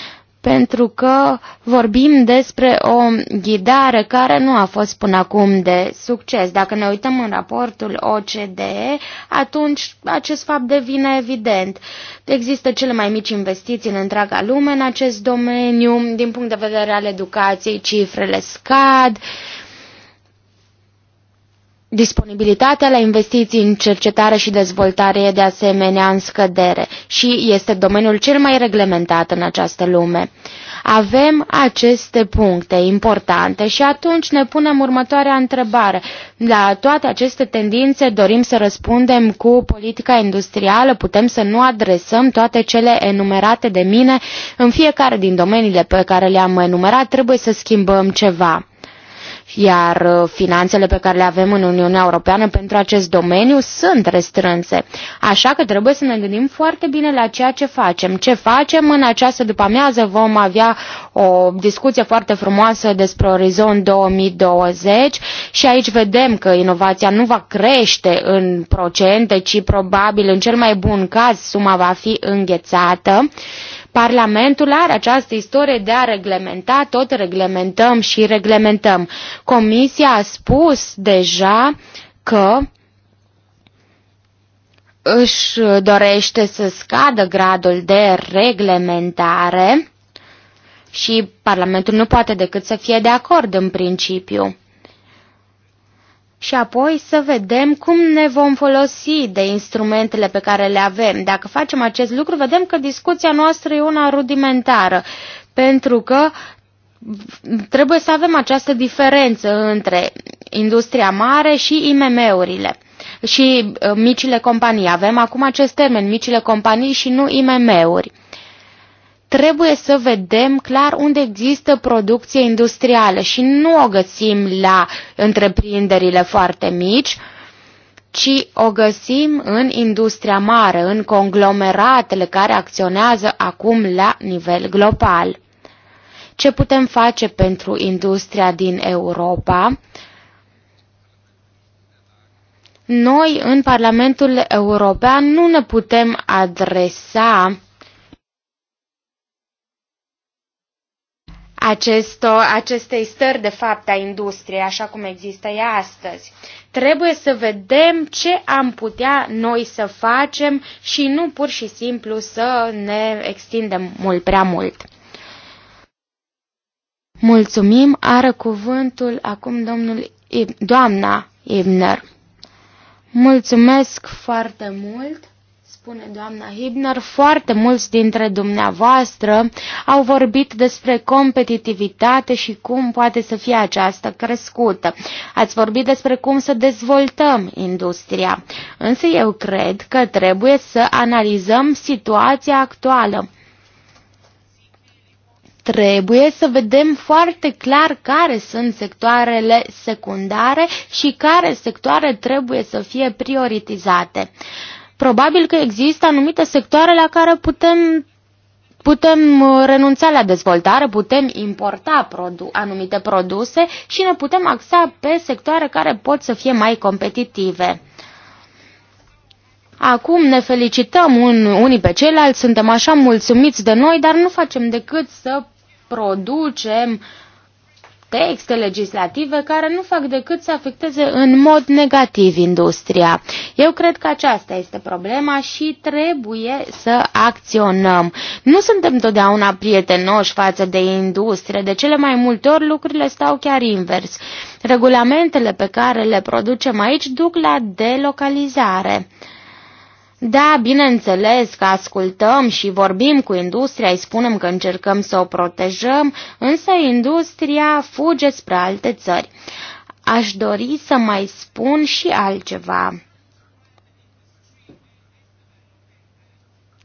pentru că vorbim despre o ghidare care nu a fost până acum de succes. Dacă ne uităm în raportul OCDE, atunci acest fapt devine evident. Există cele mai mici investiții în întreaga lume în acest domeniu, din punct de vedere al educației cifrele scad, uh, Disponibilitatea la investiții în cercetare și dezvoltare e de asemenea în scădere și este domeniul cel mai reglementat în această lume. Avem aceste puncte importante și atunci ne punem următoarea întrebare. La toate aceste tendințe dorim să răspundem cu politica industrială, putem să nu adresăm toate cele enumerate de mine. În fiecare din domeniile pe care le-am enumerat trebuie să schimbăm ceva iar uh, finanțele pe care le avem în Uniunea Europeană pentru acest domeniu sunt restrânse. Așa că trebuie să ne gândim foarte bine la ceea ce facem. Ce facem în această după-amiază vom avea o discuție foarte frumoasă despre Orizont 2020 și aici vedem că inovația nu va crește în procente, ci probabil în cel mai bun caz suma va fi înghețată. Parlamentul are această istorie de a reglementa, tot reglementăm și reglementăm. Comisia a spus deja că își dorește să scadă gradul de reglementare și Parlamentul nu poate decât să fie de acord în principiu și apoi să vedem cum ne vom folosi de instrumentele pe care le avem. Dacă facem acest lucru, vedem că discuția noastră e una rudimentară, pentru că trebuie să avem această diferență între industria mare și IMM-urile și uh, micile companii. Avem acum acest termen, micile companii și nu IMM-uri trebuie să vedem clar unde există producție industrială și nu o găsim la întreprinderile foarte mici, ci o găsim în industria mare, în conglomeratele care acționează acum la nivel global. Ce putem face pentru industria din Europa? Noi, în Parlamentul European, nu ne putem adresa acest, acestei stări de fapt a industriei, așa cum există ea astăzi. Trebuie să vedem ce am putea noi să facem și nu pur și simplu să ne extindem mult prea mult. Mulțumim, are cuvântul acum domnul, doamna Ibner. Mulțumesc foarte mult! spune doamna Hibner, foarte mulți dintre dumneavoastră au vorbit despre competitivitate și cum poate să fie aceasta crescută. Ați vorbit despre cum să dezvoltăm industria. Însă eu cred că trebuie să analizăm situația actuală trebuie să vedem foarte clar care sunt sectoarele secundare și care sectoare trebuie să fie prioritizate. Probabil că există anumite sectoare la care putem, putem uh, renunța la dezvoltare, putem importa produ anumite produse și ne putem axa pe sectoare care pot să fie mai competitive. Acum ne felicităm un, unii pe ceilalți, suntem așa mulțumiți de noi, dar nu facem decât să producem texte legislative care nu fac decât să afecteze în mod negativ industria. Eu cred că aceasta este problema și trebuie să acționăm. Nu suntem totdeauna prietenoși față de industrie, de cele mai multe ori lucrurile stau chiar invers. Regulamentele pe care le producem aici duc la delocalizare. Da, bineînțeles că ascultăm și vorbim cu industria, îi spunem că încercăm să o protejăm, însă industria fuge spre alte țări. Aș dori să mai spun și altceva.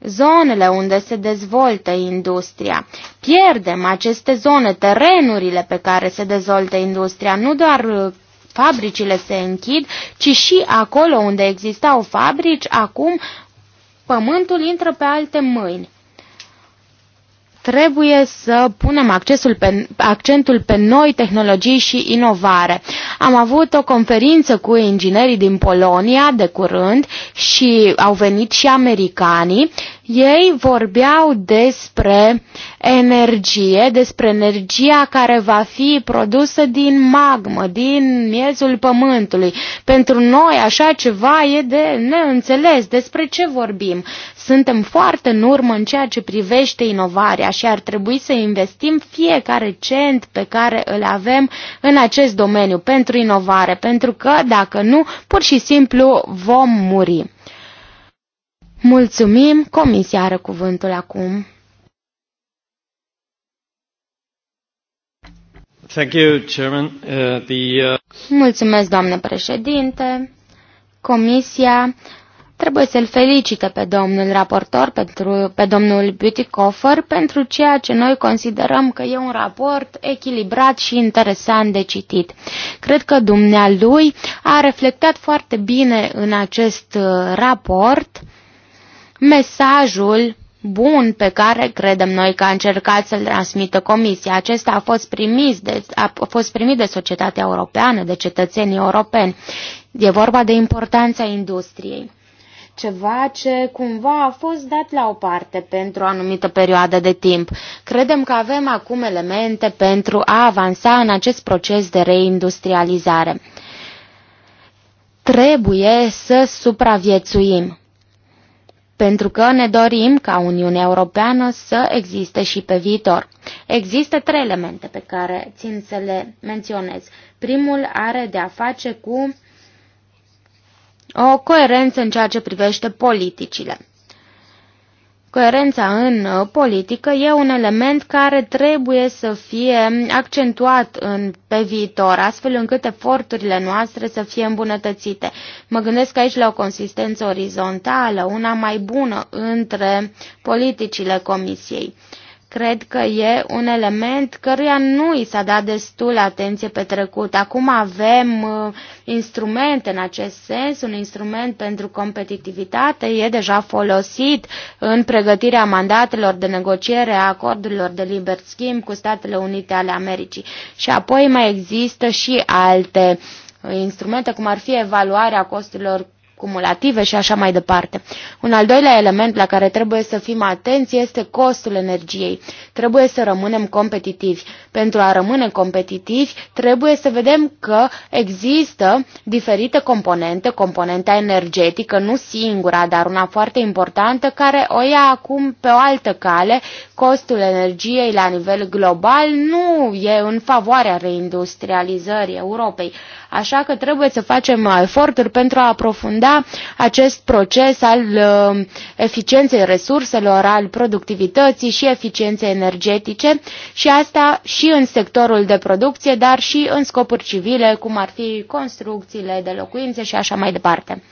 zonele unde se dezvoltă industria. Pierdem aceste zone, terenurile pe care se dezvoltă industria, nu doar fabricile se închid, ci și acolo unde existau fabrici, acum pământul intră pe alte mâini. Trebuie să punem accesul pe, accentul pe noi tehnologii și inovare. Am avut o conferință cu inginerii din Polonia de curând și au venit și americanii ei vorbeau despre energie, despre energia care va fi produsă din magmă, din miezul pământului. Pentru noi așa ceva e de neînțeles. Despre ce vorbim? Suntem foarte în urmă în ceea ce privește inovarea și ar trebui să investim fiecare cent pe care îl avem în acest domeniu pentru inovare, pentru că dacă nu, pur și simplu vom muri. Mulțumim, comisia are cuvântul acum. Thank you, Chairman. Uh, the, uh... Mulțumesc, doamnă președinte. Comisia trebuie să-l felicite pe domnul raportor, pentru, pe domnul Beautycoffer, pentru ceea ce noi considerăm că e un raport echilibrat și interesant de citit. Cred că dumnealui a reflectat foarte bine în acest uh, raport mesajul bun pe care credem noi că a încercat să-l transmită Comisia. Acesta a fost, primit de, a fost primit de societatea europeană, de cetățenii europeni. E vorba de importanța industriei. Ceva ce cumva a fost dat la o parte pentru o anumită perioadă de timp. Credem că avem acum elemente pentru a avansa în acest proces de reindustrializare. Trebuie să supraviețuim pentru că ne dorim ca Uniunea Europeană să existe și pe viitor. Există trei elemente pe care țin să le menționez. Primul are de a face cu o coerență în ceea ce privește politicile. Coerența în uh, politică e un element care trebuie să fie accentuat în, pe viitor, astfel încât eforturile noastre să fie îmbunătățite. Mă gândesc aici la o consistență orizontală, una mai bună între politicile Comisiei. Cred că e un element căruia nu i s-a dat destul atenție pe trecut. Acum avem uh, instrumente în acest sens, un instrument pentru competitivitate, e deja folosit în pregătirea mandatelor de negociere a acordurilor de liber schimb cu Statele Unite ale Americii. Și apoi mai există și alte uh, instrumente, cum ar fi evaluarea costurilor cumulative și așa mai departe. Un al doilea element la care trebuie să fim atenți este costul energiei. Trebuie să rămânem competitivi. Pentru a rămâne competitivi, trebuie să vedem că există diferite componente, componenta energetică, nu singura, dar una foarte importantă, care o ia acum pe o altă cale. Costul energiei la nivel global nu e în favoarea reindustrializării Europei. Așa că trebuie să facem eforturi pentru a aprofunda aborda acest proces al uh, eficienței resurselor, al productivității și eficienței energetice și asta și în sectorul de producție, dar și în scopuri civile, cum ar fi construcțiile de locuințe și așa mai departe.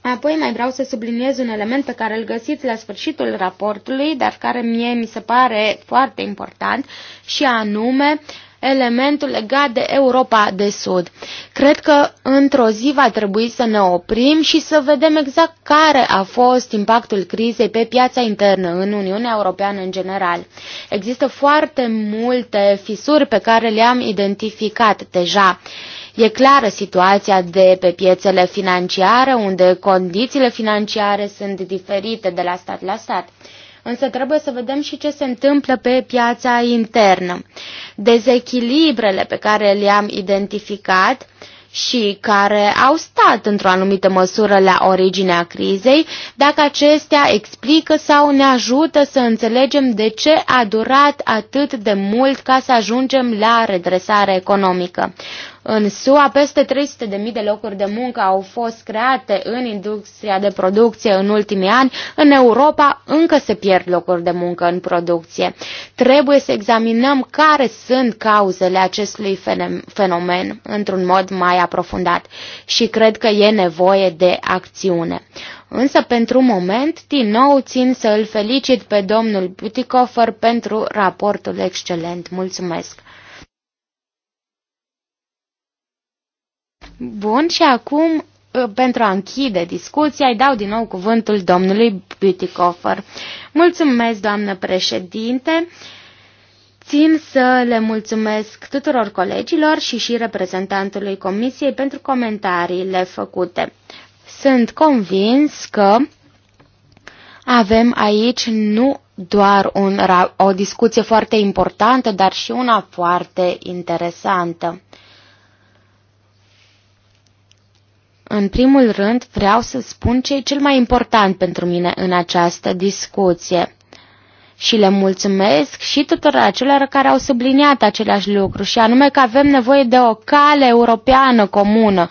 Apoi mai vreau să subliniez un element pe care îl găsiți la sfârșitul raportului, dar care mie mi se pare foarte important, și anume uh, elementul legat de Europa de Sud. Cred că într-o zi va trebui să ne oprim și să vedem exact care a fost impactul crizei pe piața internă în Uniunea Europeană în general. Există foarte multe fisuri pe care le-am identificat deja. E clară situația de pe piețele financiare, unde condițiile financiare sunt diferite de la stat la stat însă trebuie să vedem și ce se întâmplă pe piața internă. Dezechilibrele pe care le-am identificat și care au stat într-o anumită măsură la originea crizei, dacă acestea explică sau ne ajută să înțelegem de ce a durat atât de mult ca să ajungem la redresare economică. În SUA, peste 300.000 de locuri de muncă au fost create în industria de producție în ultimii ani. În Europa încă se pierd locuri de muncă în producție. Trebuie să examinăm care sunt cauzele acestui fenomen într-un mod mai aprofundat și cred că e nevoie de acțiune. Însă, pentru moment, din nou țin să îl felicit pe domnul Butikofer pentru raportul excelent. Mulțumesc! Bun, și acum, uh, pentru a închide discuția, îi dau din nou cuvântul domnului Beautycoffer. Mulțumesc, doamnă președinte! Țin să le mulțumesc tuturor colegilor și și reprezentantului Comisiei pentru comentariile făcute. Sunt convins că avem aici nu doar un, o discuție foarte importantă, dar și una foarte interesantă. În primul rând, vreau să spun ce e cel mai important pentru mine în această discuție. Și le mulțumesc și tuturor acelor care au subliniat același lucru, și anume că avem nevoie de o cale europeană comună.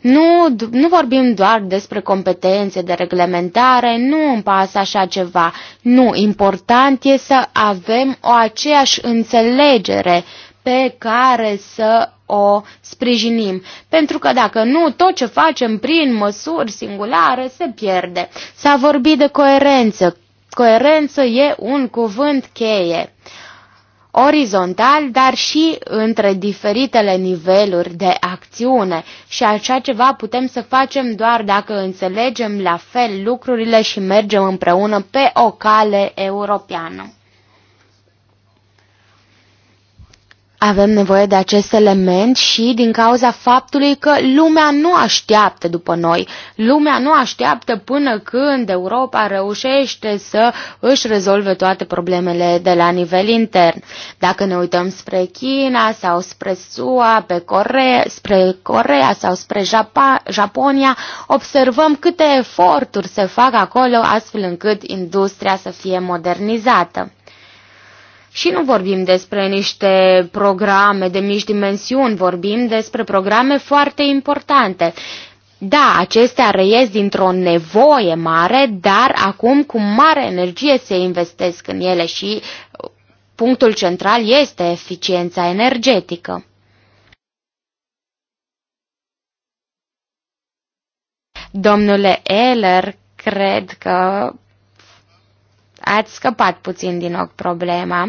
Nu, nu vorbim doar despre competențe de reglementare, nu îmi pasă așa ceva. Nu, important e să avem o aceeași înțelegere pe care să o sprijinim. Pentru că dacă nu, tot ce facem prin măsuri singulare se pierde. S-a vorbit de coerență. Coerență e un cuvânt cheie orizontal, dar și între diferitele niveluri de acțiune. Și așa ceva putem să facem doar dacă înțelegem la fel lucrurile și mergem împreună pe o cale europeană. Avem nevoie de acest element și din cauza faptului că lumea nu așteaptă după noi. Lumea nu așteaptă până când Europa reușește să își rezolve toate problemele de la nivel intern. Dacă ne uităm spre China sau spre SUA, pe Corea, spre Corea sau spre Japa, Japonia, observăm câte eforturi se fac acolo astfel încât industria să fie modernizată. Și nu vorbim despre niște programe de mici dimensiuni, vorbim despre programe foarte importante. Da, acestea reiesc dintr-o nevoie mare, dar acum cu mare energie se investesc în ele și punctul central este eficiența energetică. Domnule Eller, cred că ați scăpat puțin din ochi problema.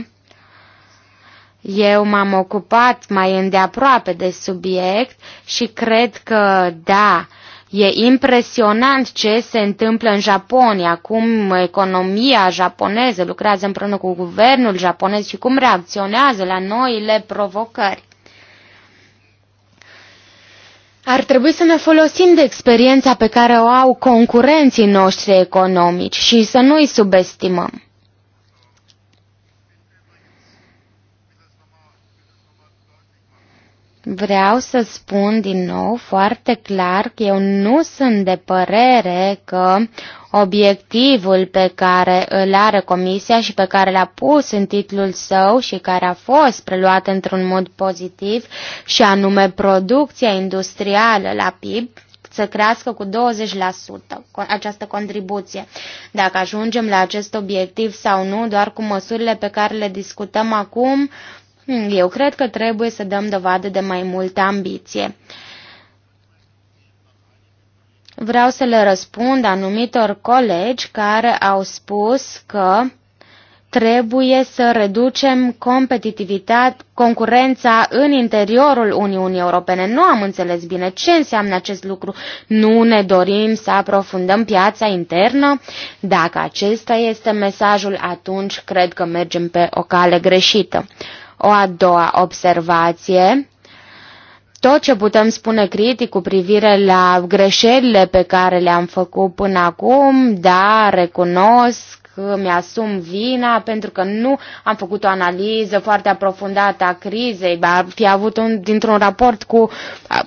Eu m-am ocupat mai îndeaproape de subiect și cred că, da, E impresionant ce se întâmplă în Japonia, cum economia japoneză lucrează împreună cu guvernul japonez și cum reacționează la noile provocări. Ar trebui să ne folosim de experiența pe care o au concurenții noștri economici și să nu i subestimăm. Vreau să spun din nou foarte clar că eu nu sunt de părere că obiectivul pe care îl are Comisia și pe care l-a pus în titlul său și care a fost preluat într-un mod pozitiv, și anume producția industrială la PIB, să crească cu 20% această contribuție. Dacă ajungem la acest obiectiv sau nu, doar cu măsurile pe care le discutăm acum, eu cred că trebuie să dăm dovadă de mai multă ambiție. Vreau să le răspund anumitor colegi care au spus că trebuie să reducem competitivitatea, concurența în interiorul Uniunii Europene. Nu am înțeles bine ce înseamnă acest lucru. Nu ne dorim să aprofundăm piața internă? Dacă acesta este mesajul, atunci cred că mergem pe o cale greșită. O a doua observație, tot ce putem spune critic cu privire la greșelile pe care le-am făcut până acum, da, recunosc, mi-asum vina pentru că nu am făcut o analiză foarte aprofundată a crizei, ar fi avut un, dintr-un raport cu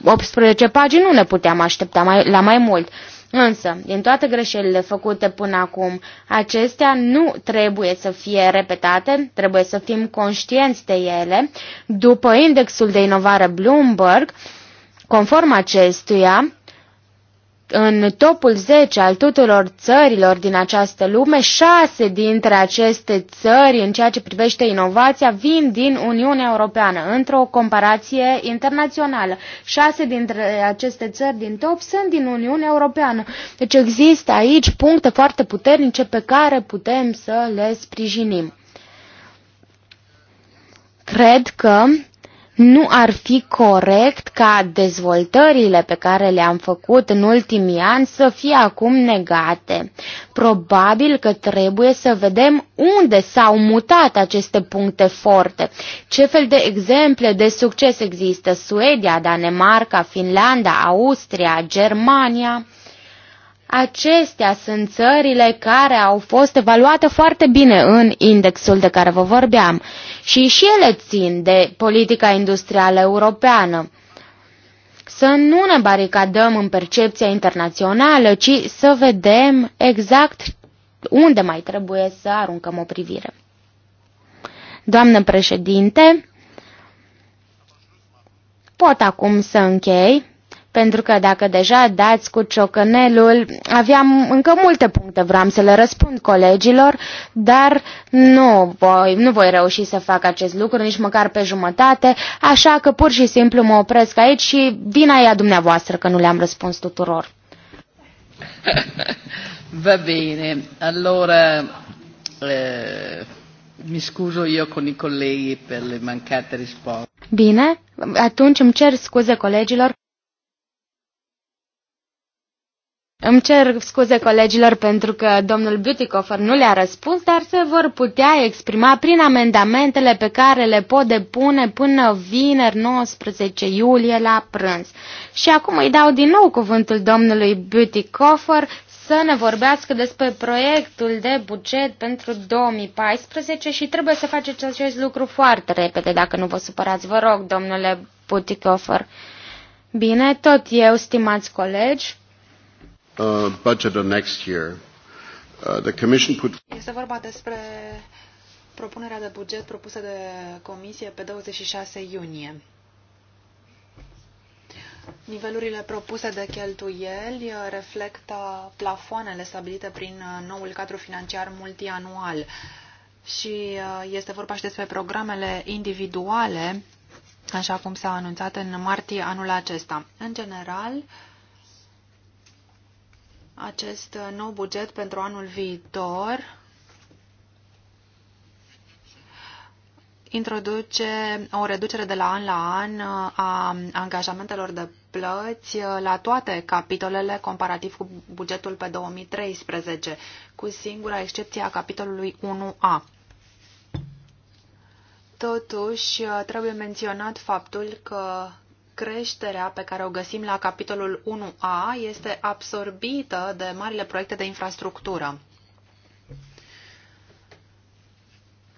18 pagini, nu ne puteam aștepta mai, la mai mult. Uh, Însă, din toate greșelile făcute până acum, acestea nu trebuie să fie repetate, trebuie să fim conștienți de ele. După indexul de inovare Bloomberg, conform acestuia, în topul 10 al tuturor țărilor din această lume, șase dintre aceste țări în ceea ce privește inovația vin din Uniunea Europeană, într-o comparație internațională. Șase dintre aceste țări din top sunt din Uniunea Europeană. Deci există aici puncte foarte puternice pe care putem să le sprijinim. Cred că nu ar fi corect ca dezvoltările pe care le-am făcut în ultimii ani să fie acum negate. Probabil că trebuie să vedem unde s-au mutat aceste puncte forte, ce fel de exemple de succes există Suedia, Danemarca, Finlanda, Austria, Germania. Acestea sunt țările care au fost evaluate foarte bine în indexul de care vă vorbeam și și ele țin de politica industrială europeană. Să nu ne baricadăm în percepția internațională, ci să vedem exact unde mai trebuie să aruncăm o privire. Doamnă președinte, pot acum să închei. Pentru că dacă deja dați cu ciocănelul, aveam încă multe puncte, vreau să le răspund colegilor, dar nu voi, nu voi reuși să fac acest lucru, nici măcar pe jumătate, așa că pur și simplu mă opresc aici și vina e a dumneavoastră că nu le-am răspuns tuturor. Va bene, allora eh, mi scuso io con i colleghi per le mancate risposte. Bine, atunci îmi cer scuze colegilor. Îmi cer scuze colegilor pentru că domnul Butikofer nu le-a răspuns, dar se vor putea exprima prin amendamentele pe care le pot depune până vineri 19 iulie la prânz. Și acum îi dau din nou cuvântul domnului Butikofer să ne vorbească despre proiectul de buget pentru 2014 și trebuie să faceți acest lucru foarte repede, dacă nu vă supărați. Vă rog, domnule Butikofer. Bine, tot eu, stimați colegi. Uh, budget of next year, uh, the Commission put. Este vorba despre propunerea de buget propusă de Comisie pe 26 iunie. Nivelurile propuse de cheltuieli reflectă plafoanele stabilite prin noul cadru financiar multianual și uh, este vorba și despre programele individuale, așa cum s-a anunțat în martie anul acesta. În general, acest uh, nou buget pentru anul viitor introduce o reducere de la an la an uh, a angajamentelor de plăți uh, la toate capitolele comparativ cu bugetul pe 2013, cu singura excepție a capitolului 1A. Totuși, trebuie menționat faptul că creșterea pe care o găsim la capitolul 1A este absorbită de marile proiecte de infrastructură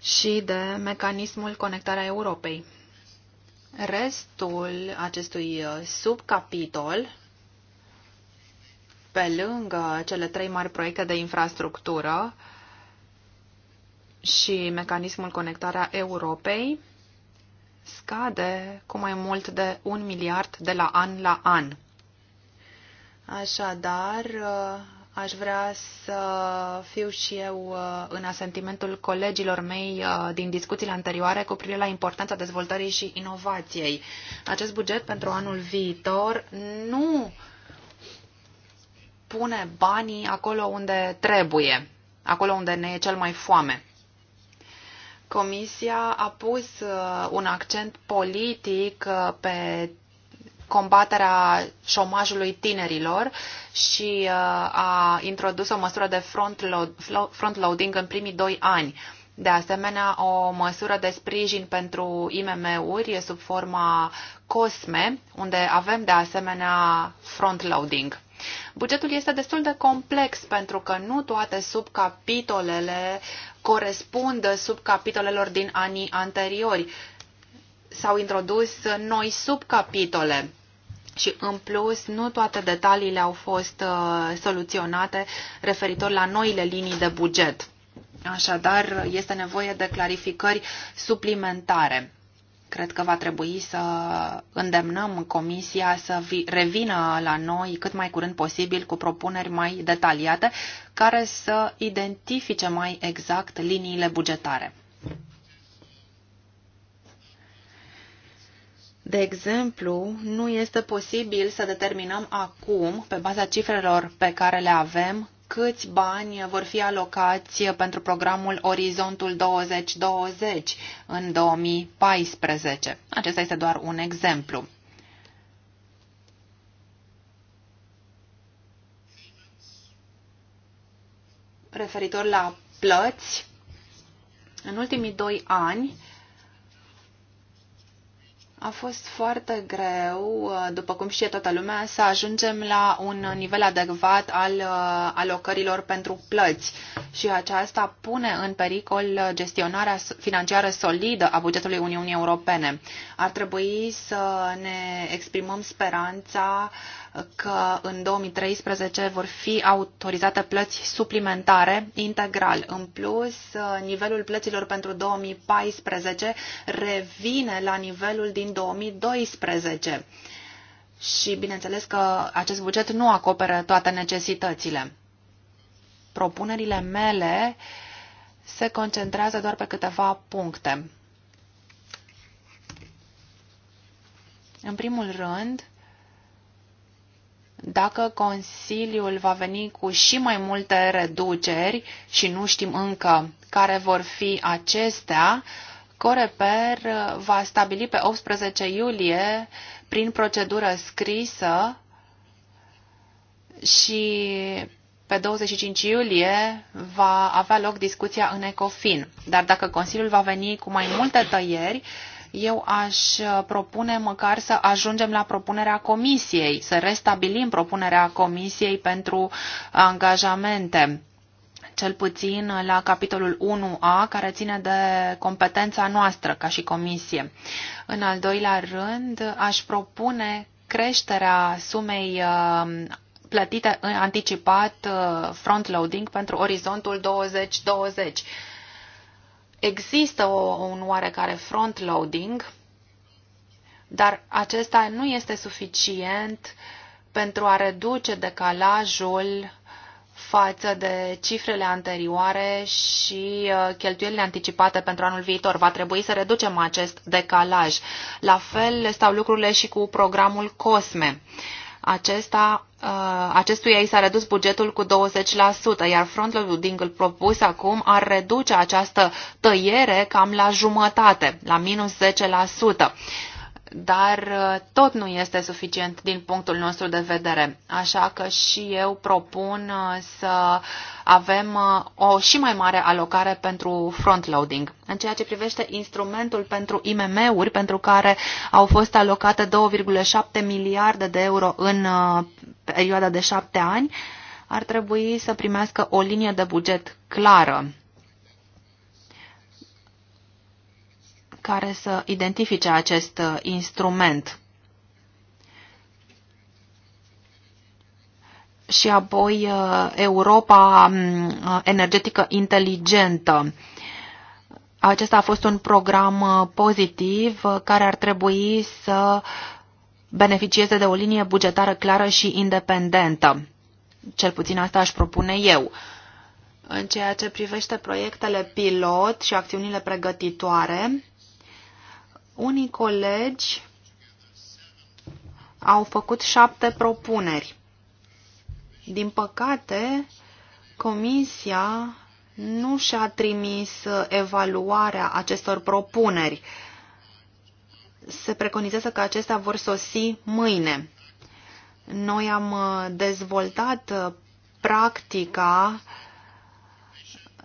și de mecanismul conectarea Europei. Restul acestui uh, subcapitol, pe lângă cele trei mari proiecte de infrastructură și mecanismul conectarea Europei, scade cu mai mult de un miliard de la an la an. Așadar, aș vrea să fiu și eu uh, în asentimentul colegilor mei uh, din discuțiile anterioare cu privire la importanța dezvoltării și inovației. Acest buget pentru anul viitor nu pune banii acolo unde trebuie, acolo unde ne e cel mai foame. Comisia a pus uh, un accent politic uh, pe combaterea șomajului tinerilor și uh, a introdus o măsură de front-loading în primii doi ani. De asemenea, o măsură de sprijin pentru IMM-uri sub forma COSME, unde avem de asemenea front-loading. Bugetul este destul de complex pentru că nu toate subcapitolele corespundă subcapitolelor din anii anteriori. S-au introdus noi subcapitole și în plus nu toate detaliile au fost uh, soluționate referitor la noile linii de buget. Așadar, este nevoie de clarificări suplimentare. Cred că va trebui să îndemnăm Comisia să revină la noi cât mai curând posibil cu propuneri mai detaliate care să identifice mai exact liniile bugetare. De exemplu, nu este posibil să determinăm acum, pe baza cifrelor pe care le avem, câți bani vor fi alocați pentru programul Orizontul 2020 în 2014. Acesta este doar un exemplu. Referitor la plăți, în ultimii doi ani, a fost foarte greu, uh, după cum știe toată lumea, să ajungem la un nivel adecvat al uh, alocărilor pentru plăți și aceasta pune în pericol gestionarea financiară solidă a bugetului Uniunii Europene. Ar trebui să ne exprimăm speranța uh, că în 2013 vor fi autorizate plăți suplimentare integral. În plus, nivelul plăților pentru 2014 revine la nivelul din 2012. Și bineînțeles că acest buget nu acoperă toate necesitățile. Propunerile mele se concentrează doar pe câteva puncte. În primul rând, dacă Consiliul va veni cu și mai multe reduceri și nu știm încă care vor fi acestea, Coreper va stabili pe 18 iulie prin procedură scrisă și pe 25 iulie va avea loc discuția în ECOFIN. Dar dacă Consiliul va veni cu mai multe tăieri, eu aș uh, propune măcar să ajungem la propunerea comisiei, să restabilim propunerea comisiei pentru angajamente cel puțin la capitolul 1A, care ține de competența noastră ca și comisie. În al doilea rând, aș propune creșterea sumei uh, plătite în anticipat uh, front-loading pentru orizontul 2020. Există o, un oarecare front-loading, dar acesta nu este suficient pentru a reduce decalajul față de cifrele anterioare și uh, cheltuielile anticipate pentru anul viitor. Va trebui să reducem acest decalaj. La fel stau lucrurile și cu programul COSME. Uh, acesta, uh, acestuia i s-a redus bugetul cu 20%, iar frontloading-ul propus acum ar reduce această tăiere cam la jumătate, la minus 10% dar uh, tot nu este suficient din punctul nostru de vedere. Așa că și eu propun uh, să avem uh, o și mai mare alocare pentru frontloading. În ceea ce privește instrumentul pentru IMM-uri, pentru care au fost alocate 2,7 miliarde de euro în perioada de șapte ani, ar trebui să primească o linie de buget clară care să identifice acest uh, instrument. Și apoi uh, Europa mm, uh, energetică inteligentă. Acesta a fost un program pozitiv care ar trebui să beneficieze de o linie bugetară clară și independentă. Cel puțin asta aș propune eu. În ceea ce privește proiectele pilot și acțiunile pregătitoare, unii colegi au făcut șapte propuneri. Din păcate, Comisia nu și-a trimis evaluarea acestor propuneri. Se preconizează că acestea vor sosi mâine. Noi am dezvoltat practica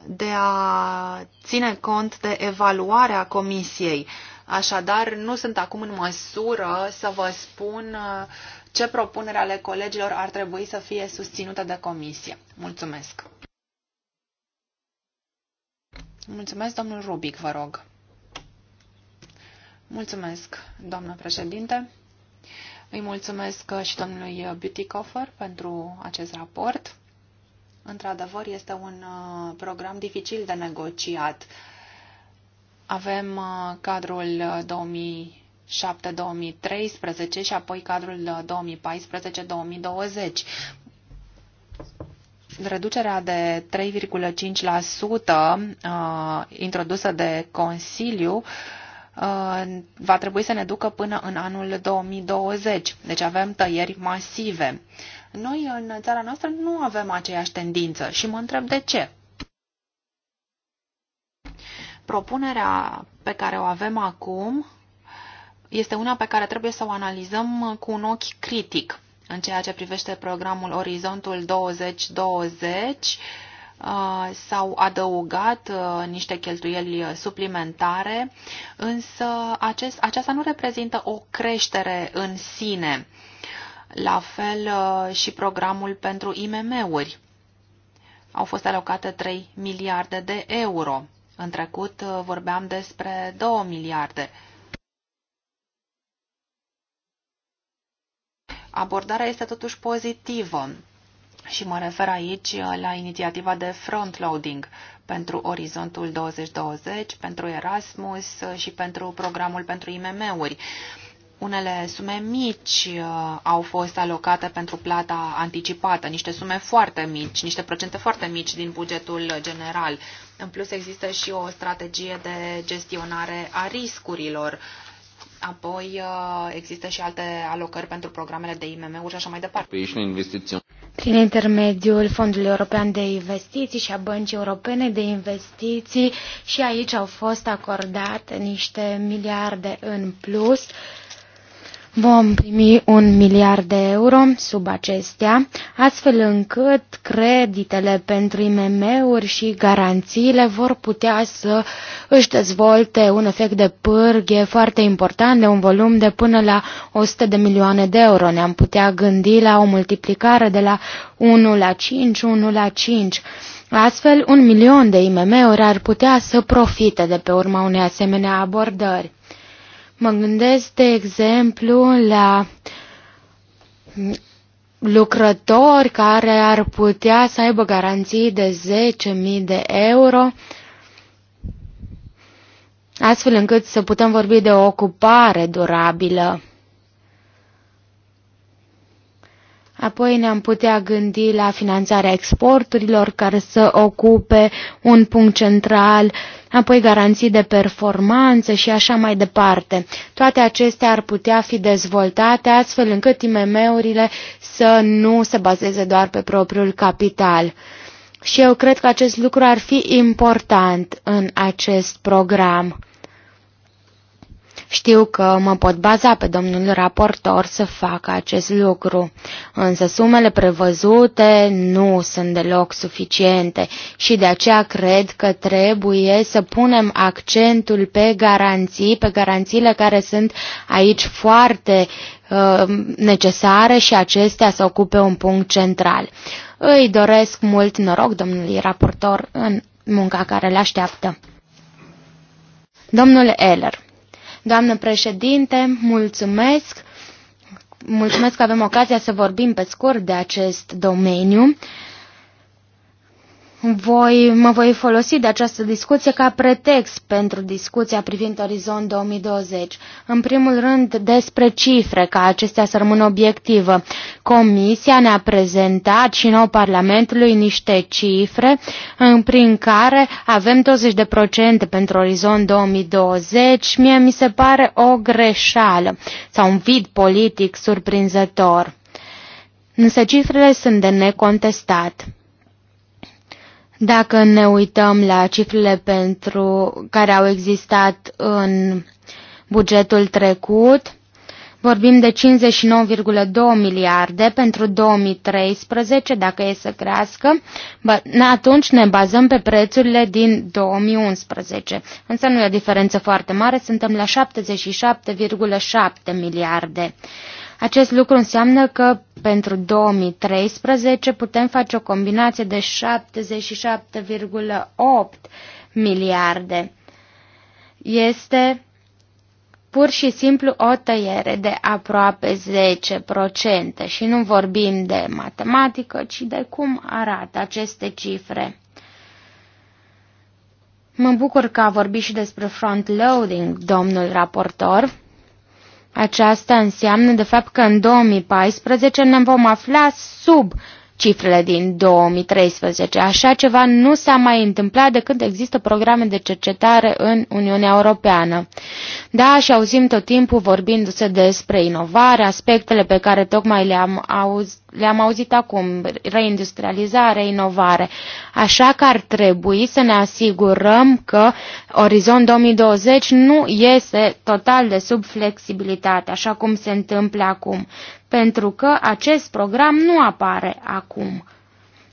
de a ține cont de evaluarea Comisiei. Așadar, nu sunt acum în măsură să vă spun uh, ce propunere ale colegilor ar trebui să fie susținută de comisie. Mulțumesc! Mulțumesc, domnul Rubic, vă rog. Mulțumesc, doamnă președinte. Îi mulțumesc și domnului Beautycoffer pentru acest raport. Într-adevăr, este un uh, program dificil de negociat avem uh, cadrul 2007-2013 uh, și apoi cadrul 2014-2020. Uh, Reducerea de 3,5% introdusă de Consiliu va trebui să ne ducă până în anul 2020. Deci avem tăieri masive. Noi în țara noastră nu avem aceeași tendință și mă întreb de ce. Propunerea pe care o avem acum este una pe care trebuie să o analizăm cu un ochi critic în ceea ce privește programul Orizontul 2020 uh, s-au adăugat uh, niște cheltuieli suplimentare, însă acest, aceasta nu reprezintă o creștere în sine. La fel uh, și programul pentru IMM-uri. Au fost alocate 3 miliarde de euro. În trecut uh, vorbeam despre 2 miliarde. Abordarea este totuși pozitivă și mă refer aici uh, la inițiativa de frontloading pentru Orizontul 2020, pentru Erasmus uh, și pentru programul pentru IMM-uri. Unele sume mici uh, au fost alocate pentru plata anticipată, niște sume foarte mici, niște procente foarte mici din bugetul general. În plus există și o strategie de gestionare a riscurilor. Apoi uh, există și alte alocări pentru programele de IMM-uri și așa mai departe. Prin intermediul Fondului European de Investiții și a Băncii Europene de Investiții și aici au fost acordate niște miliarde în plus. Vom primi un miliard de euro sub acestea, astfel încât creditele pentru IMM-uri și garanțiile vor putea să își dezvolte un efect de pârghie foarte important de un volum de până la 100 de milioane de euro. Ne-am putea gândi la o multiplicare de la 1 la 5, 1 la 5. Astfel, un milion de IMM-uri ar putea să profite de pe urma unei asemenea abordări. Mă gândesc, de exemplu, la lucrători care ar putea să aibă garanții de 10.000 de euro, astfel încât să putem vorbi de o ocupare durabilă. Apoi ne-am putea gândi la finanțarea exporturilor care să ocupe un punct central apoi garanții de performanță și așa mai departe. Toate acestea ar putea fi dezvoltate astfel încât IMM-urile să nu se bazeze doar pe propriul capital. Și eu cred că acest lucru ar fi important în acest program. Știu că mă pot baza pe domnul raportor să facă acest lucru, însă sumele prevăzute nu sunt deloc suficiente și de aceea cred că trebuie să punem accentul pe garanții, pe garanțiile care sunt aici foarte uh, necesare și acestea să ocupe un punct central. Îi doresc mult noroc domnului raportor în munca care le așteaptă. Domnule Eller, Doamnă președinte, mulțumesc! Mulțumesc că avem ocazia să vorbim pe scurt de acest domeniu voi, mă voi folosi de această discuție ca pretext pentru discuția privind Orizont 2020. În primul rând, despre cifre, ca acestea să rămână obiectivă. Comisia ne-a prezentat și nou Parlamentului niște cifre în prin care avem 20% pentru Orizont 2020. Mie mi se pare o greșeală sau un vid politic surprinzător. Însă cifrele sunt de necontestat. Dacă ne uităm la cifrele pentru care au existat în bugetul trecut, vorbim de 59,2 miliarde pentru 2013, dacă e să crească, atunci ne bazăm pe prețurile din 2011. Însă nu e o diferență foarte mare, suntem la 77,7 miliarde. Acest lucru înseamnă că pentru 2013 putem face o combinație de 77,8 miliarde. Este pur și simplu o tăiere de aproape 10% și nu vorbim de matematică, ci de cum arată aceste cifre. Mă bucur că a vorbit și despre front-loading, domnul raportor. Aceasta înseamnă de fapt că în 2014 ne vom afla sub cifrele din 2013. Așa ceva nu s-a mai întâmplat de când există programe de cercetare în Uniunea Europeană. Da, și auzim tot timpul vorbindu-se despre inovare, aspectele pe care tocmai le-am auzit le-am auzit acum, reindustrializare, inovare. Așa că ar trebui să ne asigurăm că Orizont 2020 nu iese total de sub flexibilitate, așa cum se întâmplă acum pentru că acest program nu apare acum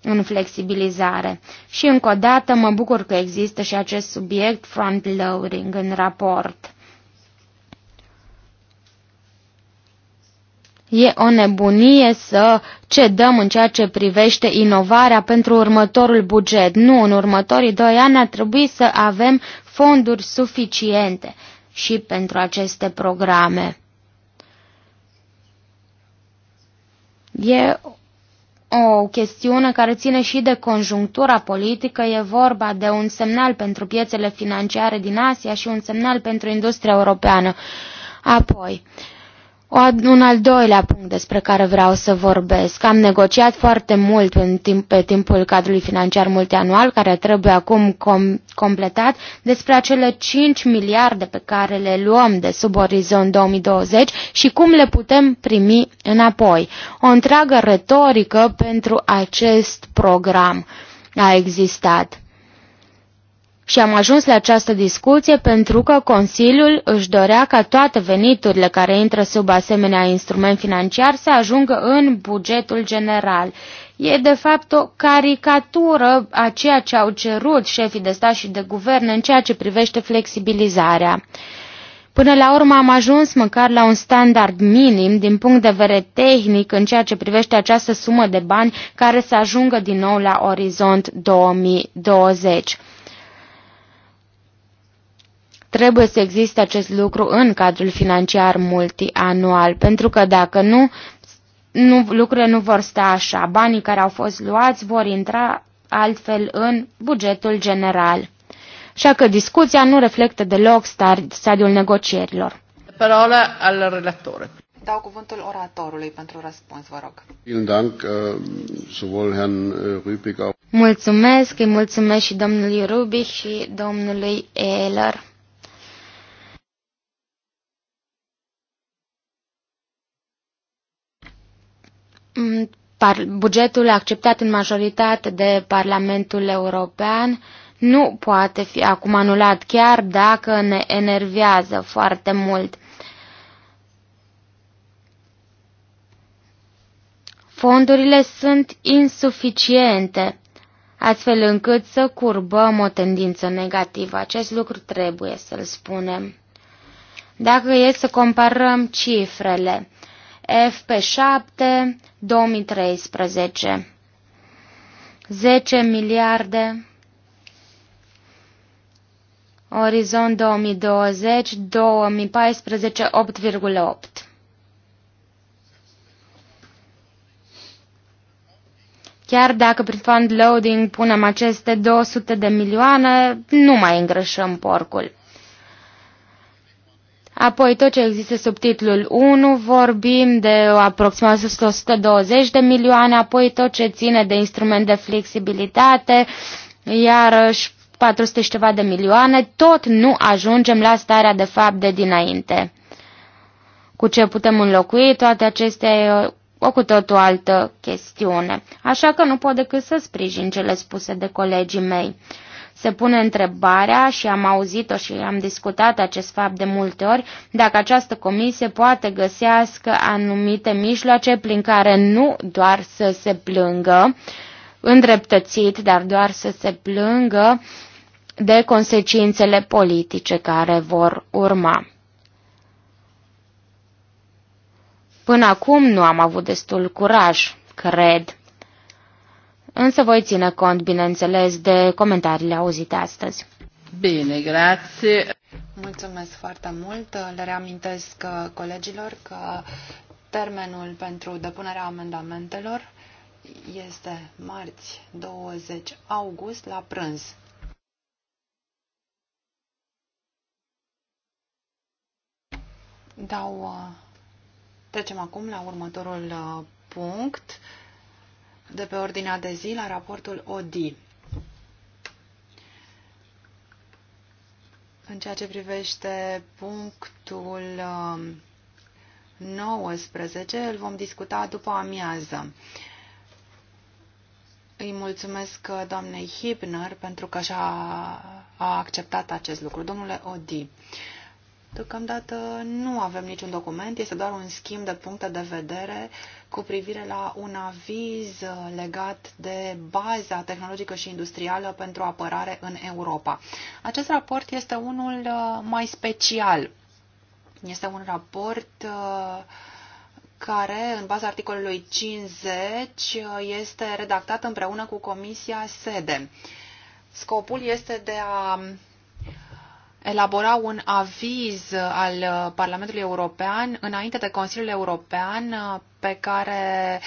în flexibilizare. Și încă o dată mă bucur că există și acest subiect front-loading în raport. E o nebunie să cedăm în ceea ce privește inovarea pentru următorul buget. Nu, în următorii doi ani ar trebui să avem fonduri suficiente și pentru aceste programe. E o chestiune care ține și de conjunctura politică, e vorba de un semnal pentru piețele financiare din Asia și un semnal pentru industria europeană. Apoi, uh, un al doilea punct despre care vreau să vorbesc. Am negociat foarte mult în timp, pe timpul cadrului financiar multianual, care trebuie acum com completat, despre acele 5 miliarde pe care le luăm de sub orizont 2020 și cum le putem primi înapoi. O întreagă retorică pentru acest program a existat. Și am ajuns la această discuție pentru că Consiliul își dorea ca toate veniturile care intră sub asemenea instrument financiar să ajungă în bugetul general. E de fapt o caricatură a ceea ce au cerut șefii de stat și de guvern în ceea ce privește flexibilizarea. Până la urmă am ajuns măcar la un standard minim din punct de vedere tehnic în ceea ce privește această sumă de bani care să ajungă din nou la orizont 2020. Trebuie să existe acest lucru în cadrul financiar multianual, pentru că dacă nu, nu, lucrurile nu vor sta așa. Banii care au fost luați vor intra altfel în bugetul general. Așa că discuția nu reflectă deloc stadiul negocierilor. Parola al relatore. Dau cuvântul oratorului pentru răspuns, vă rog. Äh, äh, mulțumesc, îi mulțumesc și domnului Rubic și domnului Ehler. Mm, bugetul acceptat în majoritate de Parlamentul European nu poate fi acum anulat, chiar dacă ne enervează foarte mult. Fondurile sunt insuficiente, astfel încât să curbăm o tendință negativă. Acest lucru trebuie să-l spunem. Dacă e să comparăm cifrele, FP7 2013. 10 miliarde. Orizont 2020, 2014, 8,8. Chiar dacă prin fund loading punem aceste 200 de milioane, nu mai îngrășăm porcul. Apoi tot ce există sub titlul 1, vorbim de aproximativ 120 de milioane, apoi tot ce ține de instrument de flexibilitate, iarăși 400 și ceva de milioane, tot nu ajungem la starea de fapt de dinainte. Cu ce putem înlocui toate acestea o cu totul altă chestiune, așa că nu pot decât să sprijin cele spuse de colegii mei. Se pune întrebarea și am auzit-o și am discutat acest fapt de multe ori, dacă această comisie poate găsească anumite mijloace prin care nu doar să se plângă, îndreptățit, dar doar să se plângă de consecințele politice care vor urma. Până acum nu am avut destul curaj, cred. Însă voi ține cont, bineînțeles, de comentariile auzite astăzi. Bine, grație. Mulțumesc foarte mult. Le reamintesc uh, colegilor că termenul pentru depunerea amendamentelor este marți 20 august la prânz. Dau, uh, trecem acum la următorul uh, punct de pe ordinea de zi la raportul ODI. În ceea ce privește punctul 19, um, îl vom discuta după amiază. Îi mulțumesc uh, doamnei Hibner pentru că și-a a acceptat acest lucru. Domnule Odi, deocamdată nu avem niciun document, este doar un schimb de puncte de vedere cu privire la un aviz legat de baza tehnologică și industrială pentru apărare în Europa. Acest raport este unul uh, mai special. Este un raport uh, care, în baza articolului 50, uh, este redactat împreună cu Comisia SEDE. Scopul este de a elabora un aviz al Parlamentului European înainte de Consiliul European pe care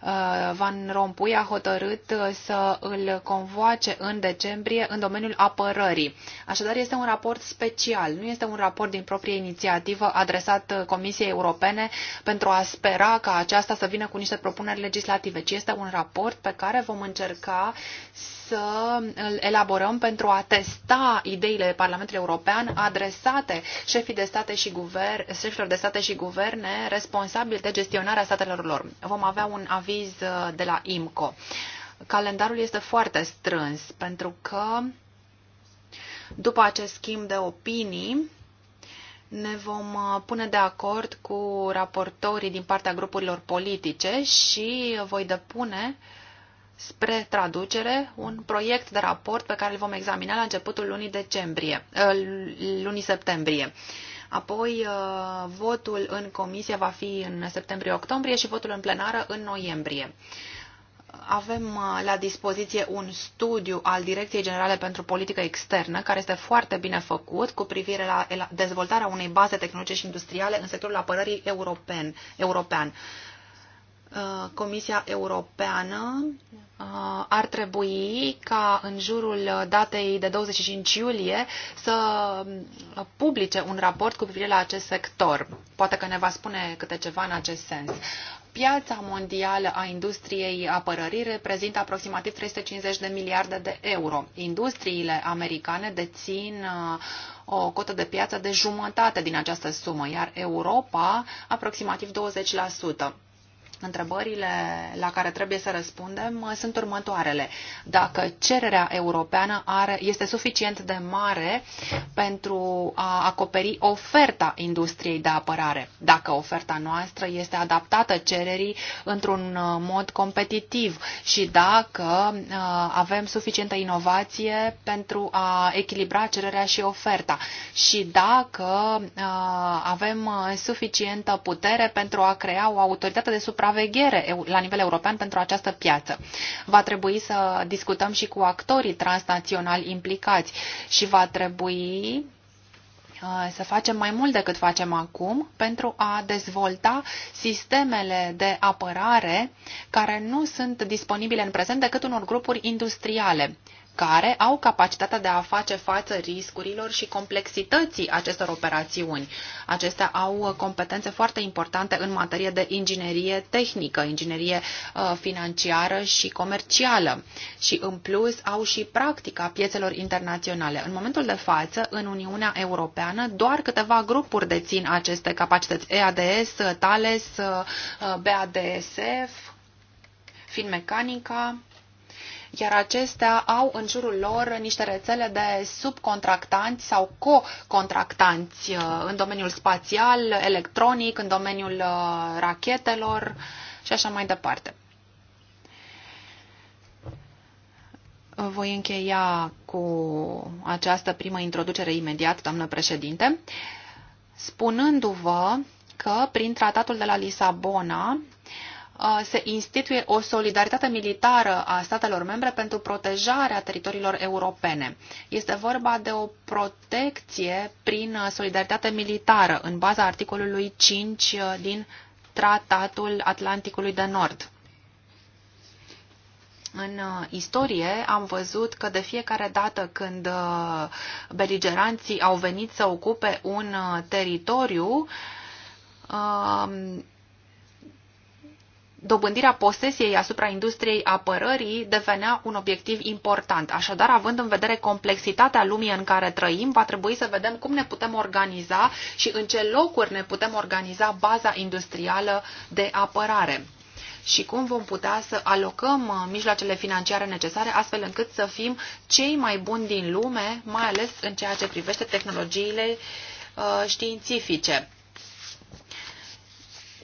Uh, Van Rompuy a hotărât uh, să îl convoace în decembrie în domeniul apărării. Așadar, este un raport special, nu este un raport din proprie inițiativă adresat uh, Comisiei Europene pentru a spera ca aceasta să vină cu niște propuneri legislative, ci este un raport pe care vom încerca să îl elaborăm pentru a testa ideile Parlamentului European adresate șefii de state și guvern, șefilor de state și guverne responsabili de gestionarea statelor lor. Vom avea un avion aviz uh, de la IMCO. Calendarul este foarte strâns pentru că după acest schimb de opinii ne vom uh, pune de acord cu raportorii din partea grupurilor politice și voi depune spre traducere un proiect de raport pe care îl vom examina la începutul lunii, decembrie, uh, lunii septembrie. Apoi uh, votul în comisie va fi în septembrie-octombrie și votul în plenară în noiembrie. Avem uh, la dispoziție un studiu al Direcției Generale pentru Politică Externă, care este foarte bine făcut cu privire la dezvoltarea unei baze tehnologice și industriale în sectorul apărării european. european Uh, Comisia Europeană uh, ar trebui ca în jurul datei de 25 iulie să uh, publice un raport cu privire la acest sector. Poate că ne va spune câte ceva în acest sens. Piața mondială a industriei apărării reprezintă aproximativ 350 de miliarde de euro. Industriile americane dețin o cotă de piață de jumătate din această sumă, iar Europa aproximativ 20%. Întrebările la care trebuie să răspundem uh, sunt următoarele. Dacă cererea europeană are, este suficient de mare pentru a acoperi oferta industriei de apărare, dacă oferta noastră este adaptată cererii într-un uh, mod competitiv și dacă uh, avem suficientă inovație pentru a echilibra cererea și oferta și dacă avem suficientă putere pentru a crea o autoritate de supra supraveghere la nivel european pentru această piață. Va trebui să discutăm și cu actorii transnaționali implicați și va trebui uh, să facem mai mult decât facem acum pentru a dezvolta sistemele de apărare care nu sunt disponibile în prezent decât unor grupuri industriale care au capacitatea de a face față riscurilor și complexității acestor operațiuni. Acestea au competențe foarte importante în materie de inginerie tehnică, inginerie uh, financiară și comercială și în plus au și practica piețelor internaționale. În momentul de față, în Uniunea Europeană, doar câteva grupuri dețin aceste capacități. EADS, Thales, uh, BADSF, Finmecanica, iar acestea au în jurul lor niște rețele de subcontractanți sau co-contractanți uh, în domeniul spațial, electronic, în domeniul uh, rachetelor și așa mai departe. Voi încheia cu această primă introducere imediat, doamnă președinte, spunându-vă că prin tratatul de la Lisabona Uh, se instituie o solidaritate militară a statelor membre pentru protejarea teritoriilor europene. Este vorba de o protecție prin uh, solidaritate militară în baza articolului 5 uh, din Tratatul Atlanticului de Nord. În istorie am văzut că de fiecare dată când beligeranții au venit să ocupe un teritoriu, dobândirea posesiei asupra industriei apărării devenea un obiectiv important. Așadar, având în vedere complexitatea lumii în care trăim, va trebui să vedem cum ne putem organiza și în ce locuri ne putem organiza baza industrială de apărare și cum vom putea să alocăm mijloacele financiare necesare astfel încât să fim cei mai buni din lume, mai ales în ceea ce privește tehnologiile uh, științifice.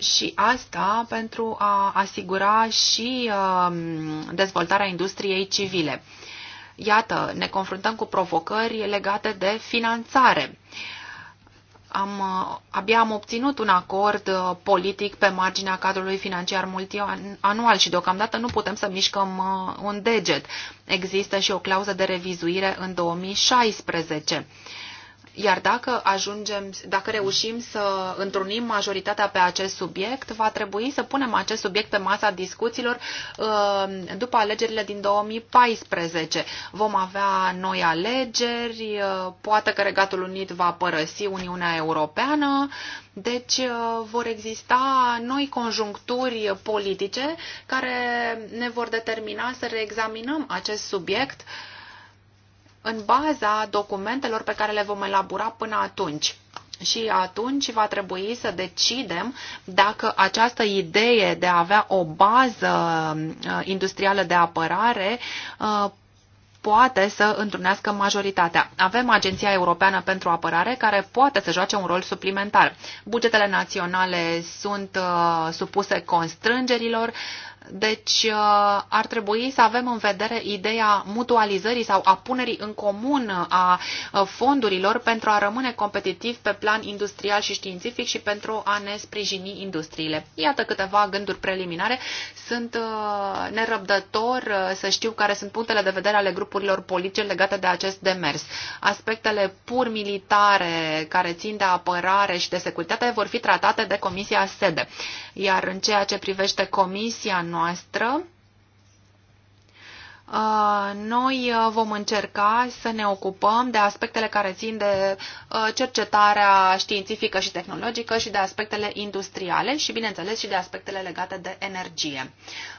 Și asta pentru a asigura și um, dezvoltarea industriei civile. Iată, ne confruntăm cu provocări legate de finanțare. Am, uh, abia am obținut un acord uh, politic pe marginea cadrului financiar multianual și deocamdată nu putem să mișcăm uh, un deget. Există și o clauză de revizuire în 2016 iar dacă ajungem, dacă reușim să întrunim majoritatea pe acest subiect, va trebui să punem acest subiect pe masa discuțiilor uh, după alegerile din 2014. Vom avea noi alegeri, uh, poate că Regatul Unit va părăsi Uniunea Europeană, deci uh, vor exista noi conjuncturi politice care ne vor determina să reexaminăm acest subiect uh, în baza documentelor pe care le vom elabora până atunci. Și atunci va trebui să decidem dacă această idee de a avea o bază uh, industrială de apărare uh, poate să întrunească majoritatea. Avem Agenția Europeană pentru Apărare care poate să joace un rol suplimentar. Bugetele naționale sunt uh, supuse constrângerilor, deci uh, ar trebui să avem în vedere ideea mutualizării sau a punerii în comun a uh, fondurilor pentru a rămâne competitiv pe plan industrial și științific și pentru a ne sprijini industriile. Iată câteva gânduri preliminare. Sunt uh, nerăbdător să știu care sunt punctele de vedere ale grupurilor politice legate de acest demers. Aspectele pur militare care țin de apărare și de securitate vor fi tratate de Comisia SEDE. Iar în ceea ce privește comisia noastră, uh, noi uh, vom încerca să ne ocupăm de aspectele care țin de uh, cercetarea științifică și tehnologică și de aspectele industriale și, bineînțeles, și de aspectele legate de energie.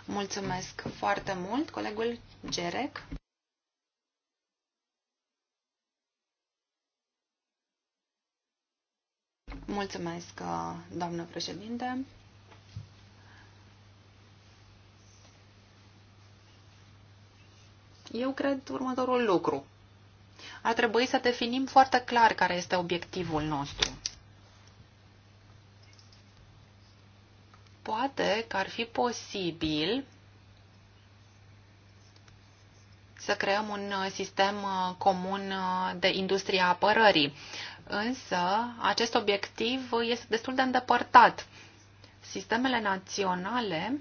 Mulțumesc foarte mult, colegul Gerec. Mulțumesc, doamnă președinte. Eu cred următorul lucru. Ar trebui să definim foarte clar care este obiectivul nostru. Poate că ar fi posibil să creăm un sistem uh, comun uh, de industria apărării. Însă, acest obiectiv este destul de îndepărtat. Sistemele naționale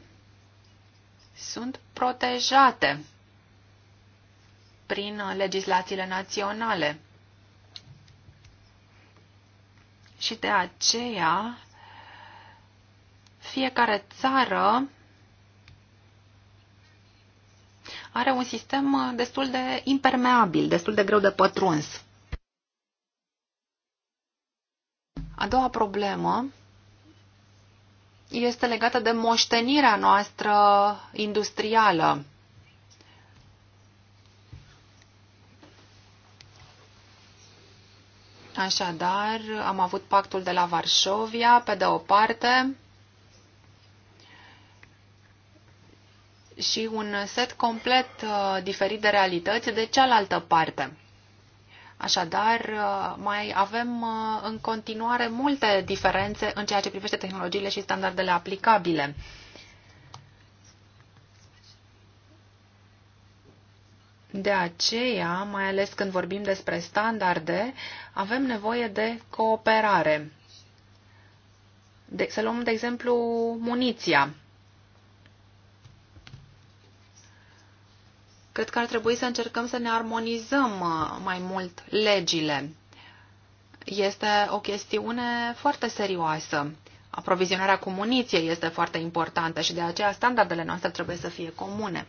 sunt protejate prin legislațiile naționale. Și de aceea fiecare țară are un sistem destul de impermeabil, destul de greu de pătruns. A doua problemă este legată de moștenirea noastră industrială. Așadar, am avut pactul de la Varșovia, pe de o parte, și un set complet uh, diferit de realități de cealaltă parte. Așadar, uh, mai avem uh, în continuare multe diferențe în ceea ce privește tehnologiile și standardele aplicabile. De aceea, mai ales când vorbim despre standarde, avem nevoie de cooperare. De, să luăm, de exemplu, muniția. Cred că ar trebui să încercăm să ne armonizăm uh, mai mult legile. Este o chestiune foarte serioasă. Aprovizionarea cu muniție este foarte importantă și de aceea standardele noastre trebuie să fie comune.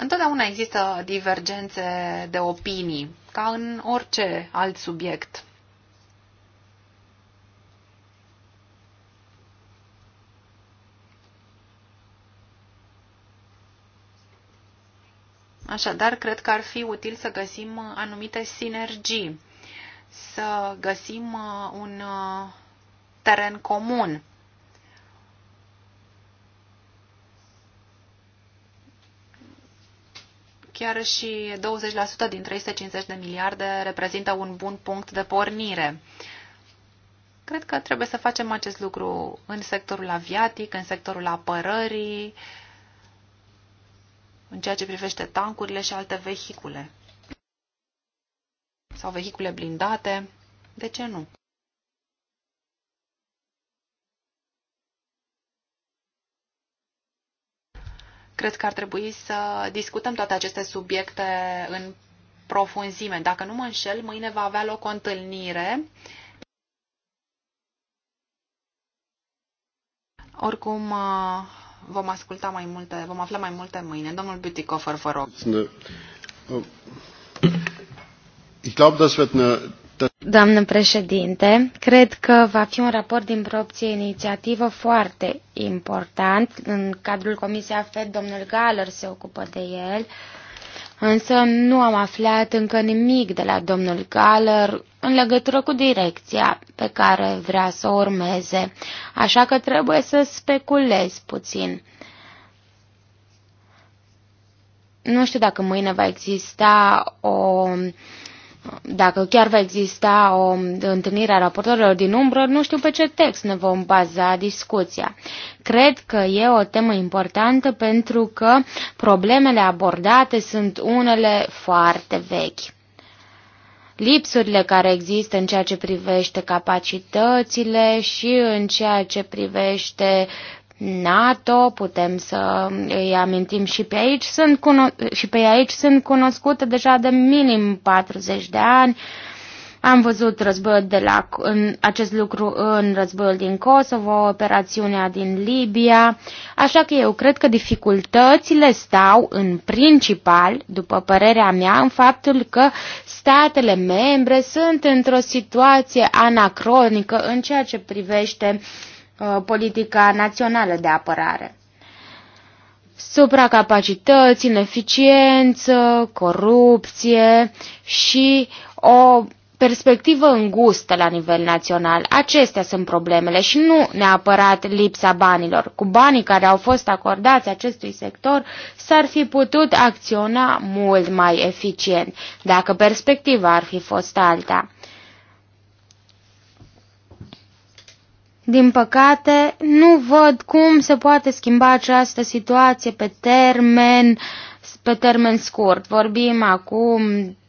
Întotdeauna există divergențe de opinii, ca în orice alt subiect. Așadar, cred că ar fi util să găsim anumite sinergii, să găsim un uh, teren comun Chiar și 20% din 350 de miliarde reprezintă un bun punct de pornire. Cred că trebuie să facem acest lucru în sectorul aviatic, în sectorul apărării, în ceea ce privește tancurile și alte vehicule sau vehicule blindate. De ce nu? Cred că ar trebui să discutăm toate aceste subiecte în profunzime. Dacă nu mă înșel, mâine va avea loc o întâlnire. Oricum, uh, vom asculta mai multe, vom afla mai multe mâine. Domnul Bütikofer, vă rog. Oh. Ich glaube, das wird eine Doamnă președinte, cred că va fi un raport din propție inițiativă foarte important. În cadrul Comisiei FED, domnul Galer se ocupă de el, însă nu am aflat încă nimic de la domnul Galer în legătură cu direcția pe care vrea să o urmeze, așa că trebuie să speculez puțin. Nu știu dacă mâine va exista o dacă chiar va exista o întâlnire a raportorilor din umbră, nu știu pe ce text ne vom baza discuția. Cred că e o temă importantă pentru că problemele abordate sunt unele foarte vechi. Lipsurile care există în ceea ce privește capacitățile și în ceea ce privește NATO, putem să îi amintim și pe aici, sunt și pe aici sunt cunoscute deja de minim 40 de ani. Am văzut războiul de la, în, acest lucru în războiul din Kosovo, operațiunea din Libia, așa că eu cred că dificultățile stau în principal, după părerea mea, în faptul că statele membre sunt într-o situație anacronică în ceea ce privește Uh, politica națională de apărare. Supracapacități, ineficiență, corupție și o perspectivă îngustă la nivel național. Acestea sunt problemele și nu neapărat lipsa banilor. Cu banii care au fost acordați acestui sector s-ar fi putut acționa mult mai eficient, dacă perspectiva ar fi fost alta. Din păcate, nu văd cum se poate schimba această situație pe termen, pe termen scurt. Vorbim acum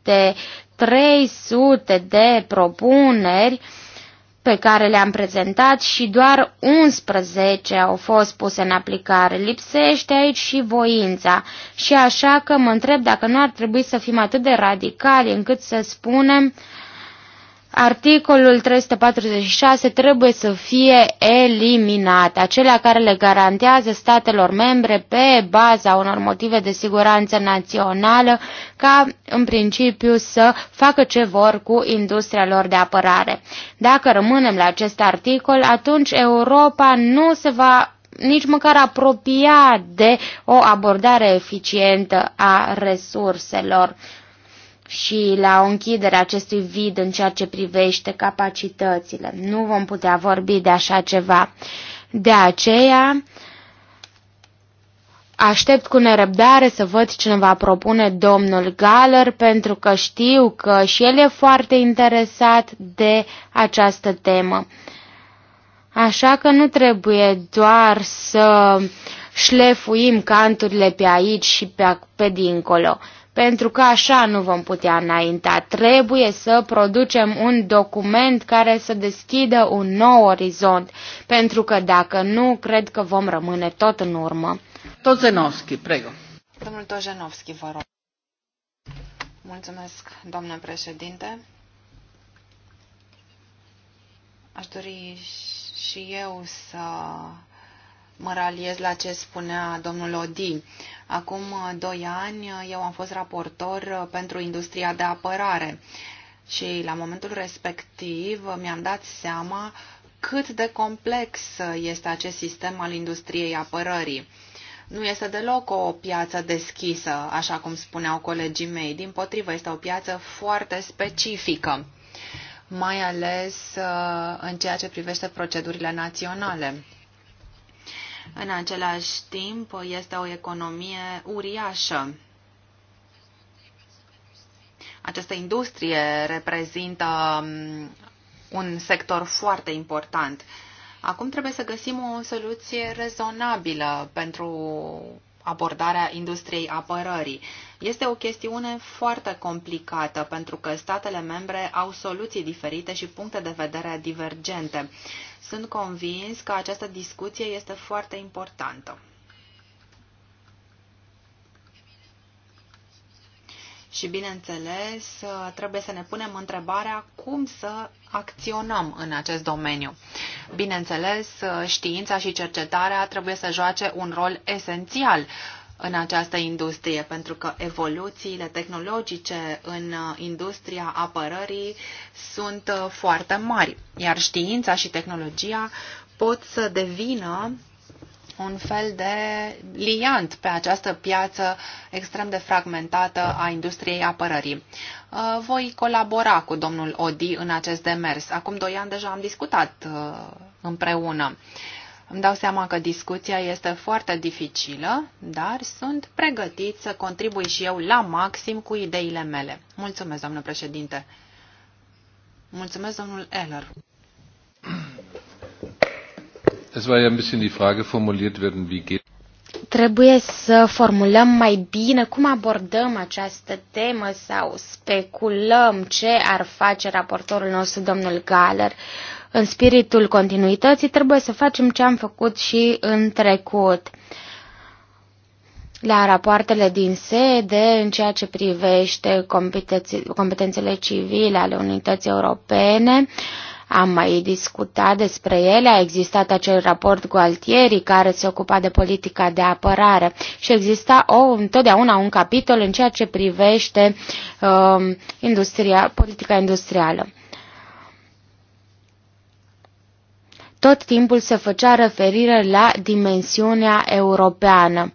de 300 de propuneri pe care le-am prezentat și doar 11 au fost puse în aplicare. Lipsește aici și voința. Și așa că mă întreb dacă nu ar trebui să fim atât de radicali încât să spunem uh, Articolul 346 trebuie să fie eliminat, acelea care le garantează statelor membre pe baza unor motive de siguranță națională ca în principiu să facă ce vor cu industria lor de apărare. Dacă rămânem la acest articol, atunci Europa nu se va nici măcar apropia de o abordare eficientă a resurselor și la o închidere acestui vid în ceea ce privește capacitățile. Nu vom putea vorbi de așa ceva. De aceea, Aștept cu nerăbdare să văd ce ne va propune domnul Galler, pentru că știu că și el e foarte interesat de această temă. Așa că nu trebuie doar să șlefuim canturile pe aici și pe, pe dincolo pentru că așa nu vom putea înainta. Trebuie să producem un document care să deschidă un nou orizont, pentru că dacă nu, cred că vom rămâne tot în urmă. Tozenovski, prego. Domnul Tozenovski, vă rog. Mulțumesc, domnule președinte. Aș dori și eu să mă raliez la ce spunea domnul Odi. Acum uh, doi ani uh, eu am fost raportor uh, pentru industria de apărare și la momentul respectiv mi-am dat seama cât de complex este acest sistem al industriei apărării. Nu este deloc o piață deschisă, așa cum spuneau colegii mei. Din potrivă, este o piață foarte specifică, mai ales în ceea ce privește procedurile naționale. În același timp, este o economie uriașă. Această industrie reprezintă um, un sector foarte important. Acum trebuie să găsim o soluție rezonabilă pentru abordarea industriei apărării. Este o chestiune foarte complicată pentru că statele membre au soluții diferite și puncte de vedere divergente. Sunt convins că această discuție este foarte importantă. Și, bineînțeles, trebuie să ne punem întrebarea cum să acționăm în acest domeniu. Bineînțeles, știința și cercetarea trebuie să joace un rol esențial în această industrie, pentru că evoluțiile tehnologice în uh, industria apărării sunt uh, foarte mari, iar știința și tehnologia pot să devină un fel de liant pe această piață extrem de fragmentată a industriei apărării. Uh, voi colabora cu domnul Odi în acest demers. Acum doi ani deja am discutat împreună îmi dau seama că discuția este foarte dificilă, dar sunt pregătit să contribui și eu la maxim cu ideile mele. Mulțumesc, domnule președinte. Mulțumesc, domnul Eller. Es war ja ein bisschen die Frage formuliert werden, wie geht Trebuie să formulăm mai bine cum abordăm această temă sau speculăm ce ar face raportorul nostru, domnul Galer. Uh, în spiritul continuității trebuie să facem ce am făcut și în trecut la rapoartele din sede în ceea ce privește competențele civile ale unității europene. Am mai discutat despre ele, a existat acel raport cu altierii care se ocupa de politica de apărare și exista o, întotdeauna un capitol în ceea ce privește uh, industria, politica industrială. Tot timpul se făcea referire la dimensiunea europeană.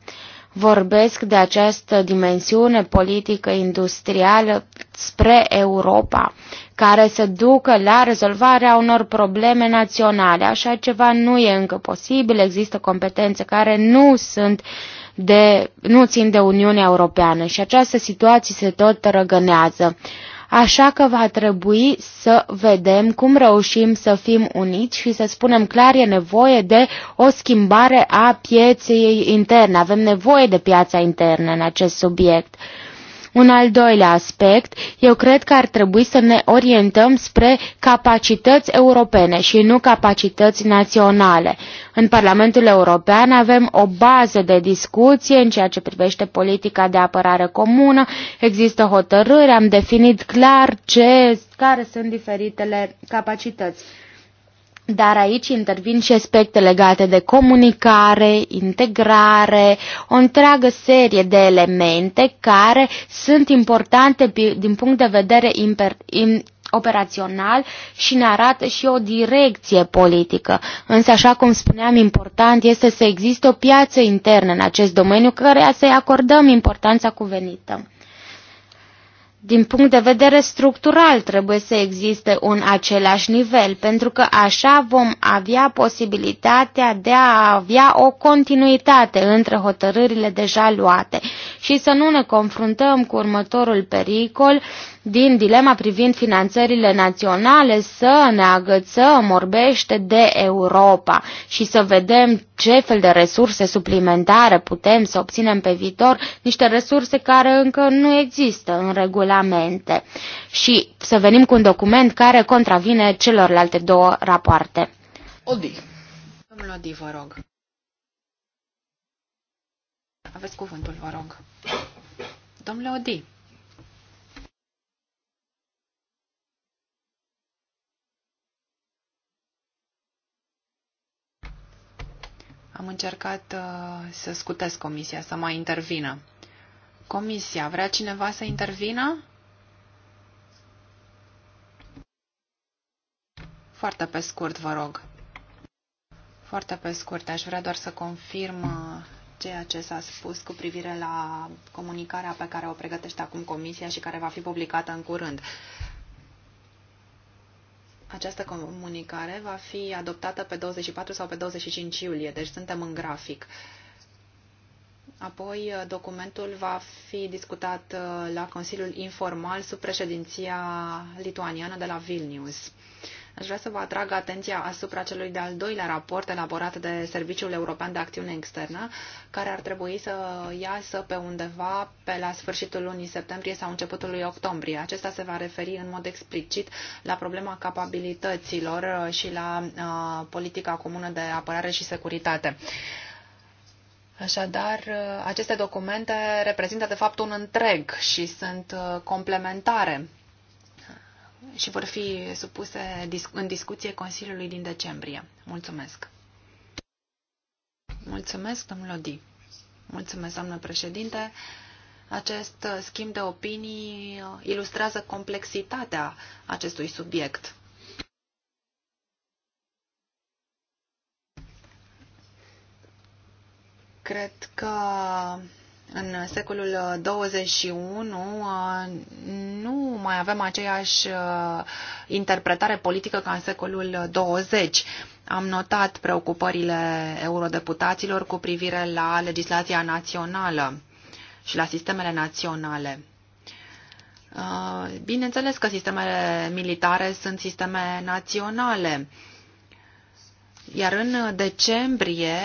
Vorbesc de această dimensiune politică industrială spre Europa, care se ducă la rezolvarea unor probleme naționale. Așa ceva nu e încă posibil, există competențe care nu sunt de, nu țin de Uniunea Europeană și această situație se tot răgânează. Așa că va trebui să vedem cum reușim să fim uniți și să spunem clar e nevoie de o schimbare a pieței interne. Avem nevoie de piața internă în acest subiect. Un al doilea aspect, eu cred că ar trebui să ne orientăm spre capacități europene și nu capacități naționale. În Parlamentul European avem o bază de discuție în ceea ce privește politica de apărare comună, există hotărâri, am definit clar ce, care sunt diferitele capacități. Dar aici intervin și aspecte legate de comunicare, integrare, o întreagă serie de elemente care sunt importante din punct de vedere operațional și ne arată și o direcție politică. Însă, așa cum spuneam, important este să existe o piață internă în acest domeniu care să-i acordăm importanța cuvenită din punct de vedere structural trebuie să existe un același nivel, pentru că așa vom avea posibilitatea de a avea o continuitate între hotărârile deja luate și să nu ne confruntăm cu următorul pericol din dilema privind finanțările naționale să ne agățăm orbește de Europa și să vedem ce fel de resurse suplimentare putem să obținem pe viitor, niște resurse care încă nu există în regulamente și să venim cu un document care contravine celorlalte două rapoarte. Odi. Domnul Odi, vă rog. Aveți cuvântul, vă rog. Domnule Odi. Am încercat uh, să scutesc comisia, să mai intervină. Comisia, vrea cineva să intervină? Foarte pe scurt, vă rog. Foarte pe scurt, aș vrea doar să confirm uh, ceea ce s-a spus cu privire la comunicarea pe care o pregătește acum Comisia și care va fi publicată în curând. Această comunicare va fi adoptată pe 24 sau pe 25 iulie, deci suntem în grafic. Apoi, uh, documentul va fi discutat uh, la Consiliul Informal sub președinția lituaniană de la Vilnius. Aș vrea să vă atrag atenția asupra celui de-al doilea raport elaborat de Serviciul European de Acțiune Externă, care ar trebui să iasă pe undeva pe la sfârșitul lunii septembrie sau începutul lui octombrie. Acesta se va referi în mod explicit la problema capabilităților și la uh, politica comună de apărare și securitate. Așadar, aceste documente reprezintă de fapt un întreg și sunt complementare și vor fi supuse în discuție Consiliului din decembrie. Mulțumesc. Mulțumesc, domnul Odi. Mulțumesc, doamnă președinte. Acest schimb de opinii ilustrează complexitatea acestui subiect. Cred că în secolul 21 uh, uh, nu mai avem aceeași uh, interpretare politică ca în secolul 20. Am notat preocupările eurodeputaților cu privire la legislația națională și la sistemele naționale. Bineînțeles că sistemele militare sunt sisteme naționale, iar în decembrie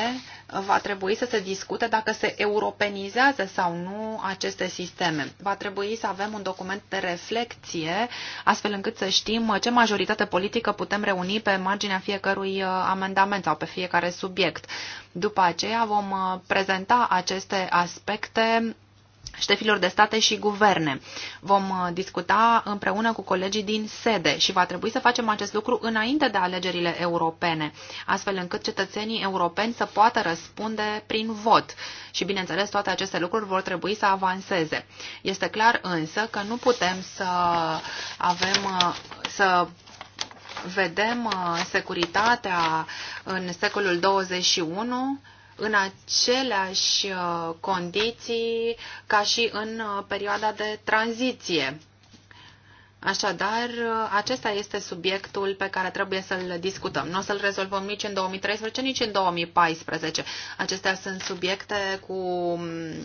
va trebui să se discute dacă se europenizează sau nu aceste sisteme. Va trebui să avem un document de reflecție, astfel încât să știm ce majoritate politică putem reuni pe marginea fiecărui uh, amendament sau pe fiecare subiect. După aceea vom uh, prezenta aceste aspecte șefilor de state și guverne. Vom uh, discuta împreună cu colegii din sede și va trebui să facem acest lucru înainte de alegerile europene, astfel încât cetățenii europeni să poată răspunde prin vot. Și, bineînțeles, toate aceste lucruri vor trebui să avanseze. Este clar însă că nu putem să avem uh, să vedem uh, securitatea în secolul 21 în aceleași uh, condiții ca și în uh, perioada de tranziție. Așadar, uh, acesta este subiectul pe care trebuie să-l discutăm. Nu o să-l rezolvăm nici în 2013, nici în 2014. Acestea sunt subiecte cu mm,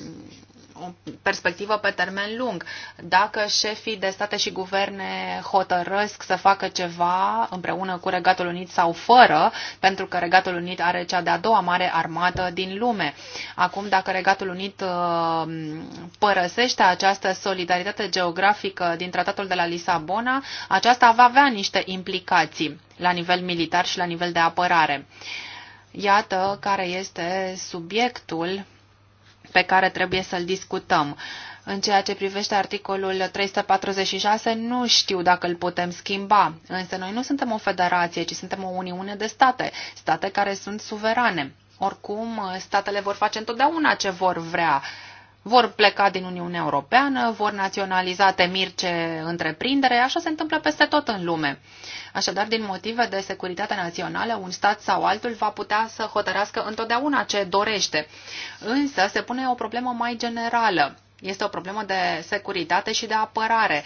o perspectivă pe termen lung. Dacă șefii de state și guverne hotărăsc să facă ceva împreună cu Regatul Unit sau fără, pentru că Regatul Unit are cea de-a doua mare armată din lume. Acum, dacă Regatul Unit uh, părăsește această solidaritate geografică din Tratatul de la Lisabona, aceasta va avea niște implicații la nivel militar și la nivel de apărare. Iată care este subiectul pe care trebuie să-l discutăm. În ceea ce privește articolul 346, nu știu dacă îl putem schimba, însă noi nu suntem o federație, ci suntem o uniune de state, state care sunt suverane. Oricum, statele vor face întotdeauna ce vor vrea vor pleca din Uniunea Europeană, vor naționaliza ce întreprindere, așa se întâmplă peste tot în lume. Așadar, din motive de securitate națională, un stat sau altul va putea să hotărească întotdeauna ce dorește. Însă se pune o problemă mai generală. Este o problemă de securitate și de apărare.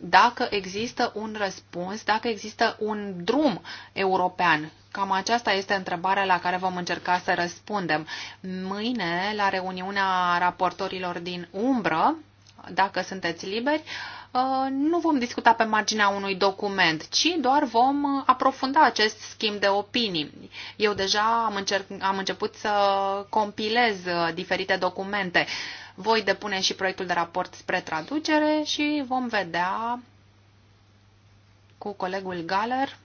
Dacă există un răspuns, dacă există un drum european Cam aceasta este întrebarea la care vom încerca să răspundem. Mâine, la reuniunea raportorilor din umbră, dacă sunteți liberi, uh, nu vom discuta pe marginea unui document, ci doar vom aprofunda acest schimb de opinii. Eu deja am, încerc, am început să compilez uh, diferite documente. Voi depune și proiectul de raport spre traducere și vom vedea cu colegul Galer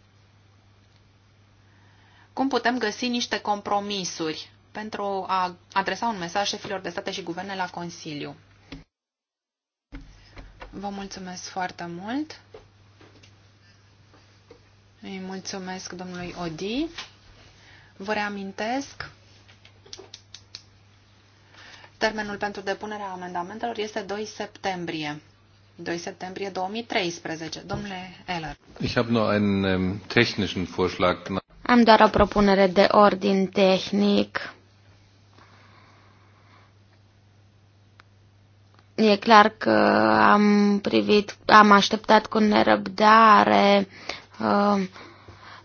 cum putem găsi niște compromisuri pentru a adresa un mesaj șefilor de state și guverne la Consiliu. Vă mulțumesc foarte mult. Îi mulțumesc domnului Odi. Vă reamintesc, termenul pentru depunerea amendamentelor este 2 septembrie. 2 septembrie 2013. Domnule Eller. Ich habe nur einen ähm, technischen Vorschlag. Am doar o propunere de ordin tehnic. E clar că am privit, am așteptat cu nerăbdare uh,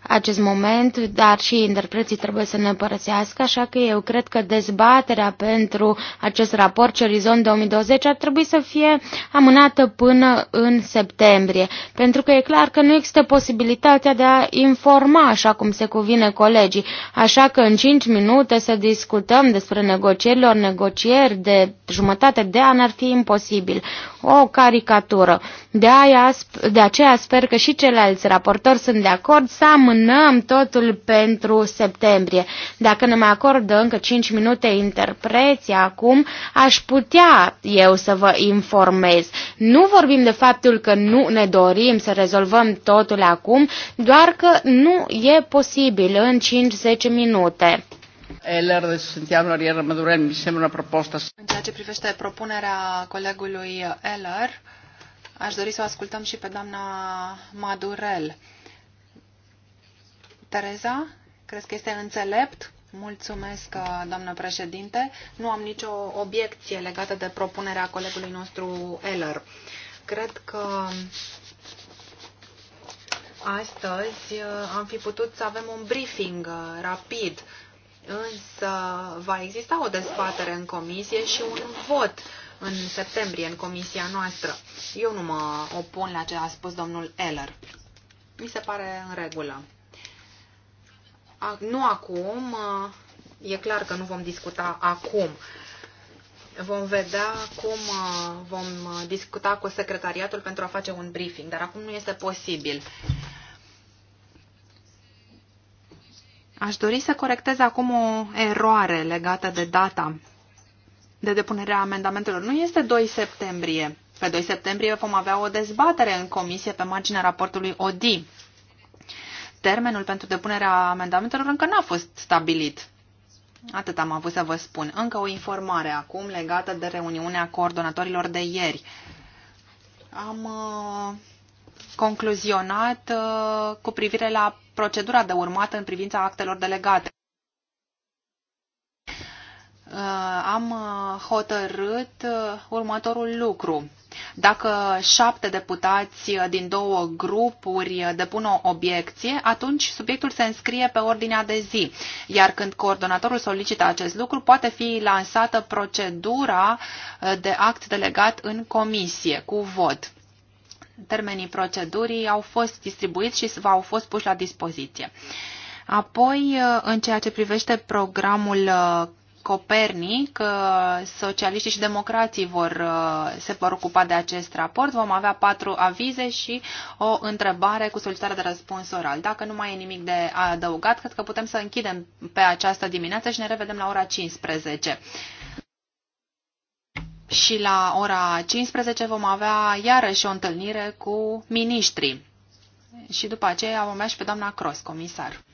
acest moment, dar și interpreții trebuie să ne părăsească, așa că eu cred că dezbaterea pentru acest raport Cerizon 2020 ar trebui să fie amânată până în septembrie, pentru că e clar că nu există posibilitatea de a informa așa cum se cuvine colegii, așa că în 5 minute să discutăm despre negocierilor negocieri de jumătate de an ar fi imposibil. O caricatură. De, aia, de aceea sper că și ceilalți raportori sunt de acord să amânăm amânăm totul pentru septembrie. Dacă ne mai acordă încă 5 minute interpreții acum, aș putea eu să vă informez. Nu vorbim de faptul că nu ne dorim să rezolvăm totul acum, doar că nu e posibil în 5-10 minute. de Madurel, mi În ceea ce privește propunerea colegului Eller, aș dori să o ascultăm și pe doamna Madurel. Tereza, crezi că este înțelept? Mulțumesc, uh, doamnă președinte. Nu am nicio obiecție legată de propunerea colegului nostru Eller. Cred că astăzi uh, am fi putut să avem un briefing uh, rapid, însă va exista o dezbatere în comisie și un vot în septembrie în comisia noastră. Eu nu mă opun la ce a spus domnul Eller. Mi se pare în regulă nu acum, uh, e clar că nu vom discuta acum. Vom vedea cum uh, vom uh, discuta cu secretariatul pentru a face un briefing, dar acum nu este posibil. Aș dori să corectez acum o eroare legată de data de depunere a amendamentelor. Nu este 2 septembrie. Pe 2 septembrie vom avea o dezbatere în comisie pe marginea raportului ODI termenul pentru depunerea amendamentelor încă n-a fost stabilit. Atât am avut să vă spun. Încă o informare acum legată de reuniunea coordonatorilor de ieri. Am uh, concluzionat uh, cu privire la procedura de urmat în privința actelor delegate. Uh, am uh, hotărât uh, următorul lucru. Dacă șapte deputați din două grupuri depun o obiecție, atunci subiectul se înscrie pe ordinea de zi, iar când coordonatorul solicită acest lucru, poate fi lansată procedura de act delegat în comisie cu vot. Termenii procedurii au fost distribuiți și au fost puși la dispoziție. Apoi, în ceea ce privește programul Copernic, socialiștii și democrații vor, uh, se vor ocupa de acest raport. Vom avea patru avize și o întrebare cu solicitare de răspuns oral. Dacă nu mai e nimic de adăugat, cred că putem să închidem pe această dimineață și ne revedem la ora 15. Și la ora 15 vom avea iarăși o întâlnire cu miniștrii. Și după aceea vom avea și pe doamna Cross, comisar.